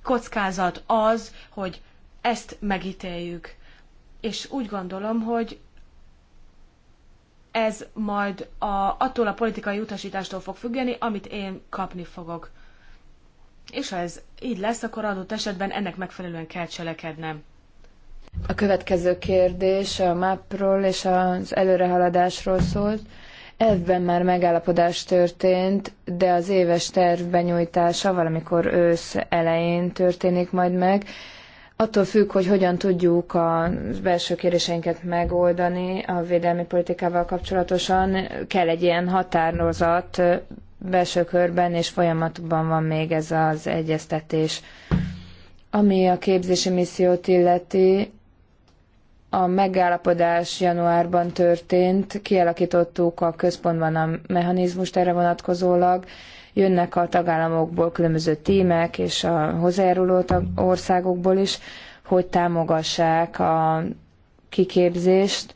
kockázat az, hogy ezt megítéljük. És úgy gondolom, hogy ez majd a, attól a politikai utasítástól fog függeni, amit én kapni fogok. És ha ez így lesz, akkor adott esetben ennek megfelelően kell cselekednem. A következő kérdés a MAP-ról és az előrehaladásról szólt. Ebben már megállapodás történt, de az éves terv benyújtása valamikor ősz elején történik majd meg. Attól függ, hogy hogyan tudjuk a belső kéréseinket megoldani a védelmi politikával kapcsolatosan, kell egy ilyen határozat belső körben, és folyamatban van még ez az egyeztetés. Ami a képzési missziót illeti, a megállapodás januárban történt, kialakítottuk a központban a mechanizmust erre vonatkozólag, jönnek a tagállamokból különböző tímek és a hozzájáruló országokból is, hogy támogassák a kiképzést.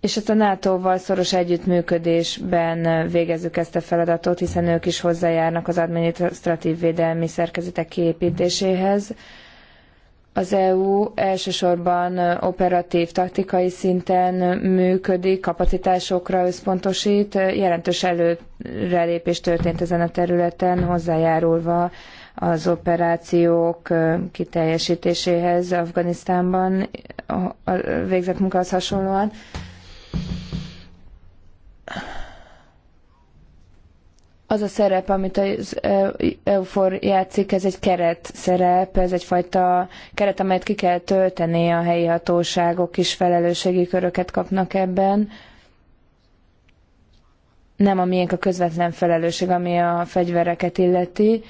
És ezt a NATO-val szoros együttműködésben végezzük ezt a feladatot, hiszen ők is hozzájárnak az adminisztratív védelmi szerkezetek kiépítéséhez. Az EU elsősorban operatív, taktikai szinten működik, kapacitásokra összpontosít, jelentős előrelépés történt ezen a területen, hozzájárulva az operációk kiteljesítéséhez Afganisztánban a végzett munkához hasonlóan az a szerep, amit az e, EUFOR játszik, ez egy keret szerep, ez egyfajta keret, amelyet ki kell tölteni, a helyi hatóságok is felelősségi köröket kapnak ebben. Nem a miénk a közvetlen felelősség, ami a fegyvereket illeti.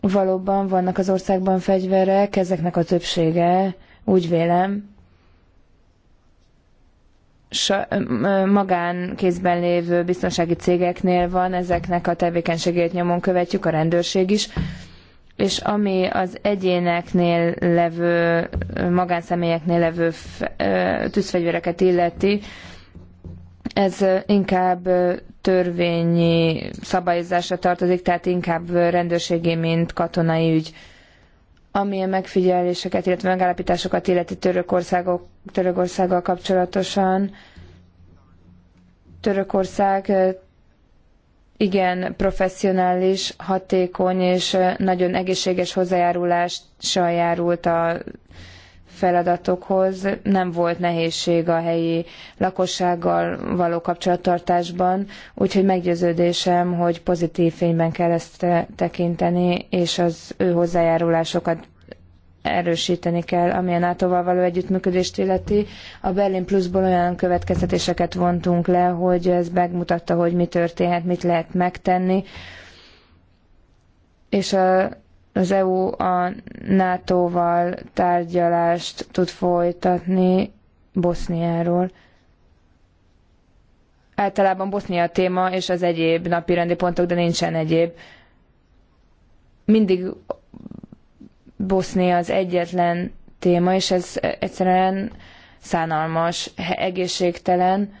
Valóban vannak az országban fegyverek, ezeknek a többsége, úgy vélem, magánkézben lévő biztonsági cégeknél van, ezeknek a tevékenységét nyomon követjük, a rendőrség is, és ami az egyéneknél levő, magánszemélyeknél levő tűzfegyvereket illeti, ez inkább törvényi szabályozásra tartozik, tehát inkább rendőrségi, mint katonai ügy ami a megfigyeléseket, illetve megállapításokat illeti Törökországgal kapcsolatosan. Törökország igen professzionális, hatékony és nagyon egészséges hozzájárulással járult a feladatokhoz. Nem volt nehézség a helyi lakossággal való kapcsolattartásban, úgyhogy meggyőződésem, hogy pozitív fényben kell ezt tekinteni, és az ő hozzájárulásokat erősíteni kell, ami a nato való együttműködést illeti. A Berlin Plusból olyan következtetéseket vontunk le, hogy ez megmutatta, hogy mi történhet, mit lehet megtenni, és a az EU a NATO-val tárgyalást tud folytatni Boszniáról. Általában Bosznia a téma, és az egyéb napi rendi pontok, de nincsen egyéb. Mindig Bosznia az egyetlen téma, és ez egyszerűen szánalmas, egészségtelen,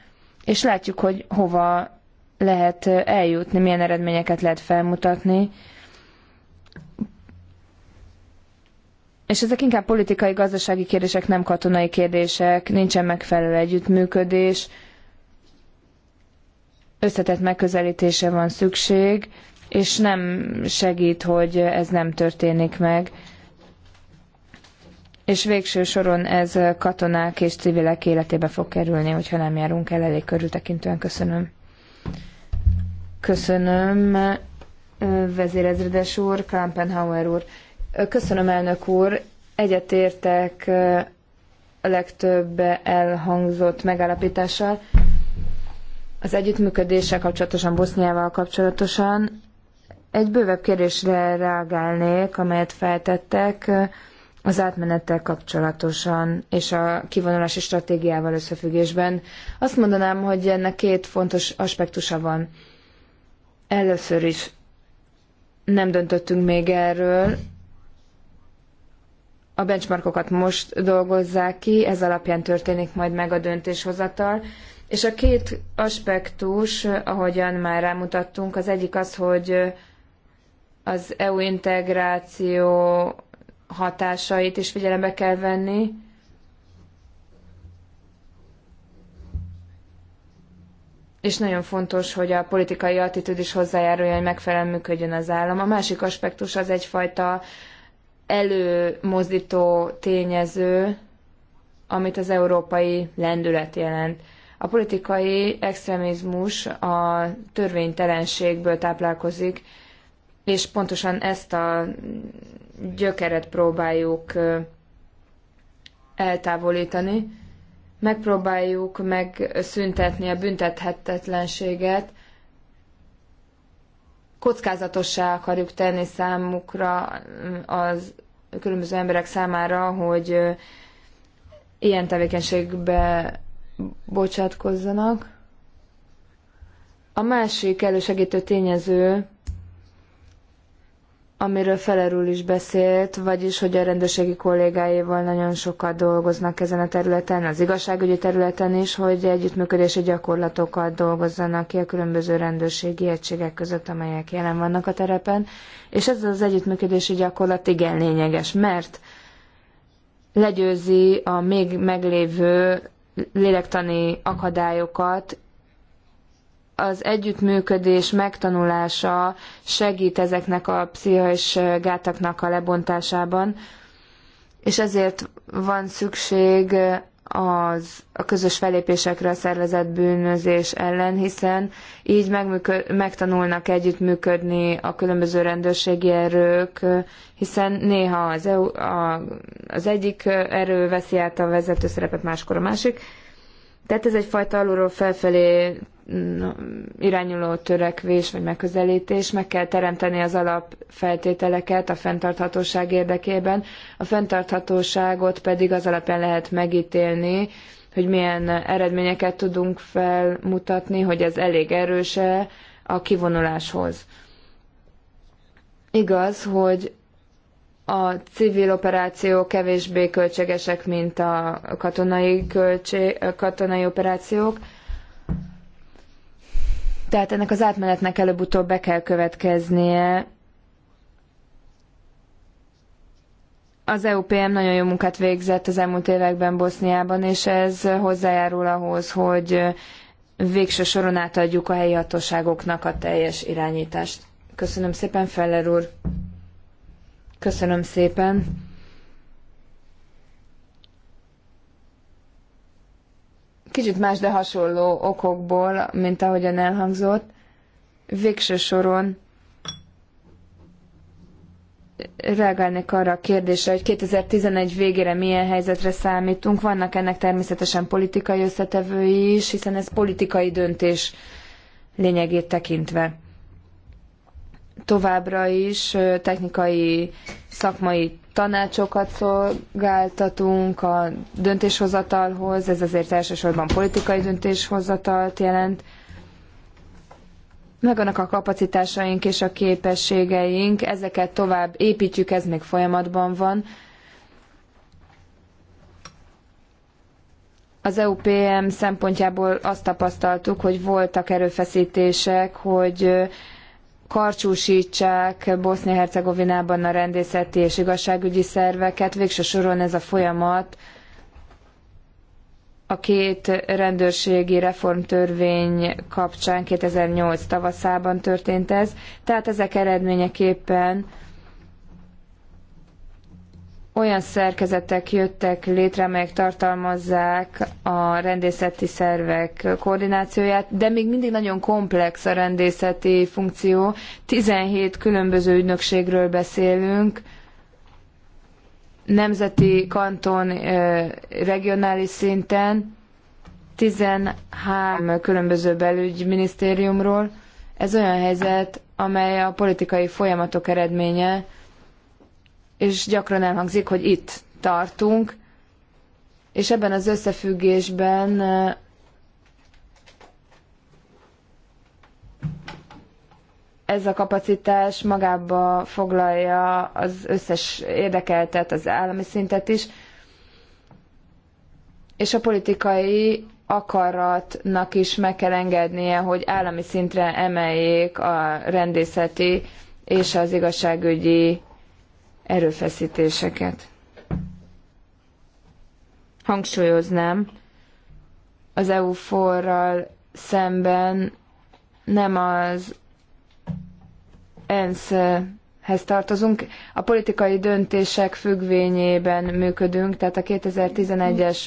és látjuk, hogy hova lehet eljutni, milyen eredményeket lehet felmutatni. és ezek inkább politikai, gazdasági kérdések, nem katonai kérdések, nincsen megfelelő együttműködés, összetett megközelítése van szükség, és nem segít, hogy ez nem történik meg. És végső soron ez katonák és civilek életébe fog kerülni, hogyha nem járunk el elég körültekintően. Köszönöm. Köszönöm, vezérezredes úr, Krampenhauer úr. Köszönöm, elnök úr. Egyetértek a legtöbb elhangzott megállapítással. Az együttműködéssel kapcsolatosan, Boszniával kapcsolatosan egy bővebb kérdésre reagálnék, amelyet feltettek az átmenettel kapcsolatosan és a kivonulási stratégiával összefüggésben. Azt mondanám, hogy ennek két fontos aspektusa van. Először is nem döntöttünk még erről, a benchmarkokat most dolgozzák ki, ez alapján történik majd meg a döntéshozatal. És a két aspektus, ahogyan már rámutattunk, az egyik az, hogy az EU integráció hatásait is figyelembe kell venni. És nagyon fontos, hogy a politikai attitűd is hozzájáruljon, hogy megfelelően működjön az állam. A másik aspektus az egyfajta előmozdító tényező, amit az európai lendület jelent. A politikai extrémizmus a törvénytelenségből táplálkozik, és pontosan ezt a gyökeret próbáljuk eltávolítani. Megpróbáljuk megszüntetni a büntethetetlenséget, kockázatossá akarjuk tenni számukra mm, az különböző emberek számára, hogy ilyen tevékenységbe bocsátkozzanak. A másik elősegítő tényező amiről Felerül is beszélt, vagyis, hogy a rendőrségi kollégáival nagyon sokat dolgoznak ezen a területen, az igazságügyi területen is, hogy együttműködési gyakorlatokat dolgozzanak ki a különböző rendőrségi egységek között, amelyek jelen vannak a terepen. És ez az együttműködési gyakorlat igen lényeges, mert legyőzi a még meglévő lélektani akadályokat, az együttműködés megtanulása segít ezeknek a pszichés gátaknak a lebontásában, és ezért van szükség az, a közös felépésekre a szervezett bűnözés ellen, hiszen így megtanulnak együttműködni a különböző rendőrségi erők, hiszen néha az, EU, a, az egyik erő veszi át a vezető szerepet, máskor a másik. Tehát ez egyfajta alulról felfelé irányuló törekvés vagy megközelítés, meg kell teremteni az alapfeltételeket a fenntarthatóság érdekében, a fenntarthatóságot pedig az alapján lehet megítélni, hogy milyen eredményeket tudunk felmutatni, hogy ez elég erőse a kivonuláshoz. Igaz, hogy a civil operációk kevésbé költségesek, mint a katonai, költség, katonai operációk, tehát ennek az átmenetnek előbb-utóbb be kell következnie. Az EUPM nagyon jó munkát végzett az elmúlt években Boszniában, és ez hozzájárul ahhoz, hogy végső soron átadjuk a helyi hatóságoknak a teljes irányítást. Köszönöm szépen, Feller úr! Köszönöm szépen! kicsit más, de hasonló okokból, mint ahogyan elhangzott, végső soron reagálnék arra a kérdésre, hogy 2011 végére milyen helyzetre számítunk. Vannak ennek természetesen politikai összetevői is, hiszen ez politikai döntés lényegét tekintve. Továbbra is technikai, szakmai tanácsokat szolgáltatunk a döntéshozatalhoz, ez azért elsősorban politikai döntéshozatalt jelent. Megvannak a kapacitásaink és a képességeink, ezeket tovább építjük, ez még folyamatban van. Az EUPM szempontjából azt tapasztaltuk, hogy voltak erőfeszítések, hogy karcsúsítsák Bosznia-Hercegovinában a rendészeti és igazságügyi szerveket. Végső soron ez a folyamat a két rendőrségi reformtörvény kapcsán 2008 tavaszában történt ez, tehát ezek eredményeképpen olyan szerkezetek jöttek létre, amelyek tartalmazzák a rendészeti szervek koordinációját, de még mindig nagyon komplex a rendészeti funkció. 17 különböző ügynökségről beszélünk, nemzeti, kanton, regionális szinten, 13 különböző belügyminisztériumról. Ez olyan helyzet, amely a politikai folyamatok eredménye, és gyakran elhangzik, hogy itt tartunk, és ebben az összefüggésben ez a kapacitás magába foglalja az összes érdekeltet, az állami szintet is, és a politikai akaratnak is meg kell engednie, hogy állami szintre emeljék a rendészeti és az igazságügyi erőfeszítéseket. Hangsúlyoznám, az eu forral szemben nem az ENSZ-hez tartozunk, a politikai döntések függvényében működünk, tehát a 2011-es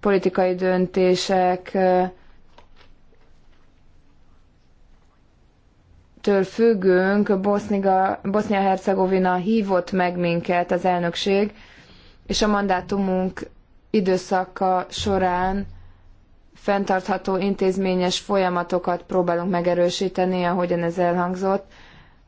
politikai döntések től függünk, Bosznia-Hercegovina hívott meg minket az elnökség, és a mandátumunk időszaka során fenntartható intézményes folyamatokat próbálunk megerősíteni, ahogyan ez elhangzott.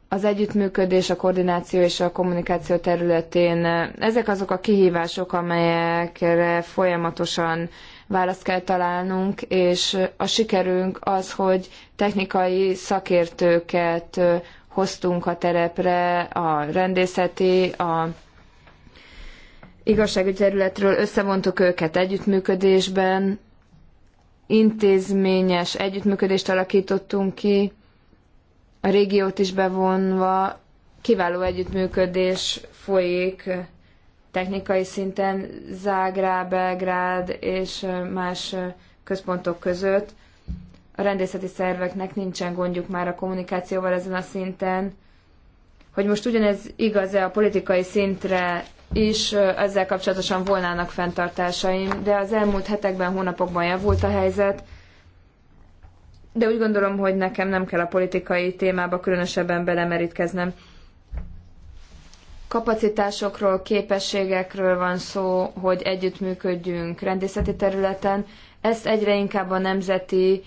Az együttműködés, a koordináció és a kommunikáció területén ezek azok a kihívások, amelyekre folyamatosan választ kell találnunk, és a sikerünk az, hogy technikai szakértőket hoztunk a terepre, a rendészeti, a igazságügyi területről, összevontuk őket együttműködésben, intézményes együttműködést alakítottunk ki, a régiót is bevonva, kiváló együttműködés folyik technikai szinten Zágráb, Belgrád és más központok között. A rendészeti szerveknek nincsen gondjuk már a kommunikációval ezen a szinten. Hogy most ugyanez igaz-e a politikai szintre is, ezzel kapcsolatosan volnának fenntartásaim, de az elmúlt hetekben, hónapokban javult a helyzet, de úgy gondolom, hogy nekem nem kell a politikai témába különösebben belemerítkeznem kapacitásokról, képességekről van szó, hogy együttműködjünk rendészeti területen. Ezt egyre inkább a nemzeti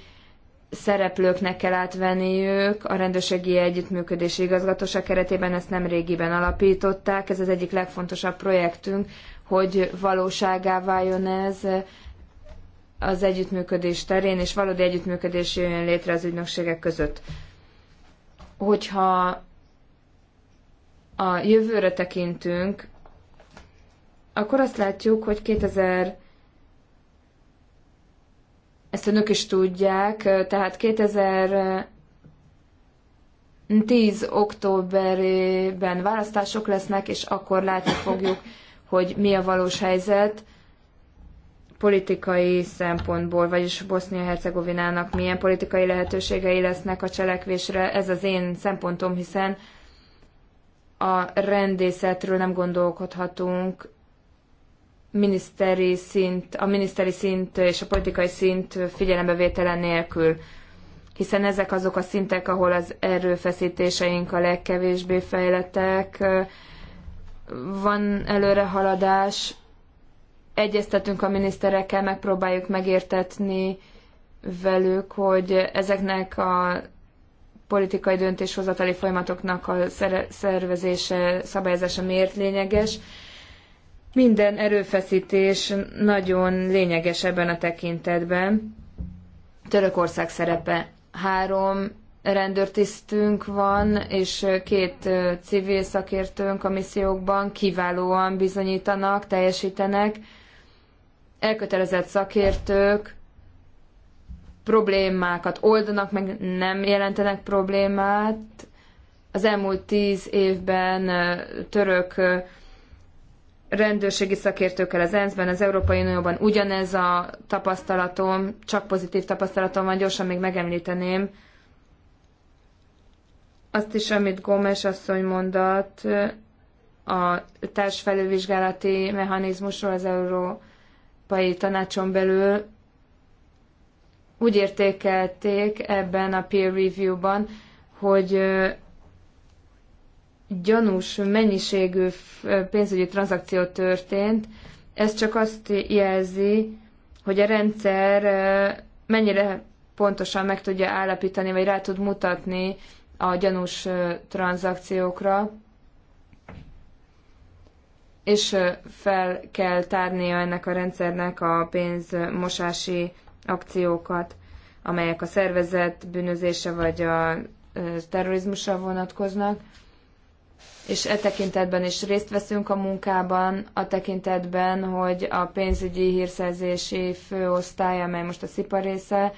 szereplőknek kell átvenniük. A rendőrségi együttműködési igazgatóság keretében ezt nem régiben alapították. Ez az egyik legfontosabb projektünk, hogy valóságá váljon ez az együttműködés terén, és valódi együttműködés jöjjön létre az ügynökségek között. Hogyha a jövőre tekintünk, akkor azt látjuk, hogy 2000 ezt önök is tudják, tehát 2000 10 októberben választások lesznek, és akkor látni fogjuk, hogy mi a valós helyzet politikai szempontból, vagyis Bosznia-Hercegovinának milyen politikai lehetőségei lesznek a cselekvésre. Ez az én szempontom, hiszen a rendészetről nem gondolkodhatunk miniszteri szint, a miniszteri szint és a politikai szint figyelembevétele nélkül, hiszen ezek azok a szintek, ahol az erőfeszítéseink a legkevésbé fejlettek, van előrehaladás, egyeztetünk a miniszterekkel, megpróbáljuk megértetni velük, hogy ezeknek a politikai döntéshozatali folyamatoknak a szervezése, szabályozása miért lényeges. Minden erőfeszítés nagyon lényeges ebben a tekintetben. Törökország szerepe három rendőrtisztünk van, és két civil szakértőnk a missziókban kiválóan bizonyítanak, teljesítenek. Elkötelezett szakértők, problémákat oldanak, meg nem jelentenek problémát. Az elmúlt tíz évben török rendőrségi szakértőkkel az ENSZ-ben, az Európai Unióban ugyanez a tapasztalatom, csak pozitív tapasztalatom van, gyorsan még megemlíteném. Azt is, amit Gómez asszony mondott, a társfelővizsgálati mechanizmusról az Európai Tanácson belül úgy értékelték ebben a peer review-ban, hogy gyanús mennyiségű pénzügyi tranzakció történt. Ez csak azt jelzi, hogy a rendszer mennyire pontosan meg tudja állapítani, vagy rá tud mutatni a gyanús tranzakciókra, és fel kell tárnia ennek a rendszernek a pénzmosási akciókat, amelyek a szervezet bűnözése vagy a terrorizmusra vonatkoznak, és e tekintetben is részt veszünk a munkában, a tekintetben, hogy a pénzügyi hírszerzési főosztály, amely most a SZIPA része,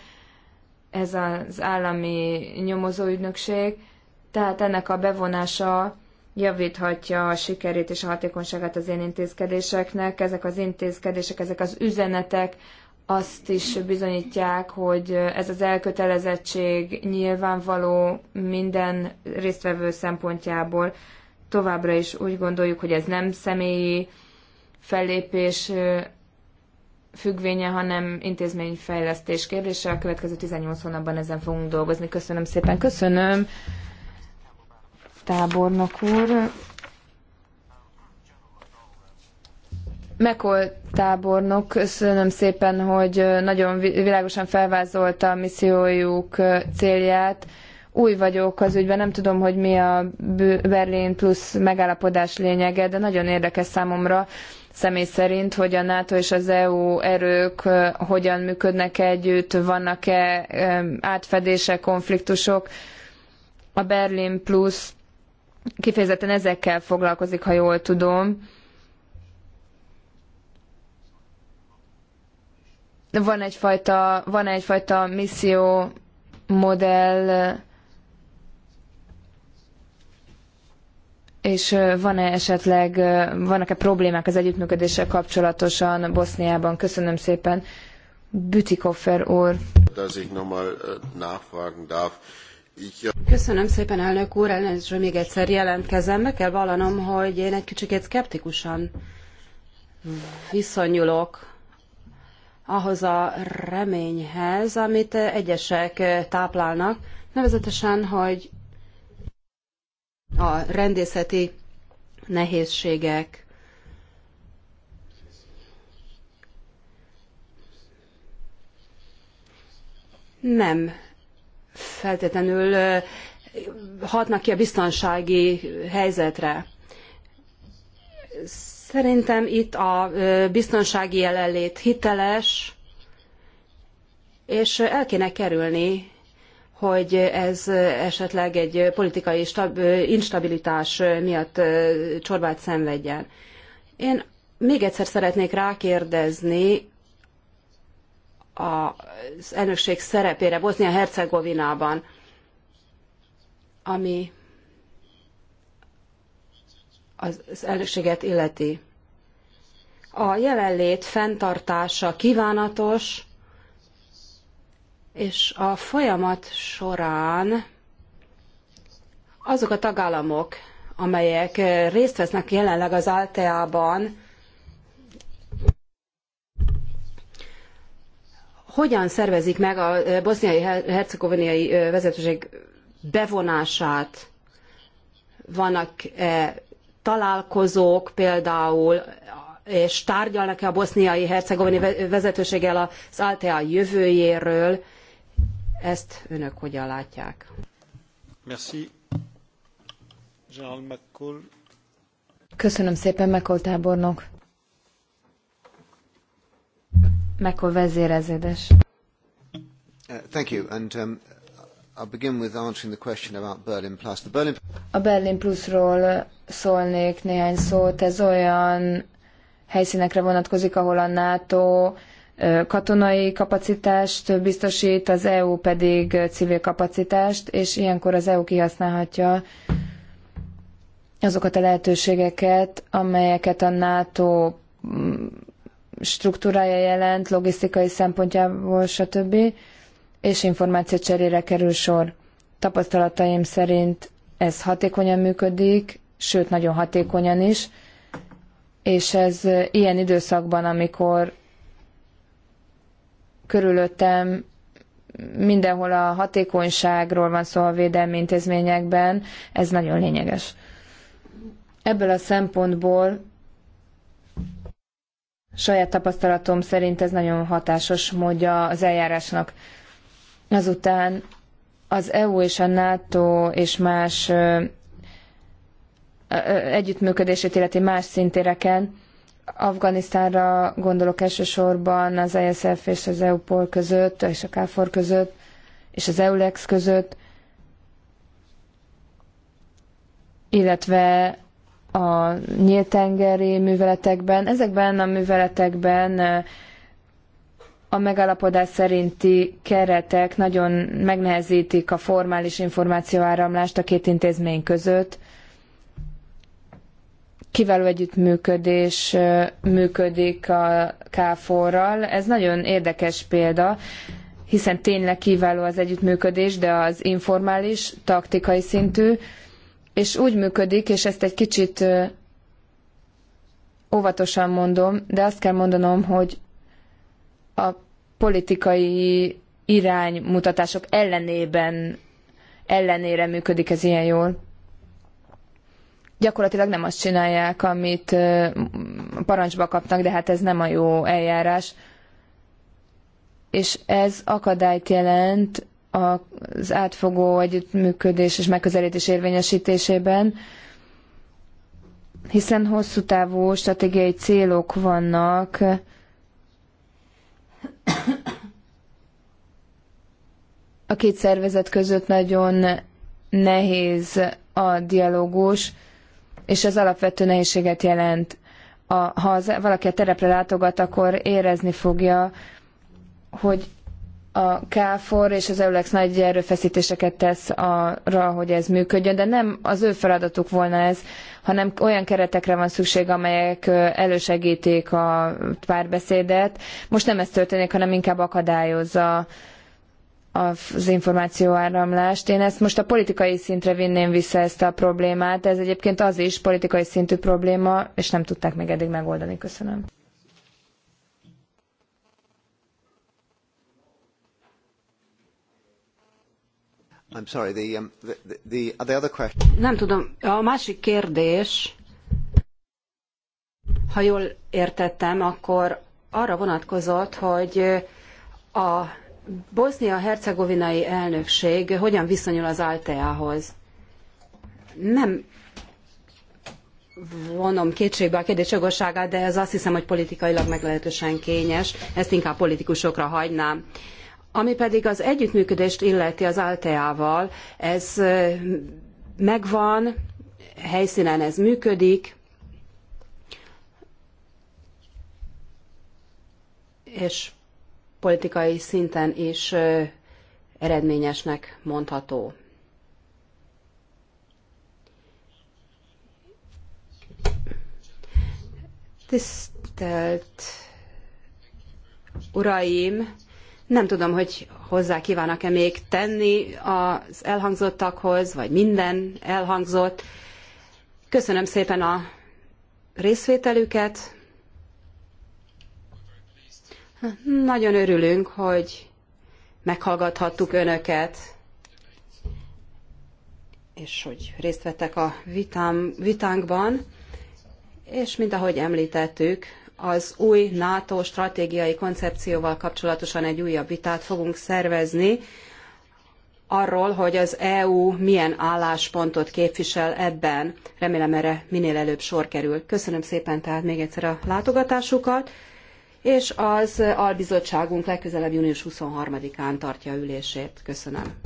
ez az állami nyomozóügynökség, tehát ennek a bevonása javíthatja a sikerét és a hatékonyságát az én intézkedéseknek. Ezek az intézkedések, ezek az üzenetek, azt is bizonyítják, hogy ez az elkötelezettség nyilvánvaló minden résztvevő szempontjából. Továbbra is úgy gondoljuk, hogy ez nem személyi fellépés függvénye, hanem intézményfejlesztés kérdése. A következő 18 hónapban ezen fogunk dolgozni. Köszönöm szépen. Köszönöm, tábornok úr. Mekol tábornok, köszönöm szépen, hogy nagyon világosan felvázolta a missziójuk célját. Új vagyok az ügyben, nem tudom, hogy mi a Berlin plusz megállapodás lényege, de nagyon érdekes számomra személy szerint, hogy a NATO és az EU erők hogyan működnek együtt, vannak-e átfedések, konfliktusok. A Berlin plusz kifejezetten ezekkel foglalkozik, ha jól tudom van egyfajta, van egyfajta misszió modell, és van-e esetleg, vannak-e problémák az együttműködéssel kapcsolatosan Boszniában? Köszönöm szépen. Bütikoffer úr. Äh, äh, Köszönöm szépen, elnök úr, elnézést, még egyszer jelentkezem. Meg kell vallanom, hogy én egy kicsit szkeptikusan viszonyulok ahhoz a reményhez, amit egyesek eh, táplálnak, nevezetesen, hogy a rendészeti nehézségek, nem feltétlenül eh, hatnak ki a biztonsági helyzetre Szerintem itt a biztonsági jelenlét hiteles, és el kéne kerülni, hogy ez esetleg egy politikai instabilitás miatt csorbát szenvedjen. Én még egyszer szeretnék rákérdezni az elnökség szerepére Bosznia-Hercegovinában, ami az elnökséget illeti a jelenlét fenntartása kívánatos, és a folyamat során azok a tagállamok, amelyek részt vesznek jelenleg az Alteában, hogyan szervezik meg a boszniai-hercegovinai vezetőség bevonását? Vannak -e találkozók például és tárgyalnak-e a boszniai hercegovini vezetőséggel az Altea jövőjéről. Ezt önök hogyan látják? Merci. Köszönöm szépen, McCall tábornok. vezérezédes. Uh, thank you, and um, Berlin Plus. A Berlin szólnék néhány szót. Ez olyan helyszínekre vonatkozik, ahol a NATO katonai kapacitást biztosít, az EU pedig civil kapacitást, és ilyenkor az EU kihasználhatja azokat a lehetőségeket, amelyeket a NATO mm, struktúrája jelent, logisztikai szempontjából, stb. és információ cserére kerül sor. Tapasztalataim szerint ez hatékonyan működik, sőt nagyon hatékonyan is, és ez ilyen időszakban, amikor körülöttem mindenhol a hatékonyságról van szó a védelmi intézményekben, ez nagyon lényeges. Ebből a szempontból saját tapasztalatom szerint ez nagyon hatásos módja az eljárásnak. Azután az EU és a NATO és más együttműködését illeti más szintéreken. Afganisztánra gondolok elsősorban az ISF és az EUPOL között, és a KFOR között, és az EULEX között, illetve a nyíltengeri műveletekben. Ezekben a műveletekben a megállapodás szerinti keretek nagyon megnehezítik a formális információáramlást a két intézmény között, kiváló együttműködés működik a KFOR-ral. Ez nagyon érdekes példa, hiszen tényleg kiváló az együttműködés, de az informális, taktikai szintű, és úgy működik, és ezt egy kicsit óvatosan mondom, de azt kell mondanom, hogy a politikai iránymutatások ellenében, ellenére működik ez ilyen jól gyakorlatilag nem azt csinálják, amit parancsba kapnak, de hát ez nem a jó eljárás. És ez akadályt jelent az átfogó együttműködés és megközelítés érvényesítésében, hiszen hosszú távú stratégiai célok vannak, a két szervezet között nagyon nehéz a dialógus, és ez alapvető nehézséget jelent. A, ha az, valaki a terepre látogat, akkor érezni fogja, hogy a KFOR és az EULEX nagy erőfeszítéseket tesz arra, hogy ez működjön, de nem az ő feladatuk volna ez, hanem olyan keretekre van szükség, amelyek elősegítik a párbeszédet. Most nem ez történik, hanem inkább akadályozza az információáramlást. Én ezt most a politikai szintre vinném vissza ezt a problémát. Ez egyébként az is politikai szintű probléma, és nem tudták még eddig megoldani. Köszönöm. I'm sorry, the, um, the, the, the other question. Nem tudom, a másik kérdés, ha jól értettem, akkor arra vonatkozott, hogy a Bosznia-hercegovinai elnökség hogyan viszonyul az Alteához? Nem vonom kétségbe a kérdés jogosságát, de ez azt hiszem, hogy politikailag meglehetősen kényes, ezt inkább politikusokra hagynám. Ami pedig az együttműködést illeti az Alteával, ez megvan, helyszínen ez működik, és politikai szinten is eredményesnek mondható. Tisztelt Uraim, nem tudom, hogy hozzá kívánok-e még tenni az elhangzottakhoz, vagy minden elhangzott. Köszönöm szépen a részvételüket. Nagyon örülünk, hogy meghallgathattuk Önöket, és hogy részt vettek a vitám, vitánkban, és mint ahogy említettük, az új NATO stratégiai koncepcióval kapcsolatosan egy újabb vitát fogunk szervezni, arról, hogy az EU milyen álláspontot képvisel ebben. Remélem erre minél előbb sor kerül. Köszönöm szépen tehát még egyszer a látogatásukat és az albizottságunk legközelebb június 23-án tartja ülését. Köszönöm.